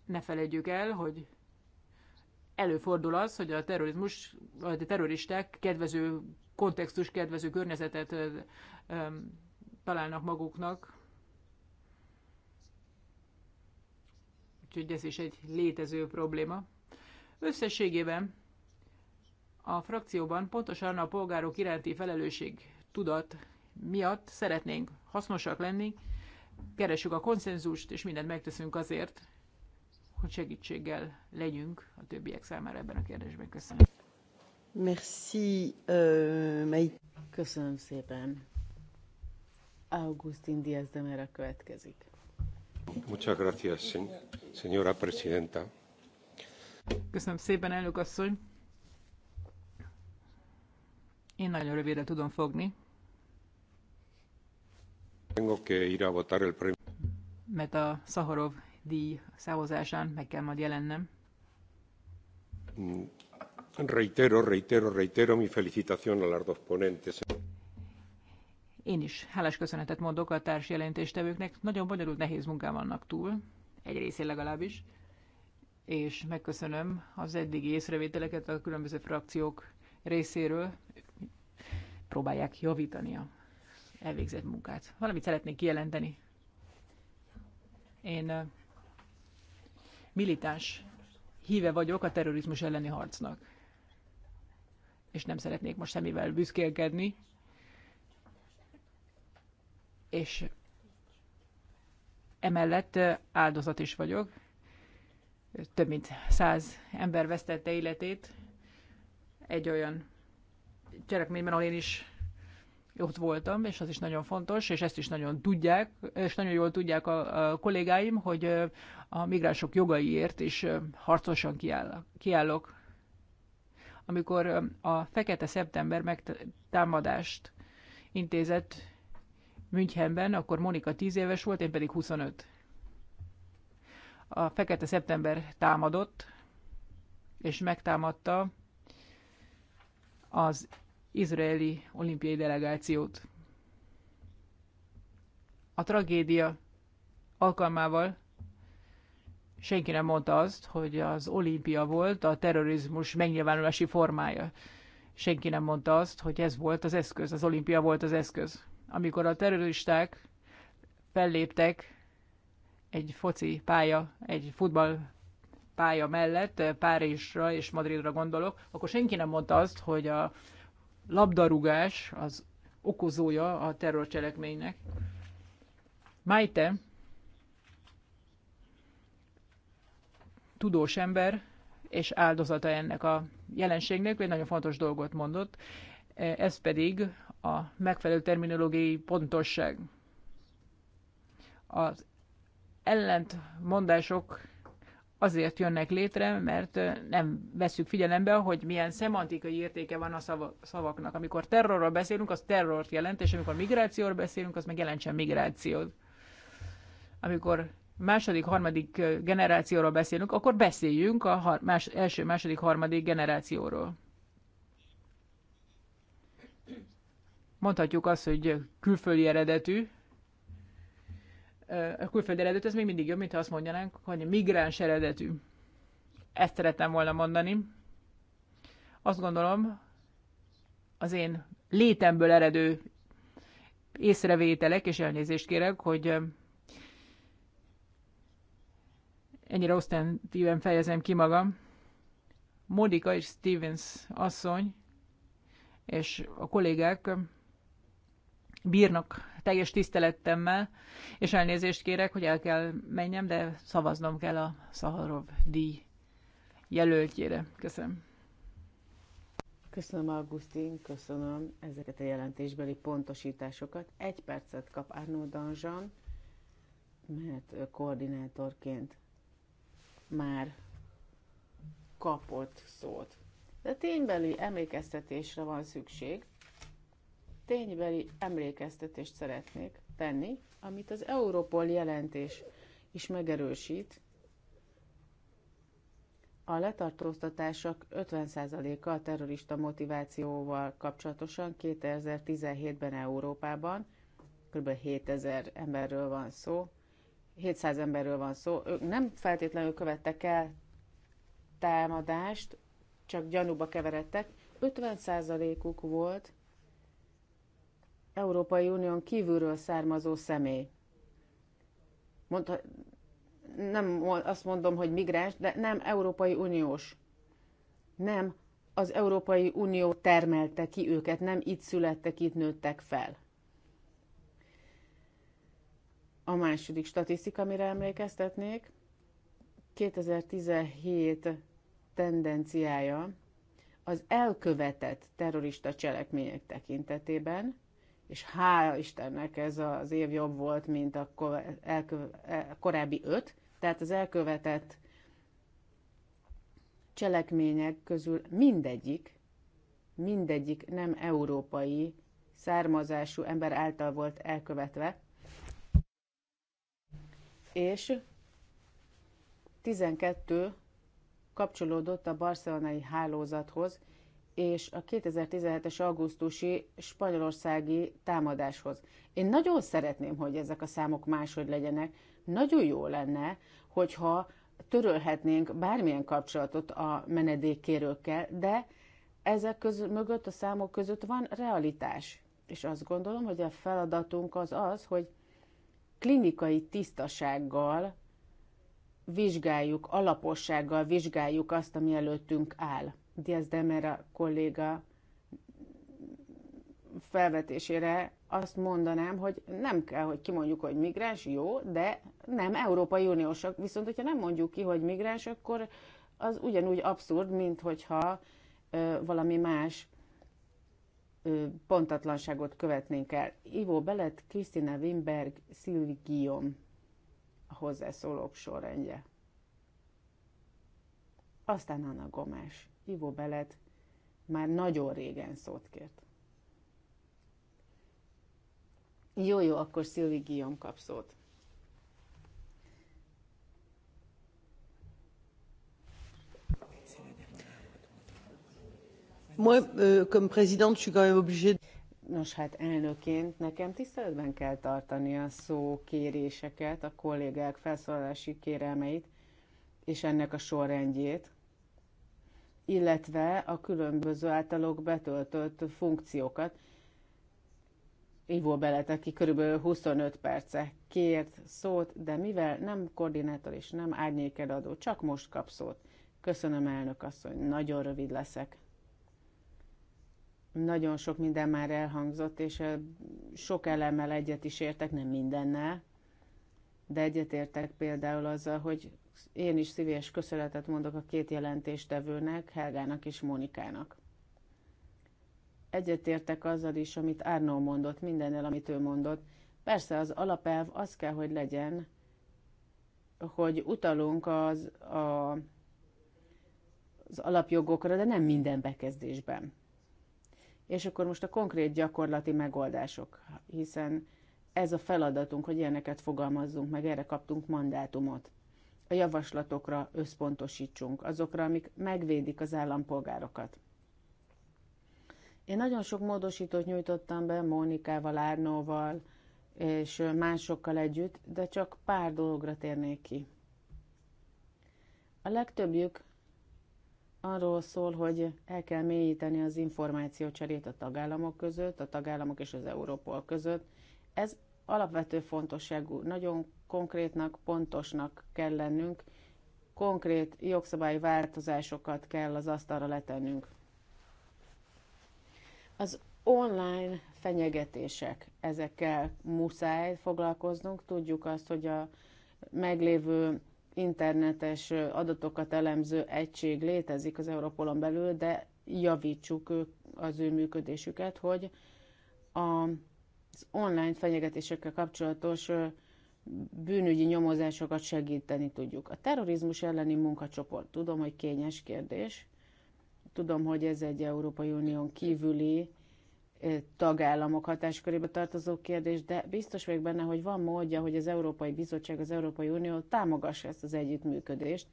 Ne felejtjük el, hogy előfordul az, hogy a, terrorizmus, a terroristák kedvező kontextus, kedvező környezetet találnak maguknak. Úgyhogy ez is egy létező probléma. Összességében a frakcióban pontosan a polgárok iránti felelősség tudat miatt szeretnénk hasznosak lenni, keresünk a konszenzust, és mindent megteszünk azért, hogy segítséggel legyünk a többiek számára ebben a kérdésben. Köszönöm. Merci, uh, Mai. Köszönöm szépen. Augustin Díaz de Mera következik. Muchas gracias, señora presidenta. Köszönöm szépen, elnök asszony. Én nagyon rövidre tudom fogni. Tengo que ir a votar el premio. Mert a Szaharov díj szavazásán meg kell majd jelennem. Mm. Reitero, reitero, reitero mi felicitación a las dos ponentes. Én is hálás köszönetet mondok a társ jelentéstevőknek. Nagyon bonyolult, nehéz munkám vannak túl, egy részén legalábbis, és megköszönöm az eddigi észrevételeket a különböző frakciók részéről. Próbálják javítani a elvégzett munkát. Valamit szeretnék kijelenteni. Én militáns híve vagyok a terrorizmus elleni harcnak. És nem szeretnék most semmivel büszkélkedni. És emellett áldozat is vagyok. Több mint száz ember vesztette életét egy olyan cselekményben, ahol én is ott voltam, és az is nagyon fontos, és ezt is nagyon tudják, és nagyon jól tudják a, a kollégáim, hogy a migránsok jogaiért is harcosan kiállok. Amikor a Fekete Szeptember megtámadást intézett Münchenben, akkor Monika 10 éves volt, én pedig 25. A Fekete Szeptember támadott, és megtámadta az izraeli olimpiai delegációt. A tragédia alkalmával senki nem mondta azt, hogy az olimpia volt a terrorizmus megnyilvánulási formája. Senki nem mondta azt, hogy ez volt az eszköz, az olimpia volt az eszköz. Amikor a terroristák felléptek egy foci pálya, egy futball pálya mellett, eh, Párizsra és Madridra gondolok, akkor senki nem mondta azt, hogy a labdarúgás az okozója a terrorcselekménynek. Maite, tudós ember és áldozata ennek a jelenségnek, egy nagyon fontos dolgot mondott, ez pedig a megfelelő terminológiai pontosság. Az ellentmondások azért jönnek létre, mert nem veszük figyelembe, hogy milyen szemantikai értéke van a szavaknak. Amikor terrorról beszélünk, az terrort jelent, és amikor migrációról beszélünk, az meg jelentsen migrációt. Amikor második, harmadik generációról beszélünk, akkor beszéljünk a más, első, második, harmadik generációról. Mondhatjuk azt, hogy külföldi eredetű, a külföldi eredetű, ez még mindig jobb, mint ha azt mondjanánk, hogy migráns eredetű. Ezt szeretem volna mondani. Azt gondolom, az én létemből eredő észrevételek, és elnézést kérek, hogy ennyire osztentíven fejezem ki magam. Modika és Stevens asszony és a kollégák bírnak teljes tisztelettemmel, és elnézést kérek, hogy el kell menjem, de szavaznom kell a Szaharov díj jelöltjére. Köszönöm. Köszönöm, Augustin, köszönöm ezeket a jelentésbeli pontosításokat. Egy percet kap Arnaud Danzsan, mert koordinátorként már kapott szót. De ténybeli emlékeztetésre van szükség, ténybeli emlékeztetést szeretnék tenni, amit az Europol jelentés is megerősít. A letartóztatások 50%-a a terrorista motivációval kapcsolatosan 2017-ben Európában, kb. 7000 emberről van szó, 700 emberről van szó, ők nem feltétlenül követtek el támadást, csak gyanúba keveredtek, 50%-uk volt Európai Unión kívülről származó személy. Mondta, nem azt mondom, hogy migráns, de nem Európai Uniós. Nem az Európai Unió termelte ki őket, nem itt születtek, itt nőttek fel. A második statisztika, amire emlékeztetnék, 2017 tendenciája az elkövetett terrorista cselekmények tekintetében és hála Istennek ez az év jobb volt, mint a e, korábbi öt, tehát az elkövetett cselekmények közül mindegyik, mindegyik nem európai származású ember által volt elkövetve, és 12 kapcsolódott a barcelonai hálózathoz, és a 2017-es augusztusi spanyolországi támadáshoz. Én nagyon szeretném, hogy ezek a számok máshogy legyenek. Nagyon jó lenne, hogyha törölhetnénk bármilyen kapcsolatot a menedékkérőkkel, de ezek között, mögött, a számok között van realitás. És azt gondolom, hogy a feladatunk az az, hogy klinikai tisztasággal vizsgáljuk, alapossággal vizsgáljuk azt, ami előttünk áll. Diaz Demera kolléga felvetésére azt mondanám, hogy nem kell, hogy kimondjuk, hogy migráns, jó, de nem Európai Uniósak. Viszont, hogyha nem mondjuk ki, hogy migráns, akkor az ugyanúgy abszurd, mint hogyha ö, valami más ö, pontatlanságot követnénk el. Ivo Belet, Krisztina Wimberg, Szilvi Guillaume a hozzászólók sorrendje. Aztán Anna Gomes. Ivo Belet már nagyon régen szót kért. Jó, jó, akkor Szilvi Guillaume kap szót. Moi, euh, comme présidente, je suis quand même obligée. Nos hát elnöként nekem tiszteletben kell tartani a szó kéréseket, a kollégák felszólalási kérelmeit és ennek a sorrendjét illetve a különböző általok betöltött funkciókat. Ivo belet, aki körülbelül 25 perce kért szót, de mivel nem koordinátor és nem árnyékeladó, csak most kap szót. Köszönöm, elnök asszony, nagyon rövid leszek. Nagyon sok minden már elhangzott, és sok elemmel egyet is értek, nem mindennel, de egyetértek például azzal, hogy én is szíves köszönetet mondok a két jelentéstevőnek, Helgának és Mónikának. Egyetértek azzal is, amit Arnó mondott, mindennel, amit ő mondott. Persze az alapelv az kell, hogy legyen, hogy utalunk az, a, az alapjogokra, de nem minden bekezdésben. És akkor most a konkrét gyakorlati megoldások, hiszen ez a feladatunk, hogy ilyeneket fogalmazzunk meg, erre kaptunk mandátumot a javaslatokra összpontosítsunk, azokra, amik megvédik az állampolgárokat. Én nagyon sok módosítót nyújtottam be Mónikával, Árnóval és másokkal együtt, de csak pár dologra térnék ki. A legtöbbjük arról szól, hogy el kell mélyíteni az információcserét a tagállamok között, a tagállamok és az Európol között. Ez alapvető fontosságú, nagyon konkrétnak, pontosnak kell lennünk, konkrét jogszabályi változásokat kell az asztalra letennünk. Az online fenyegetések, ezekkel muszáj foglalkoznunk. Tudjuk azt, hogy a meglévő internetes adatokat elemző egység létezik az Europolon belül, de javítsuk az ő működésüket, hogy az online fenyegetésekkel kapcsolatos bűnügyi nyomozásokat segíteni tudjuk. A terrorizmus elleni munkacsoport, tudom, hogy kényes kérdés, tudom, hogy ez egy Európai Unión kívüli tagállamok hatáskörébe tartozó kérdés, de biztos vagyok benne, hogy van módja, hogy az Európai Bizottság, az Európai Unió támogassa ezt az együttműködést,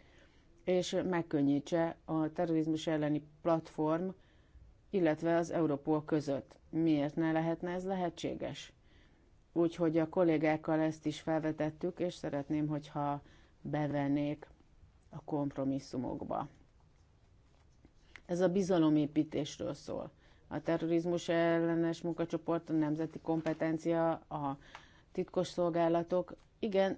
és megkönnyítse a terrorizmus elleni platform, illetve az Európol között. Miért ne lehetne ez lehetséges? Úgyhogy a kollégákkal ezt is felvetettük, és szeretném, hogyha bevennék a kompromisszumokba. Ez a bizalomépítésről szól. A terrorizmus ellenes munkacsoport, a nemzeti kompetencia, a titkos szolgálatok. Igen,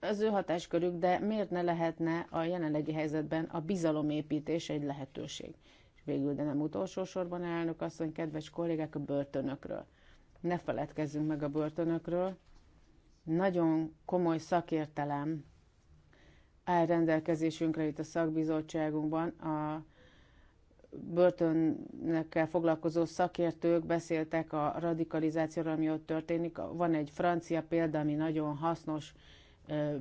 az ő hatáskörük, de miért ne lehetne a jelenlegi helyzetben a bizalomépítés egy lehetőség? És végül, de nem utolsó sorban elnök asszony, kedves kollégák, a börtönökről ne feledkezzünk meg a börtönökről. Nagyon komoly szakértelem áll rendelkezésünkre itt a szakbizottságunkban. A börtönnekkel foglalkozó szakértők beszéltek a radikalizációról, ami ott történik. Van egy francia példa, ami nagyon hasznos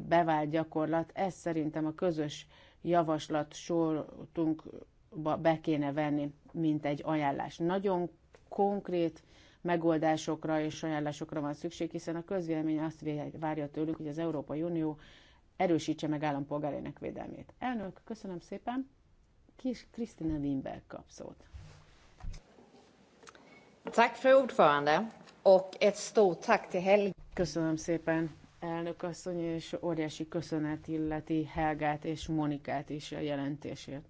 bevált gyakorlat. Ez szerintem a közös javaslat sortunkba be kéne venni, mint egy ajánlás. Nagyon konkrét megoldásokra és ajánlásokra van szükség, hiszen a közvélemény azt várja tőlük, hogy az Európai Unió erősítse meg állampolgárainak védelmét. Elnök, köszönöm szépen. Kis Krisztina Wimberg kap szót. Tack för ordförande och ett stort tack till Helga. Köszönöm szépen, elnök asszony, és óriási köszönet illeti Helgát és Monikát is a jelentésért.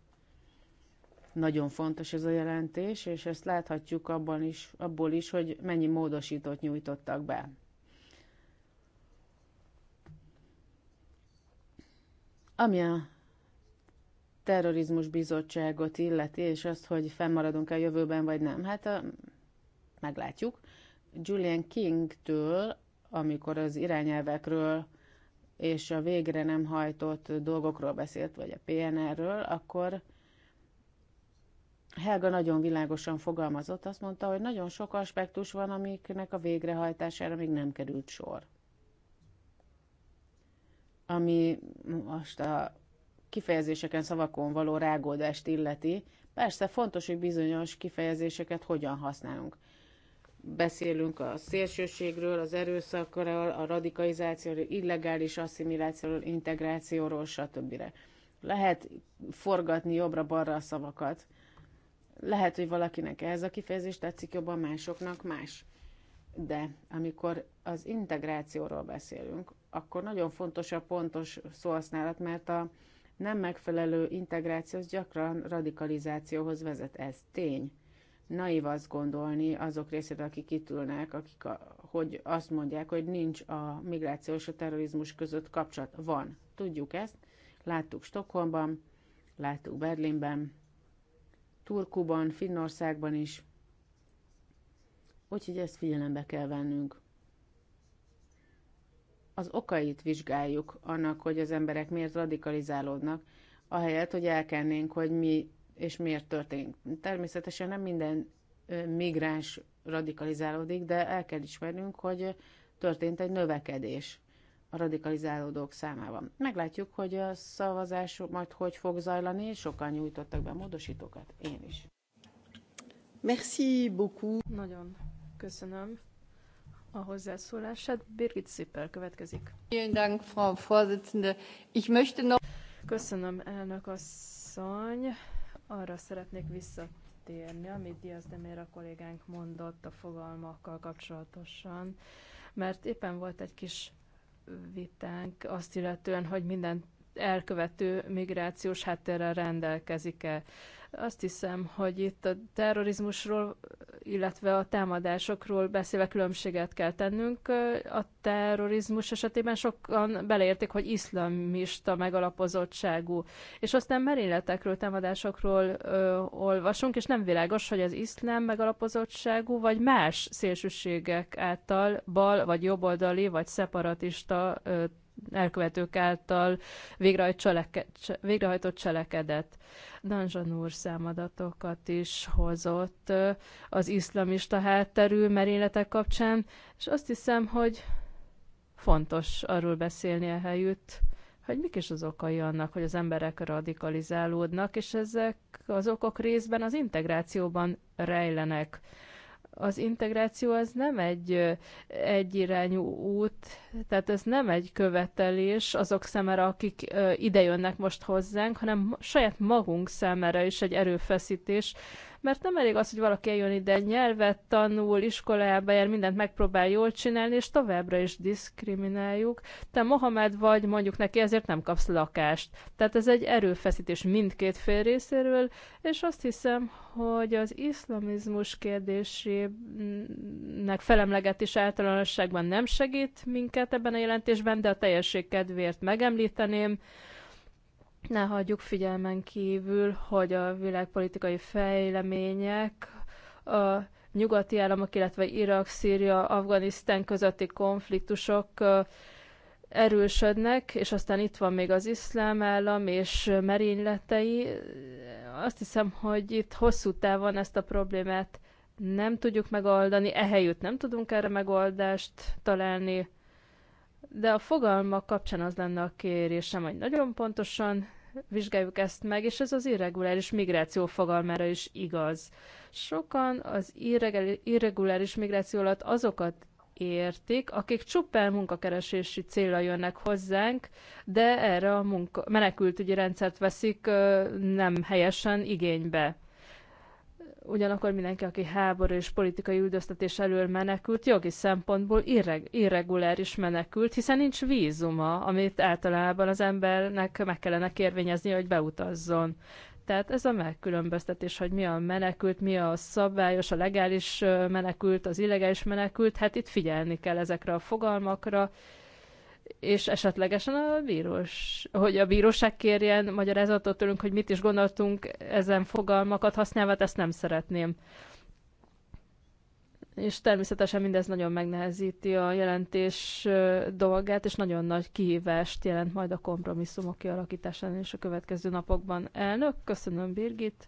Nagyon fontos ez a jelentés, és ezt láthatjuk abban is, abból is, hogy mennyi módosítót nyújtottak be. Ami a terrorizmus bizottságot illeti, és azt, hogy fennmaradunk-e a jövőben, vagy nem, hát a, meglátjuk. Julian King-től, amikor az irányelvekről és a végre nem hajtott dolgokról beszélt, vagy a PNR-ről, akkor Helga nagyon világosan fogalmazott, azt mondta, hogy nagyon sok aspektus van, amiknek a végrehajtására még nem került sor. Ami most a kifejezéseken, szavakon való rágódást illeti, persze fontos, hogy bizonyos kifejezéseket hogyan használunk. Beszélünk a szélsőségről, az erőszakról, a radikalizációról, illegális asszimilációról, integrációról, stb. Lehet forgatni jobbra-balra a szavakat, lehet, hogy valakinek ez a kifejezés tetszik jobban, másoknak más. De amikor az integrációról beszélünk, akkor nagyon fontos a pontos szóhasználat, mert a nem megfelelő integráció az gyakran radikalizációhoz vezet. Ez tény. Naiv azt gondolni azok részét, akik itt ülnek, akik a, hogy azt mondják, hogy nincs a migráció és a terrorizmus között kapcsolat. Van. Tudjuk ezt. Láttuk Stockholmban, láttuk Berlinben, Turkuban, Finnországban is. Úgyhogy ezt figyelembe kell vennünk. Az okait vizsgáljuk annak, hogy az emberek miért radikalizálódnak, ahelyett, hogy elkennénk, hogy mi és miért történik. Természetesen nem minden migráns radikalizálódik, de el kell ismernünk, hogy történt egy növekedés a radikalizálódók számában. Meglátjuk, hogy a szavazás majd hogy fog zajlani, sokan nyújtottak be módosítókat, én is. Merci beaucoup. Nagyon köszönöm a hozzászólását. Birgit Szippel következik. Vielen Dank, Frau Vorsitzende. Ich möchte noch... Köszönöm, elnök asszony. Arra szeretnék visszatérni, amit Diaz Demér a kollégánk mondott a fogalmakkal kapcsolatosan, mert éppen volt egy kis vitánk azt illetően, hogy minden elkövető migrációs háttérrel rendelkezik-e. Azt hiszem, hogy itt a terrorizmusról, illetve a támadásokról beszélve különbséget kell tennünk. A terrorizmus esetében sokan beleérték, hogy iszlamista megalapozottságú. És aztán merényletekről, támadásokról ö, olvasunk, és nem világos, hogy az iszlám megalapozottságú, vagy más szélsőségek által bal, vagy jobboldali, vagy szeparatista ö, elkövetők által végrehajt cseleke, végrehajtott cselekedet. Danzsan úr számadatokat is hozott az iszlamista hátterű merényletek kapcsán, és azt hiszem, hogy fontos arról beszélni a helyütt, hogy mik is az okai annak, hogy az emberek radikalizálódnak, és ezek az okok részben az integrációban rejlenek az integráció az nem egy egyirányú út, tehát ez nem egy követelés azok számára, akik idejönnek most hozzánk, hanem saját magunk számára is egy erőfeszítés, mert nem elég az, hogy valaki eljön ide, nyelvet tanul, iskolába jár, mindent megpróbál jól csinálni, és továbbra is diszkrimináljuk. Te Mohamed vagy, mondjuk neki, ezért nem kapsz lakást. Tehát ez egy erőfeszítés mindkét fél részéről, és azt hiszem, hogy az iszlamizmus kérdésének felemlegetés általánosságban nem segít minket ebben a jelentésben, de a teljesség kedvéért megemlíteném, ne hagyjuk figyelmen kívül, hogy a világpolitikai fejlemények a nyugati államok, illetve Irak, Szíria, Afganisztán közötti konfliktusok erősödnek, és aztán itt van még az iszlám állam és merényletei. Azt hiszem, hogy itt hosszú távon ezt a problémát nem tudjuk megoldani, ehelyütt nem tudunk erre megoldást találni de a fogalmak kapcsán az lenne a kérésem, hogy nagyon pontosan vizsgáljuk ezt meg, és ez az irreguláris migráció fogalmára is igaz. Sokan az irreguláris migráció alatt azokat értik, akik csupán munkakeresési célra jönnek hozzánk, de erre a munka, menekültügyi rendszert veszik nem helyesen igénybe. Ugyanakkor mindenki, aki háború és politikai üldöztetés elől menekült, jogi szempontból irreg- irreguláris menekült, hiszen nincs vízuma, amit általában az embernek meg kellene kérvényezni, hogy beutazzon. Tehát ez a megkülönböztetés, hogy mi a menekült, mi a szabályos, a legális menekült, az illegális menekült, hát itt figyelni kell ezekre a fogalmakra, és esetlegesen a bírós, hogy a bíróság kérjen magyarázatot tőlünk, hogy mit is gondoltunk ezen fogalmakat használva, hát ezt nem szeretném. És természetesen mindez nagyon megnehezíti a jelentés dolgát, és nagyon nagy kihívást jelent majd a kompromisszumok kialakításán és a következő napokban. Elnök, köszönöm Birgit.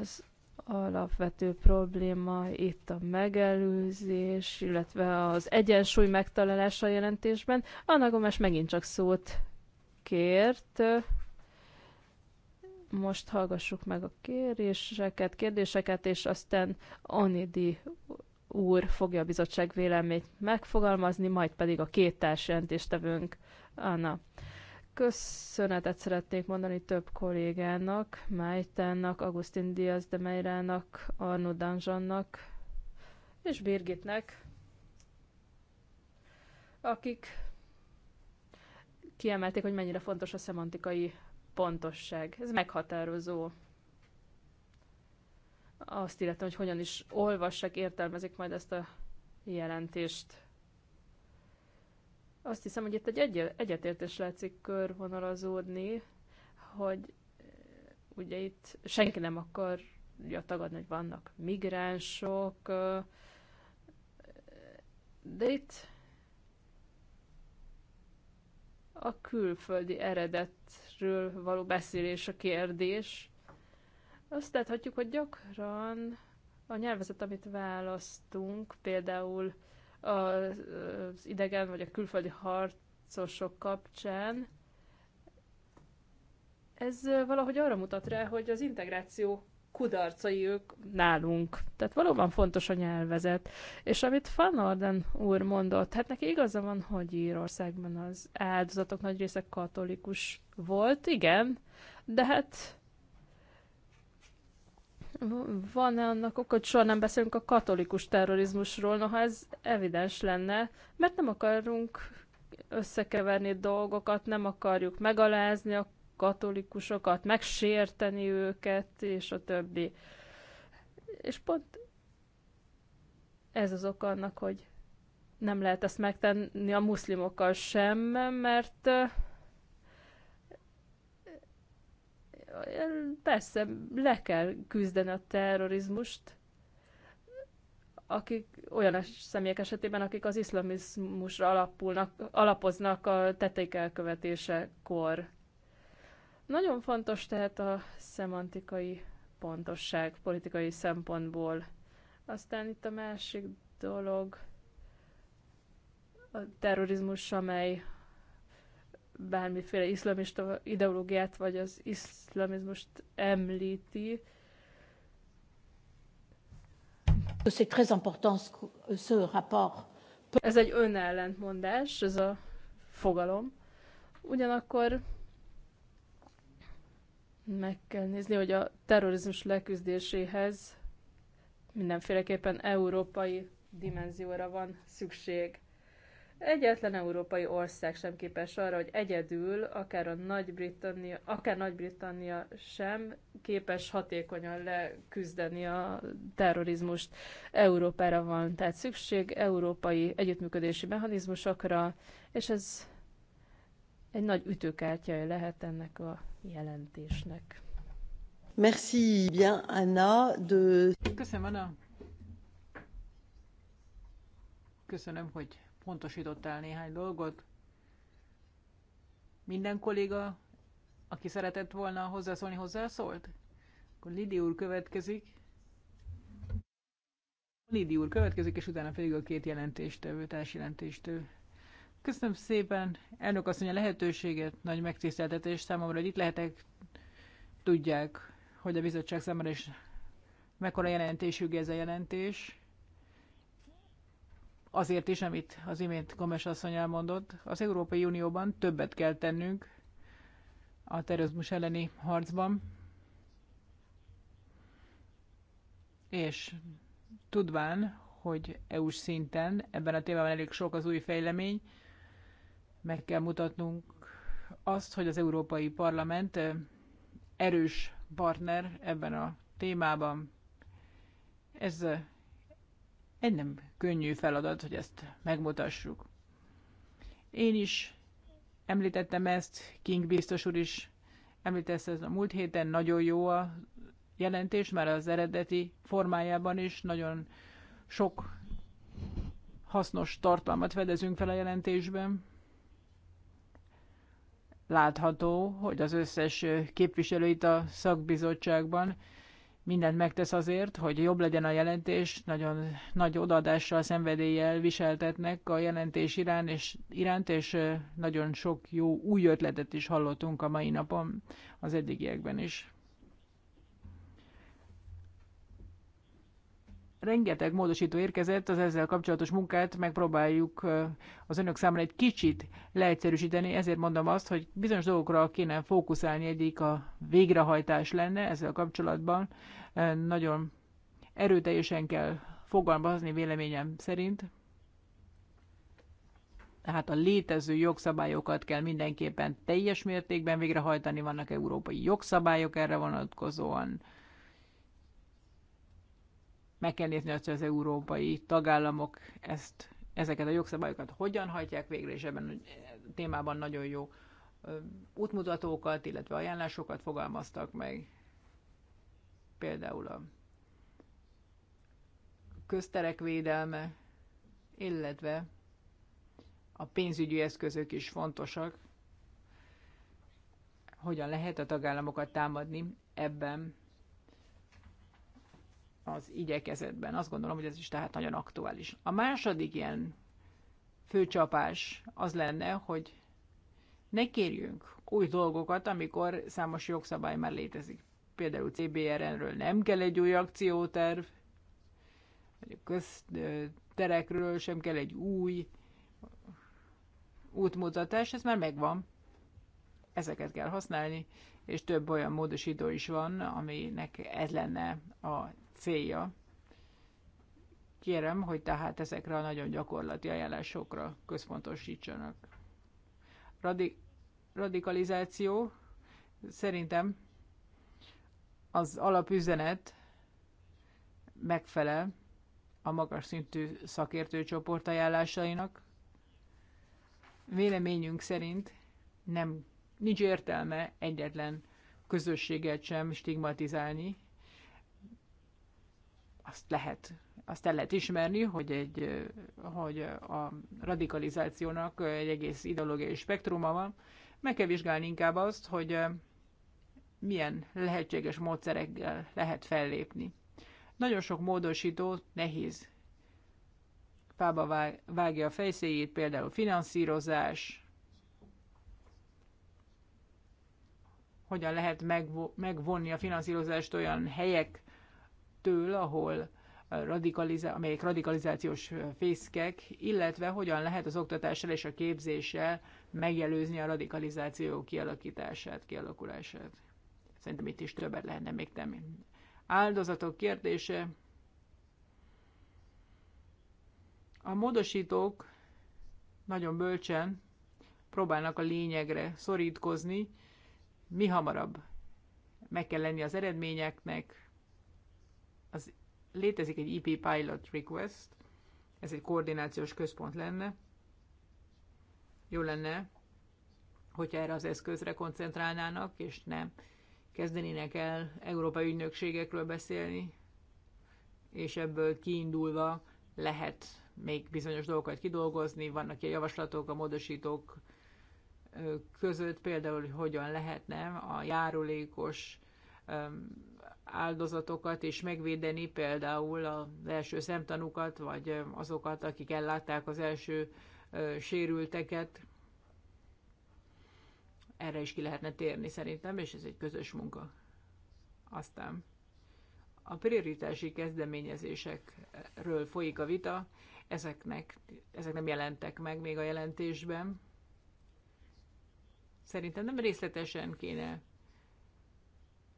Az alapvető probléma itt a megelőzés, illetve az egyensúly megtalálása a jelentésben. Anna Gomes megint csak szót kért. Most hallgassuk meg a kéréseket, kérdéseket, és aztán Onidi úr fogja a bizottság véleményt megfogalmazni, majd pedig a két jelentéstevőnk, Anna. Köszönetet szeretnék mondani több kollégának, Májtának, Agustin Diaz de Meirának, Arno Danzsannak és Birgitnek, akik kiemelték, hogy mennyire fontos a szemantikai pontosság. Ez meghatározó. Azt illetve, hogy hogyan is olvassák, értelmezik majd ezt a jelentést. Azt hiszem, hogy itt egy egyetértés látszik körvonalazódni, hogy eh, ugye itt senki nem akarja tagadni, hogy vannak migránsok, eh, de itt a külföldi eredetről való beszélés a kérdés. Azt láthatjuk, hogy gyakran a nyelvezet, amit választunk, például az idegen vagy a külföldi harcosok kapcsán. Ez valahogy arra mutat rá, hogy az integráció kudarcai ők nálunk. Tehát valóban fontos a nyelvezet. És amit Van Orden úr mondott, hát neki igaza van, hogy Írországban az áldozatok nagy része katolikus volt, igen, de hát van-e annak oka, hogy soha nem beszélünk a katolikus terrorizmusról, noha ez evidens lenne, mert nem akarunk összekeverni dolgokat, nem akarjuk megalázni a katolikusokat, megsérteni őket, és a többi. És pont ez az ok annak, hogy nem lehet ezt megtenni a muszlimokkal sem, mert persze le kell küzdeni a terrorizmust, akik olyan személyek esetében, akik az iszlamizmusra alapulnak, alapoznak a tették elkövetésekor. Nagyon fontos tehát a szemantikai pontosság politikai szempontból. Aztán itt a másik dolog, a terrorizmus, amely bármiféle iszlamista ideológiát vagy az iszlamizmust említi. Ez egy önellentmondás, ez a fogalom. Ugyanakkor meg kell nézni, hogy a terrorizmus leküzdéséhez mindenféleképpen európai dimenzióra van szükség. Egyetlen európai ország sem képes arra, hogy egyedül, akár a Nagy-Britannia, akár Nagy-Britannia sem képes hatékonyan leküzdeni a terrorizmust. Európára van tehát szükség, európai együttműködési mechanizmusokra, és ez egy nagy ütőkártya lehet ennek a jelentésnek. Merci bien, Anna. De... Köszönöm, Anna. Köszönöm, hogy pontosítottál néhány dolgot. Minden kolléga, aki szeretett volna hozzászólni, hozzászólt? Akkor Lidi úr következik. Lidi úr következik, és utána pedig a két jelentéstevő, társjelentéstő. Köszönöm szépen, elnök asszony, a lehetőséget, nagy megtiszteltetés számomra, hogy itt lehetek. Tudják, hogy a bizottság számára is mekkora jelentésű ez a jelentés azért is, amit az imént Gomes asszony elmondott. Az Európai Unióban többet kell tennünk a terrorizmus elleni harcban, és tudván, hogy EU-s szinten ebben a témában elég sok az új fejlemény, meg kell mutatnunk azt, hogy az Európai Parlament erős partner ebben a témában. Ez egy nem könnyű feladat, hogy ezt megmutassuk. Én is említettem ezt, King biztos úr is említette ezt a múlt héten, nagyon jó a jelentés, mert az eredeti formájában is nagyon sok hasznos tartalmat fedezünk fel a jelentésben. Látható, hogy az összes képviselőit a szakbizottságban mindent megtesz azért, hogy jobb legyen a jelentés, nagyon nagy odaadással, szenvedéllyel viseltetnek a jelentés irán és, iránt, és nagyon sok jó új ötletet is hallottunk a mai napon az eddigiekben is. rengeteg módosító érkezett, az ezzel kapcsolatos munkát megpróbáljuk az önök számára egy kicsit leegyszerűsíteni, ezért mondom azt, hogy bizonyos dolgokra kéne fókuszálni, egyik a végrehajtás lenne ezzel kapcsolatban. Nagyon erőteljesen kell fogalmazni véleményem szerint. Tehát a létező jogszabályokat kell mindenképpen teljes mértékben végrehajtani, vannak európai jogszabályok erre vonatkozóan, meg kell nézni azt, hogy az európai tagállamok ezt, ezeket a jogszabályokat hogyan hajtják végre, és ebben a témában nagyon jó útmutatókat, illetve ajánlásokat fogalmaztak meg. Például a közterek védelme, illetve a pénzügyi eszközök is fontosak, hogyan lehet a tagállamokat támadni ebben az igyekezetben. Azt gondolom, hogy ez is tehát nagyon aktuális. A második ilyen főcsapás az lenne, hogy ne kérjünk új dolgokat, amikor számos jogszabály már létezik. Például CBRN-ről nem kell egy új akcióterv, vagy a közterekről sem kell egy új útmutatás, ez már megvan. Ezeket kell használni, és több olyan módosító is van, aminek ez lenne a célja. Kérem, hogy tehát ezekre a nagyon gyakorlati ajánlásokra központosítsanak. Radi- radikalizáció szerintem az alapüzenet megfelel a magas szintű szakértőcsoport ajánlásainak. Véleményünk szerint nem, nincs értelme egyetlen közösséget sem stigmatizálni, azt lehet, azt el lehet ismerni, hogy, egy, hogy a radikalizációnak egy egész ideológiai spektruma van. Meg kell vizsgálni inkább azt, hogy milyen lehetséges módszerekkel lehet fellépni. Nagyon sok módosító nehéz fába vágja a fejszéjét, például finanszírozás, hogyan lehet megvonni a finanszírozást olyan helyek től, ahol eh, radikalizá- amelyek radikalizációs eh, fészkek, illetve hogyan lehet az oktatással és a képzéssel megelőzni a radikalizáció kialakítását, kialakulását. Szerintem itt is többet lehetne még tenni. Áldozatok kérdése. A módosítók nagyon bölcsen próbálnak a lényegre szorítkozni, mi hamarabb meg kell lenni az eredményeknek, az, létezik egy IP Pilot Request, ez egy koordinációs központ lenne. Jó lenne, hogyha erre az eszközre koncentrálnának, és nem kezdenének el európai ügynökségekről beszélni, és ebből kiindulva lehet még bizonyos dolgokat kidolgozni, vannak ilyen javaslatok a módosítók között, például, hogy hogyan lehetne a járulékos áldozatokat és megvédeni például az első szemtanúkat, vagy azokat, akik ellátták az első sérülteket. Erre is ki lehetne térni szerintem, és ez egy közös munka. Aztán a prioritási kezdeményezésekről folyik a vita, ezeknek, ezek nem jelentek meg még a jelentésben. Szerintem nem részletesen kéne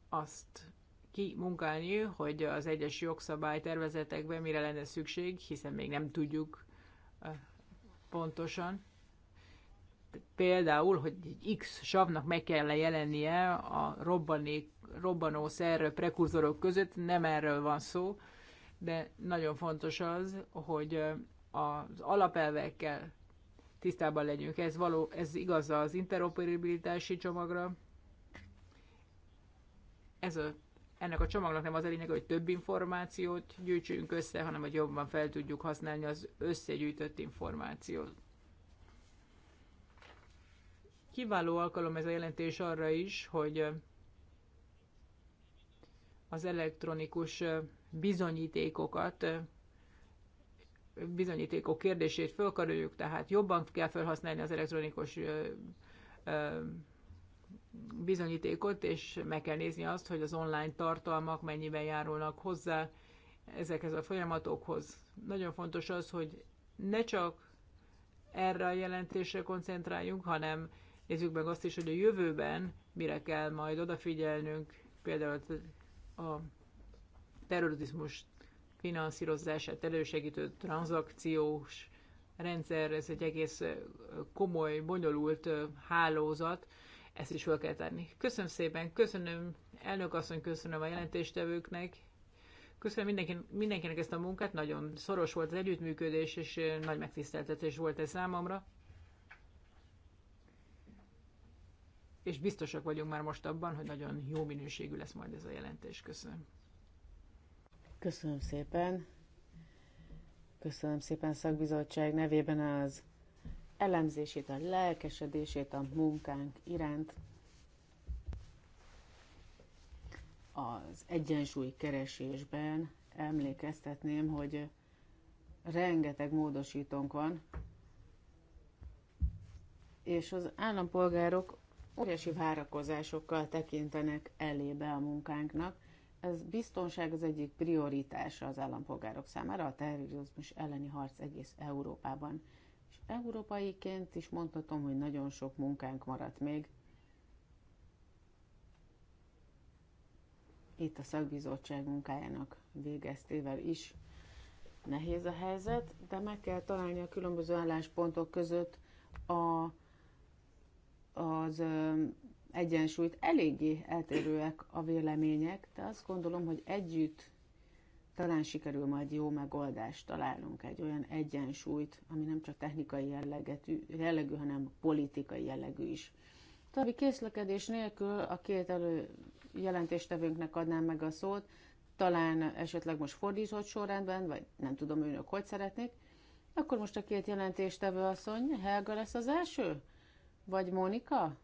azt kimunkálni, hogy az egyes jogszabálytervezetekben mire lenne szükség, hiszen még nem tudjuk pontosan. Például, hogy egy X savnak meg kell jelennie a robbanék, robbanószer prekurzorok között, nem erről van szó, de nagyon fontos az, hogy az alapelvekkel tisztában legyünk. Ez, való, ez igaz az interoperabilitási csomagra. Ez a ennek a csomagnak nem az a lényeg, hogy több információt gyűjtsünk össze, hanem hogy jobban fel tudjuk használni az összegyűjtött információt. Kiváló alkalom ez a jelentés arra is, hogy az elektronikus bizonyítékokat, bizonyítékok kérdését fölkaroljuk, tehát jobban kell felhasználni az elektronikus bizonyítékot, és meg kell nézni azt, hogy az online tartalmak mennyiben járulnak hozzá ezekhez a folyamatokhoz. Nagyon fontos az, hogy ne csak erre a jelentésre koncentráljunk, hanem nézzük meg azt is, hogy a jövőben mire kell majd odafigyelnünk, például a terrorizmus finanszírozását elősegítő tranzakciós rendszer, ez egy egész komoly, bonyolult hálózat, ezt is fel kell tenni. Köszönöm szépen, köszönöm elnök asszony, köszönöm a jelentéstevőknek, köszönöm mindenkin, mindenkinek ezt a munkát, nagyon szoros volt az együttműködés, és nagy megtiszteltetés volt ez számomra. És biztosak vagyunk már most abban, hogy nagyon jó minőségű lesz majd ez a jelentés. Köszönöm. Köszönöm szépen. Köszönöm szépen szakbizottság nevében az elemzését, a lelkesedését a munkánk iránt, az egyensúly keresésben emlékeztetném, hogy rengeteg módosítónk van, és az állampolgárok óriási várakozásokkal tekintenek elébe a munkánknak. Ez biztonság az egyik prioritása az állampolgárok számára, a terrorizmus elleni harc egész Európában. És európaiként is mondhatom, hogy nagyon sok munkánk maradt még. Itt a szakbizottság munkájának végeztével is nehéz a helyzet, de meg kell találni a különböző álláspontok között a, az egyensúlyt. Eléggé eltérőek a vélemények, de azt gondolom, hogy együtt talán sikerül majd jó megoldást találnunk, egy olyan egyensúlyt, ami nem csak technikai jellegetű, jellegű, hanem politikai jellegű is. További készlekedés nélkül a két elő jelentéstevőnknek adnám meg a szót, talán esetleg most fordított sorrendben, vagy nem tudom önök hogy szeretnék. Akkor most a két jelentéstevő asszony, Helga lesz az első? Vagy Mónika?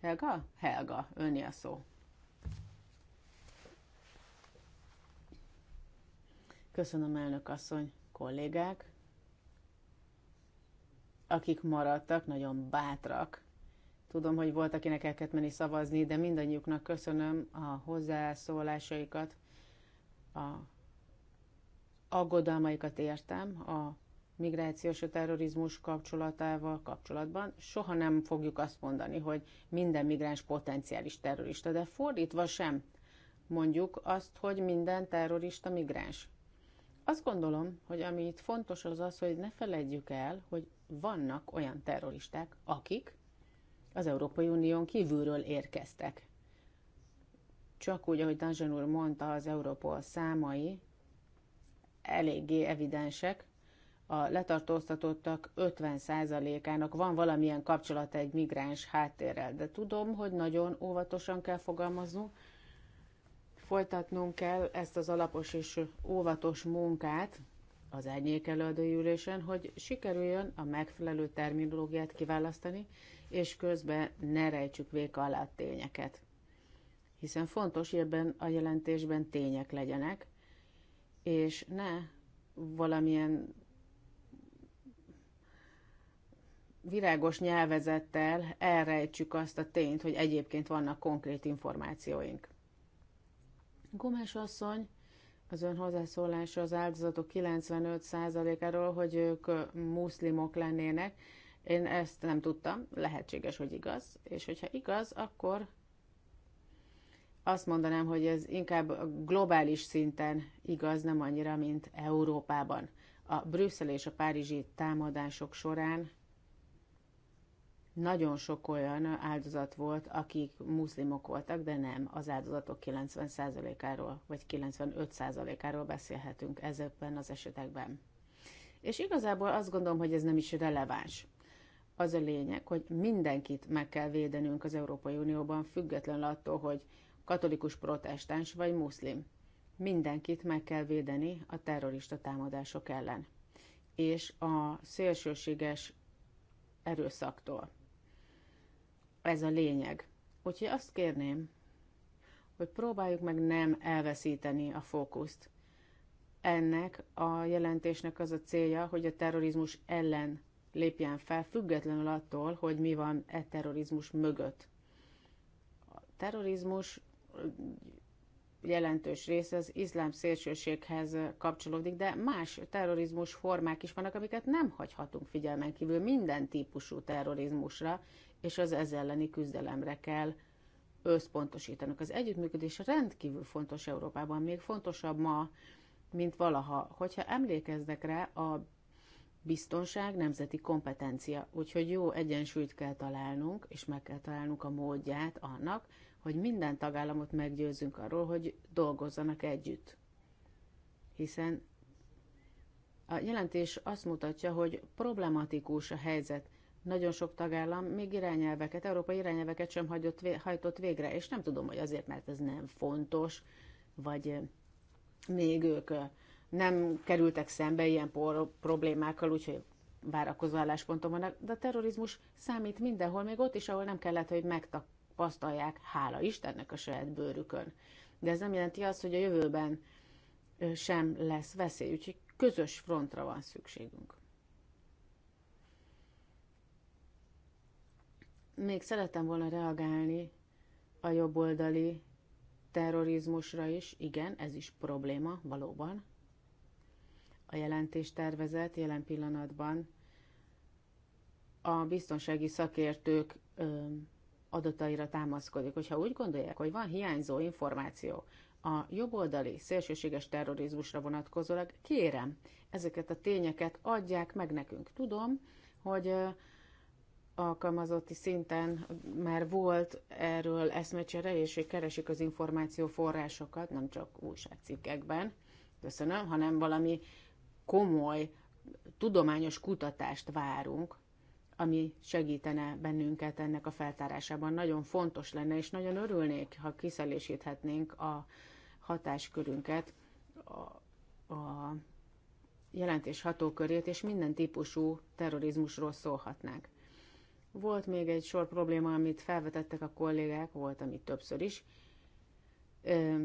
Helga? Helga, önni a szó. Köszönöm, elnök asszony, kollégák, akik maradtak, nagyon bátrak. Tudom, hogy volt, akinek el kellett menni szavazni, de mindannyiuknak köszönöm a hozzászólásaikat, a aggodalmaikat értem a migrációs a terrorizmus kapcsolatával kapcsolatban. Soha nem fogjuk azt mondani, hogy minden migráns potenciális terrorista, de fordítva sem mondjuk azt, hogy minden terrorista migráns. Azt gondolom, hogy ami itt fontos az az, hogy ne feledjük el, hogy vannak olyan terroristák, akik az Európai Unión kívülről érkeztek. Csak úgy, ahogy Danzsen úr mondta, az Európol számai eléggé evidensek. A letartóztatottak 50%-ának van valamilyen kapcsolata egy migráns háttérrel, de tudom, hogy nagyon óvatosan kell fogalmaznunk, folytatnunk kell ezt az alapos és óvatos munkát az árnyék előadói ülésen, hogy sikerüljön a megfelelő terminológiát kiválasztani, és közben ne rejtsük véka alá a tényeket. Hiszen fontos, hogy ebben a jelentésben tények legyenek, és ne valamilyen virágos nyelvezettel elrejtsük azt a tényt, hogy egyébként vannak konkrét információink. Gomes asszony, az ön hozzászólása az áldozatok 95%-áról, hogy ők muszlimok lennének. Én ezt nem tudtam, lehetséges, hogy igaz, és hogyha igaz, akkor azt mondanám, hogy ez inkább globális szinten igaz, nem annyira, mint Európában. A Brüsszel és a Párizsi támadások során nagyon sok olyan áldozat volt, akik muszlimok voltak, de nem az áldozatok 90%-áról vagy 95%-áról beszélhetünk ezekben az esetekben. És igazából azt gondolom, hogy ez nem is releváns. Az a lényeg, hogy mindenkit meg kell védenünk az Európai Unióban, függetlenül attól, hogy katolikus protestáns vagy muszlim. Mindenkit meg kell védeni a terrorista támadások ellen és a szélsőséges erőszaktól. Ez a lényeg. Úgyhogy azt kérném, hogy próbáljuk meg nem elveszíteni a fókuszt. Ennek a jelentésnek az a célja, hogy a terrorizmus ellen lépjen fel, függetlenül attól, hogy mi van e terrorizmus mögött. A terrorizmus jelentős része az iszlám szélsőséghez kapcsolódik, de más terrorizmus formák is vannak, amiket nem hagyhatunk figyelmen kívül minden típusú terrorizmusra, és az ez elleni küzdelemre kell összpontosítanak. Az együttműködés rendkívül fontos Európában, még fontosabb ma, mint valaha. Hogyha emlékeznek rá, a biztonság nemzeti kompetencia, úgyhogy jó egyensúlyt kell találnunk, és meg kell találnunk a módját annak, hogy minden tagállamot meggyőzzünk arról, hogy dolgozzanak együtt. Hiszen a jelentés azt mutatja, hogy problematikus a helyzet nagyon sok tagállam még irányelveket, európai irányelveket sem hagyott, hajtott végre, és nem tudom, hogy azért, mert ez nem fontos, vagy eh, még ők eh, nem kerültek szembe ilyen por- problémákkal, úgyhogy várakozó állásponton vannak, de a terrorizmus számít mindenhol, még ott is, ahol nem kellett, hogy megtapasztalják, hála Istennek a saját bőrükön. De ez nem jelenti azt, hogy a jövőben eh, sem lesz veszély, úgyhogy közös frontra van szükségünk. Még szerettem volna reagálni a jobboldali terrorizmusra is. Igen, ez is probléma, valóban. A jelentéstervezet jelen pillanatban a biztonsági szakértők adataira támaszkodik. Hogyha úgy gondolják, hogy van hiányzó információ a jobboldali szélsőséges terrorizmusra vonatkozólag, kérem, ezeket a tényeket adják meg nekünk. Tudom, hogy alkalmazotti szinten már volt erről eszmecsere, és hogy keresik az információ forrásokat, nem csak újságcikkekben, köszönöm, hanem valami komoly, tudományos kutatást várunk, ami segítene bennünket ennek a feltárásában. Nagyon fontos lenne, és nagyon örülnék, ha kiszelésíthetnénk a hatáskörünket, a, a jelentés hatókörét, és minden típusú terrorizmusról szólhatnánk. Volt még egy sor probléma, amit felvetettek a kollégák, volt, amit többször is. Ö,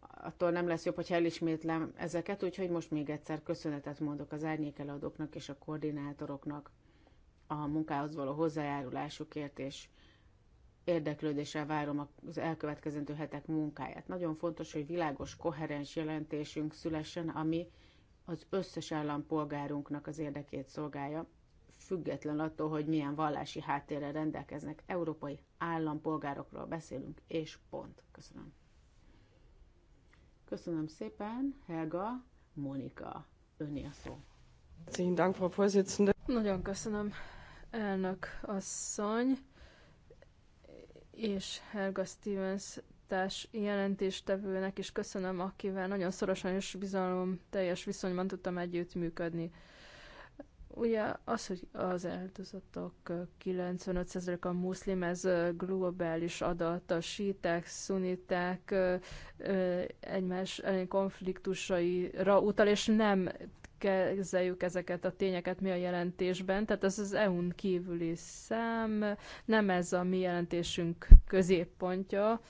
attól nem lesz jobb, hogy elismétlem ezeket, úgyhogy most még egyszer köszönetet mondok az árnyékeladóknak és a koordinátoroknak a munkához való hozzájárulásukért, és érdeklődéssel várom az elkövetkezendő hetek munkáját. Nagyon fontos, hogy világos, koherens jelentésünk szülessen, ami az összes állampolgárunknak az érdekét szolgálja, független attól, hogy milyen vallási háttérrel rendelkeznek. Európai állampolgárokról beszélünk, és pont. Köszönöm. Köszönöm szépen, Helga, Monika, öné a szó. Nagyon köszönöm, elnök asszony, és Helga Stevens társ jelentéstevőnek is köszönöm, akivel nagyon szorosan és bizalom teljes viszonyban tudtam együttműködni. működni Ugye az, hogy az eltúzottak 95%-a muszlim, ez globális adat, a síták, szuniták egymás elleni konfliktusaira utal, és nem kezeljük ezeket a tényeket mi a jelentésben, tehát ez az EU-n kívüli szám, nem ez a mi jelentésünk középpontja,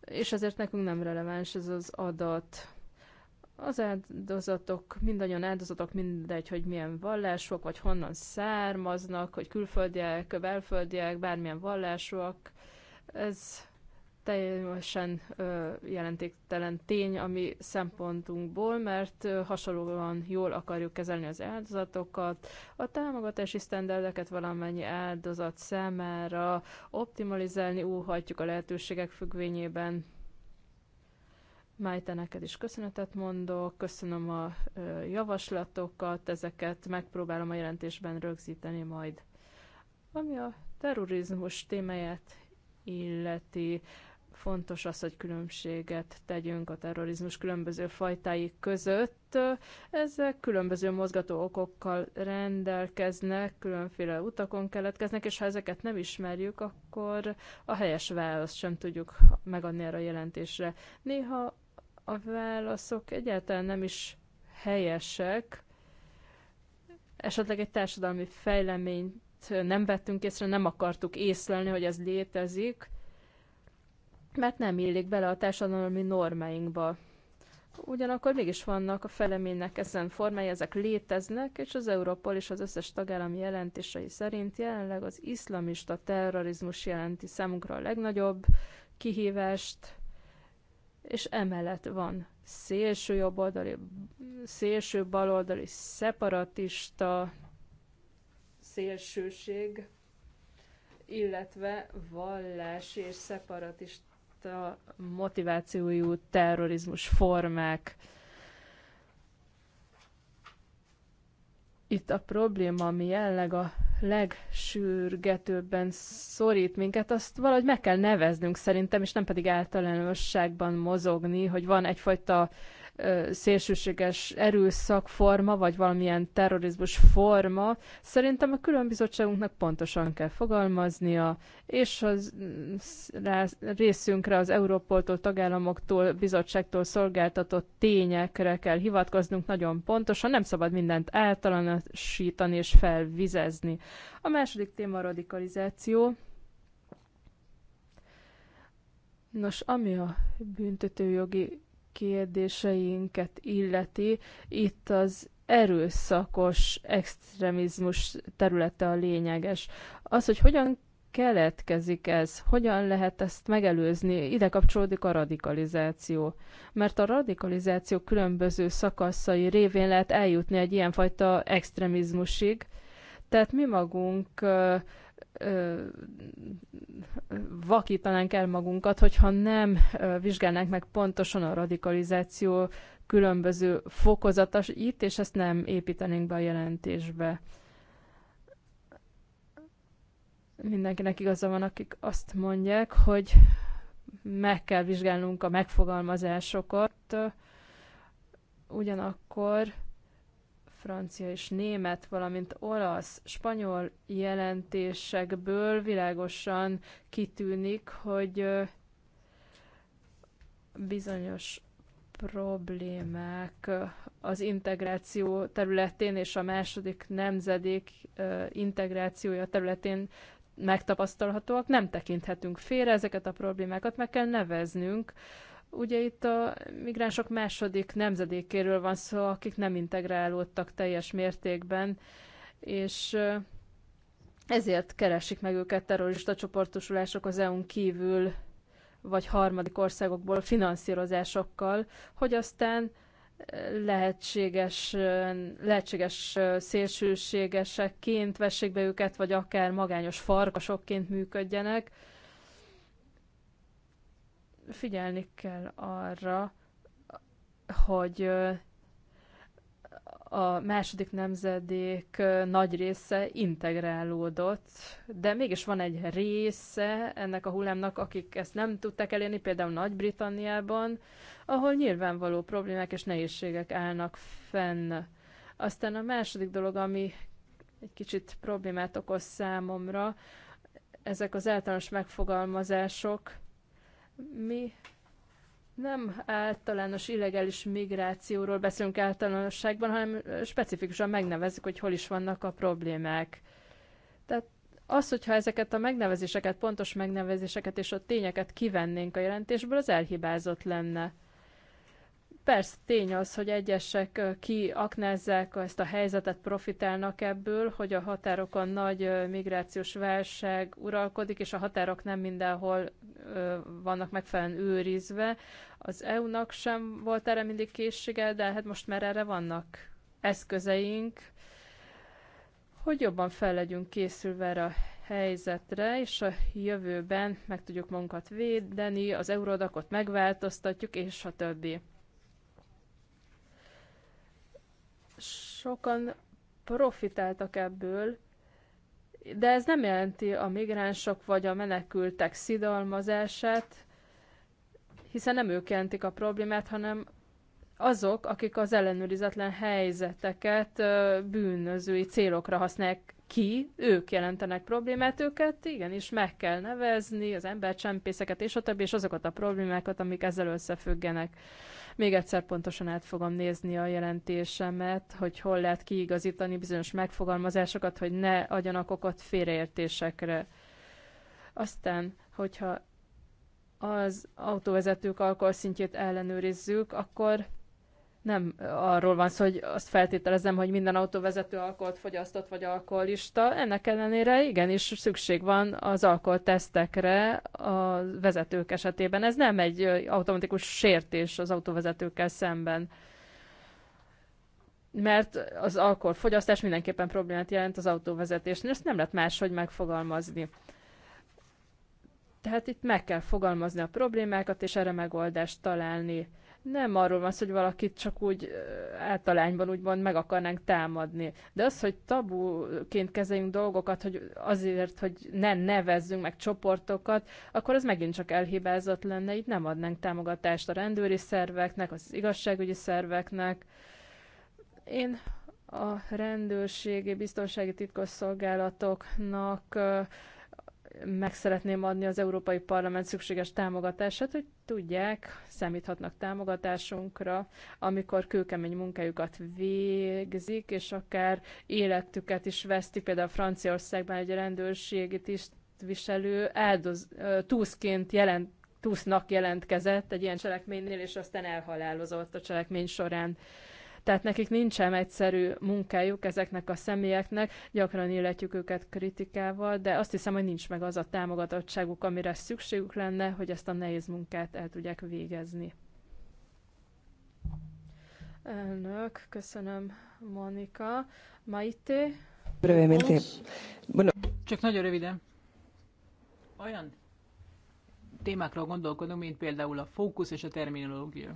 és ezért nekünk nem releváns ez az adat. Az áldozatok, mindannyian áldozatok, mindegy, hogy milyen vallások, vagy honnan származnak, hogy külföldiek, belföldiek, bármilyen vallások, ez teljesen jelentéktelen tény a mi szempontunkból, mert hasonlóan jól akarjuk kezelni az áldozatokat, a támogatási sztenderdeket valamennyi áldozat számára optimalizálni, úhatjuk a lehetőségek függvényében Májta, neked is köszönetet mondok, köszönöm a javaslatokat, ezeket megpróbálom a jelentésben rögzíteni majd. Ami a terrorizmus témáját illeti, fontos az, hogy különbséget tegyünk a terrorizmus különböző fajtái között. Ezek különböző mozgató okokkal rendelkeznek, különféle utakon keletkeznek, és ha ezeket nem ismerjük, akkor a helyes választ sem tudjuk megadni erre a jelentésre. Néha a válaszok egyáltalán nem is helyesek. Esetleg egy társadalmi fejleményt nem vettünk észre, nem akartuk észlelni, hogy ez létezik, mert nem illik bele a társadalmi normáinkba. Ugyanakkor mégis vannak a feleménynek ezen formái, ezek léteznek, és az Európol és az összes tagállami jelentései szerint jelenleg az iszlamista terrorizmus jelenti számunkra a legnagyobb kihívást, és emellett van szélső jobboldali, szélső baloldali, szeparatista szélsőség, illetve vallási és szeparatista motivációjú terrorizmus formák. itt a probléma, ami jelenleg a legsürgetőbben szorít minket, azt valahogy meg kell neveznünk szerintem, és nem pedig általánosságban mozogni, hogy van egyfajta szélsőséges erőszakforma, vagy valamilyen terrorizmus forma. Szerintem a különbizottságunknak pontosan kell fogalmaznia, és az mm, részünkre az Európoltól, tagállamoktól, bizottságtól szolgáltatott tényekre kell hivatkoznunk nagyon pontosan, nem szabad mindent általánosítani és felvizezni. A második téma a radikalizáció. Nos, ami a büntetőjogi kérdéseinket illeti, itt az erőszakos extremizmus területe a lényeges. Az, hogy hogyan keletkezik ez? Hogyan lehet ezt megelőzni? Ide kapcsolódik a radikalizáció. Mert a radikalizáció különböző szakaszai révén lehet eljutni egy ilyenfajta extremizmusig. Tehát mi magunk vakítanánk el magunkat, hogyha nem vizsgálnánk meg pontosan a radikalizáció különböző fokozatas itt, és ezt nem építenénk be a jelentésbe. Mindenkinek igaza van, akik azt mondják, hogy meg kell vizsgálnunk a megfogalmazásokat, ugyanakkor francia és német, valamint olasz, spanyol jelentésekből világosan kitűnik, hogy bizonyos problémák az integráció területén és a második nemzedék integrációja területén megtapasztalhatóak, nem tekinthetünk félre, ezeket a problémákat meg kell neveznünk, Ugye itt a migránsok második nemzedékéről van szó, akik nem integrálódtak teljes mértékben, és ezért keresik meg őket terrorista csoportosulások az EU-n kívül, vagy harmadik országokból finanszírozásokkal, hogy aztán lehetséges, lehetséges szélsőségesekként vessék be őket, vagy akár magányos farkasokként működjenek figyelni kell arra, hogy a második nemzedék nagy része integrálódott, de mégis van egy része ennek a hullámnak, akik ezt nem tudták elérni, például Nagy-Britanniában, ahol nyilvánvaló problémák és nehézségek állnak fenn. Aztán a második dolog, ami egy kicsit problémát okoz számomra, ezek az általános megfogalmazások, mi nem általános illegális migrációról beszélünk általánosságban, hanem specifikusan megnevezzük, hogy hol is vannak a problémák. Tehát az, hogyha ezeket a megnevezéseket, pontos megnevezéseket és a tényeket kivennénk a jelentésből, az elhibázott lenne. Persze tény az, hogy egyesek kiaknázzák ezt a helyzetet, profitálnak ebből, hogy a határokon nagy migrációs válság uralkodik, és a határok nem mindenhol vannak megfelelően őrizve. Az EU-nak sem volt erre mindig készsége, de hát most már erre vannak eszközeink, hogy jobban fel legyünk készülve erre a helyzetre, és a jövőben meg tudjuk magunkat védeni, az eurodakot megváltoztatjuk, és a többi. Sokan profitáltak ebből, de ez nem jelenti a migránsok vagy a menekültek szidalmazását, hiszen nem ők jelentik a problémát, hanem azok, akik az ellenőrizetlen helyzeteket bűnözői célokra használják ki, ők jelentenek problémát, őket igenis meg kell nevezni, az embercsempészeket és a többi, és azokat a problémákat, amik ezzel összefüggenek. Még egyszer pontosan át fogom nézni a jelentésemet, hogy hol lehet kiigazítani bizonyos megfogalmazásokat, hogy ne adjanak okot félreértésekre. Aztán, hogyha az autóvezetők alkoholszintjét ellenőrizzük, akkor nem arról van szó, hogy azt feltételezem, hogy minden autóvezető alkoholt fogyasztott vagy alkoholista. Ennek ellenére igenis szükség van az alkoholtesztekre a vezetők esetében. Ez nem egy automatikus sértés az autóvezetőkkel szemben. Mert az alkoholfogyasztás mindenképpen problémát jelent az autóvezetésnél, ezt nem lehet máshogy megfogalmazni. Tehát itt meg kell fogalmazni a problémákat, és erre megoldást találni nem arról van szó, hogy valakit csak úgy általányban úgymond meg akarnánk támadni. De az, hogy tabuként kezeljünk dolgokat, hogy azért, hogy ne nevezzünk meg csoportokat, akkor az megint csak elhibázott lenne, így nem adnánk támogatást a rendőri szerveknek, az igazságügyi szerveknek. Én a rendőrségi, biztonsági titkosszolgálatoknak meg szeretném adni az Európai Parlament szükséges támogatását, hogy tudják, számíthatnak támogatásunkra, amikor kőkemény munkájukat végzik, és akár életüket is vesztik. Például Franciaországban egy rendőrségi tisztviselő áldoz, túszként jelent, túsznak jelentkezett egy ilyen cselekménynél, és aztán elhalálozott a cselekmény során. Tehát nekik nincsen egyszerű munkájuk ezeknek a személyeknek, gyakran illetjük őket kritikával, de azt hiszem, hogy nincs meg az a támogatottságuk, amire szükségük lenne, hogy ezt a nehéz munkát el tudják végezni. Elnök, köszönöm Monika. Maite? Bueno. Csak nagyon röviden. Olyan témákról gondolkodunk, mint például a fókusz és a terminológia.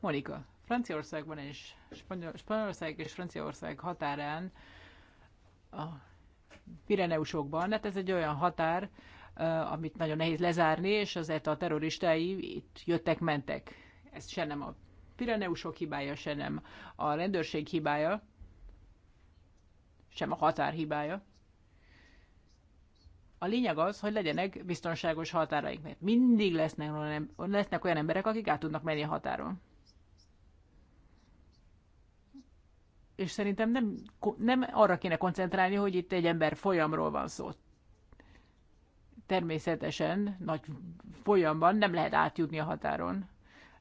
Monika, Franciaországban és Spanyol, Spanyolország és Franciaország határán a Pireneusokban, hát ez egy olyan határ, amit nagyon nehéz lezárni, és azért a terroristái itt jöttek-mentek. Ez se nem a Pireneusok hibája, se nem a rendőrség hibája, sem a határ hibája. A lényeg az, hogy legyenek biztonságos határaink, mert mindig lesznek, lesznek olyan emberek, akik át tudnak menni a határon. és szerintem nem, nem arra kéne koncentrálni, hogy itt egy ember folyamról van szó. Természetesen nagy folyamban nem lehet átjutni a határon.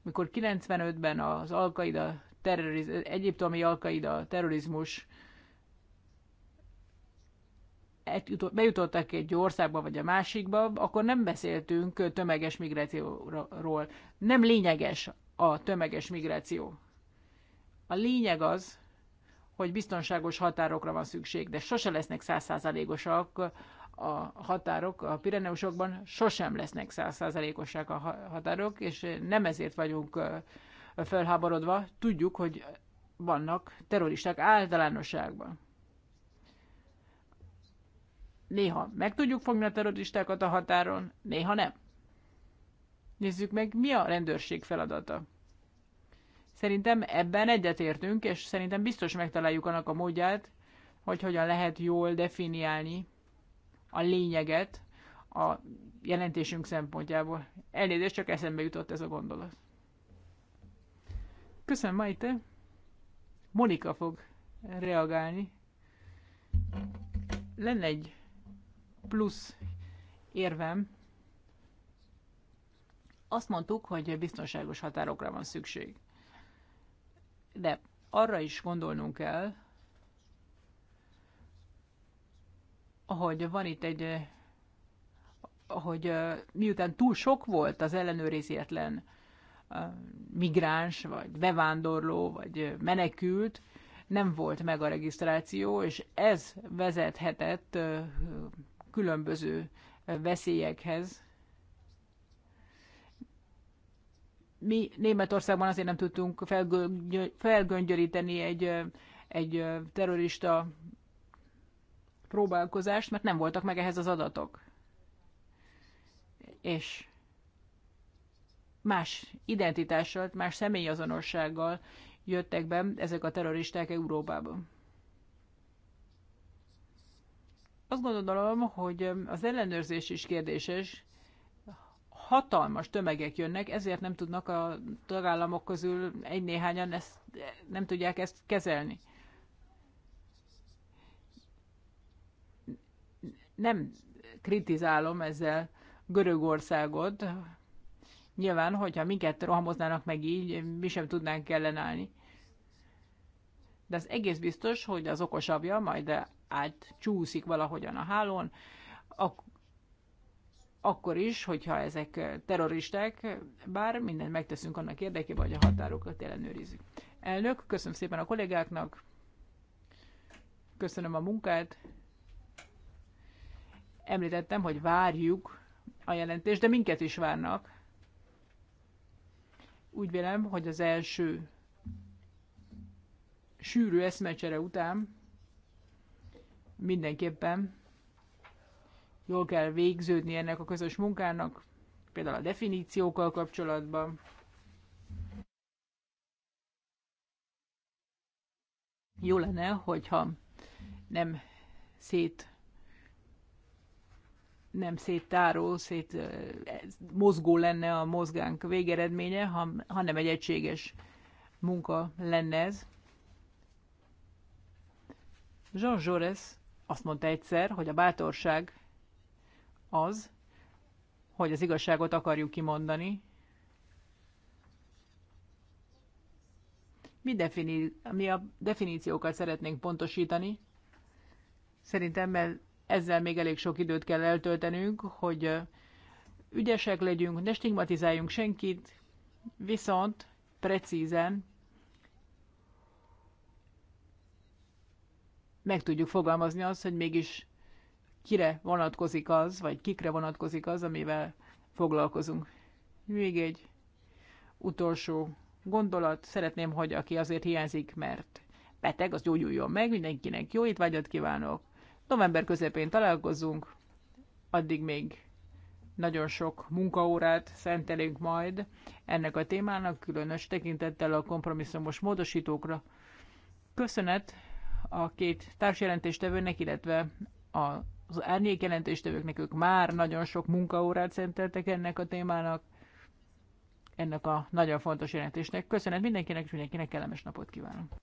Mikor 95-ben az Al-Qaida terroriz, egyiptomi Al-Qaida terrorizmus bejutottak egy országba vagy a másikba, akkor nem beszéltünk tömeges migrációról. Nem lényeges a tömeges migráció. A lényeg az, hogy biztonságos határokra van szükség, de sose lesznek százszázalékosak a határok, a Pireneusokban sosem lesznek százszázalékosak a határok, és nem ezért vagyunk felháborodva, tudjuk, hogy vannak terroristák általánosságban. Néha meg tudjuk fogni a terroristákat a határon, néha nem. Nézzük meg, mi a rendőrség feladata. Szerintem ebben egyetértünk, és szerintem biztos megtaláljuk annak a módját, hogy hogyan lehet jól definiálni a lényeget a jelentésünk szempontjából. Elnézést, csak eszembe jutott ez a gondolat. Köszönöm, Majte. Monika fog reagálni. Lenne egy plusz érvem. Azt mondtuk, hogy biztonságos határokra van szükség de arra is gondolnunk kell, hogy van itt egy, hogy miután túl sok volt az ellenőrizetlen migráns, vagy bevándorló, vagy menekült, nem volt meg a regisztráció, és ez vezethetett különböző veszélyekhez, mi Németországban azért nem tudtunk felgöngyöríteni egy, egy terrorista próbálkozást, mert nem voltak meg ehhez az adatok. És más identitással, más személyazonossággal jöttek be ezek a terroristák Európába. Azt gondolom, hogy az ellenőrzés is kérdéses, hatalmas tömegek jönnek, ezért nem tudnak a tagállamok közül egy-néhányan ezt, nem tudják ezt kezelni. Nem kritizálom ezzel Görögországot. Nyilván, hogyha minket rohamoznának meg így, mi sem tudnánk ellenállni. De az egész biztos, hogy az okosabbja majd átcsúszik valahogyan a hálón, ak- akkor is, hogyha ezek terroristák, bár mindent megteszünk annak érdekében, hogy a határokat ellenőrizzük. Elnök, köszönöm szépen a kollégáknak, köszönöm a munkát. Említettem, hogy várjuk a jelentést, de minket is várnak. Úgy vélem, hogy az első sűrű eszmecsere után mindenképpen jól kell végződni ennek a közös munkának, például a definíciókkal kapcsolatban. Jó lenne, hogyha nem szét nem széttáró, szét mozgó lenne a mozgánk végeredménye, hanem egy egységes munka lenne ez. Jean Jaurès azt mondta egyszer, hogy a bátorság az, hogy az igazságot akarjuk kimondani. Mi, defini- mi a definíciókat szeretnénk pontosítani. Szerintem ezzel még elég sok időt kell eltöltenünk, hogy ügyesek legyünk, ne stigmatizáljunk senkit, viszont precízen meg tudjuk fogalmazni azt, hogy mégis kire vonatkozik az, vagy kikre vonatkozik az, amivel foglalkozunk. Még egy utolsó gondolat. Szeretném, hogy aki azért hiányzik, mert beteg, az gyógyuljon meg, mindenkinek jó étvágyat kívánok. November közepén találkozunk, addig még nagyon sok munkaórát szentelünk majd ennek a témának, különös tekintettel a kompromisszumos módosítókra. Köszönet a két társjelentéstevőnek, illetve a az árnyék jelentéstevőknek ők már nagyon sok munkaórát szenteltek ennek a témának, ennek a nagyon fontos jelentésnek. Köszönet mindenkinek, és mindenkinek kellemes napot kívánok!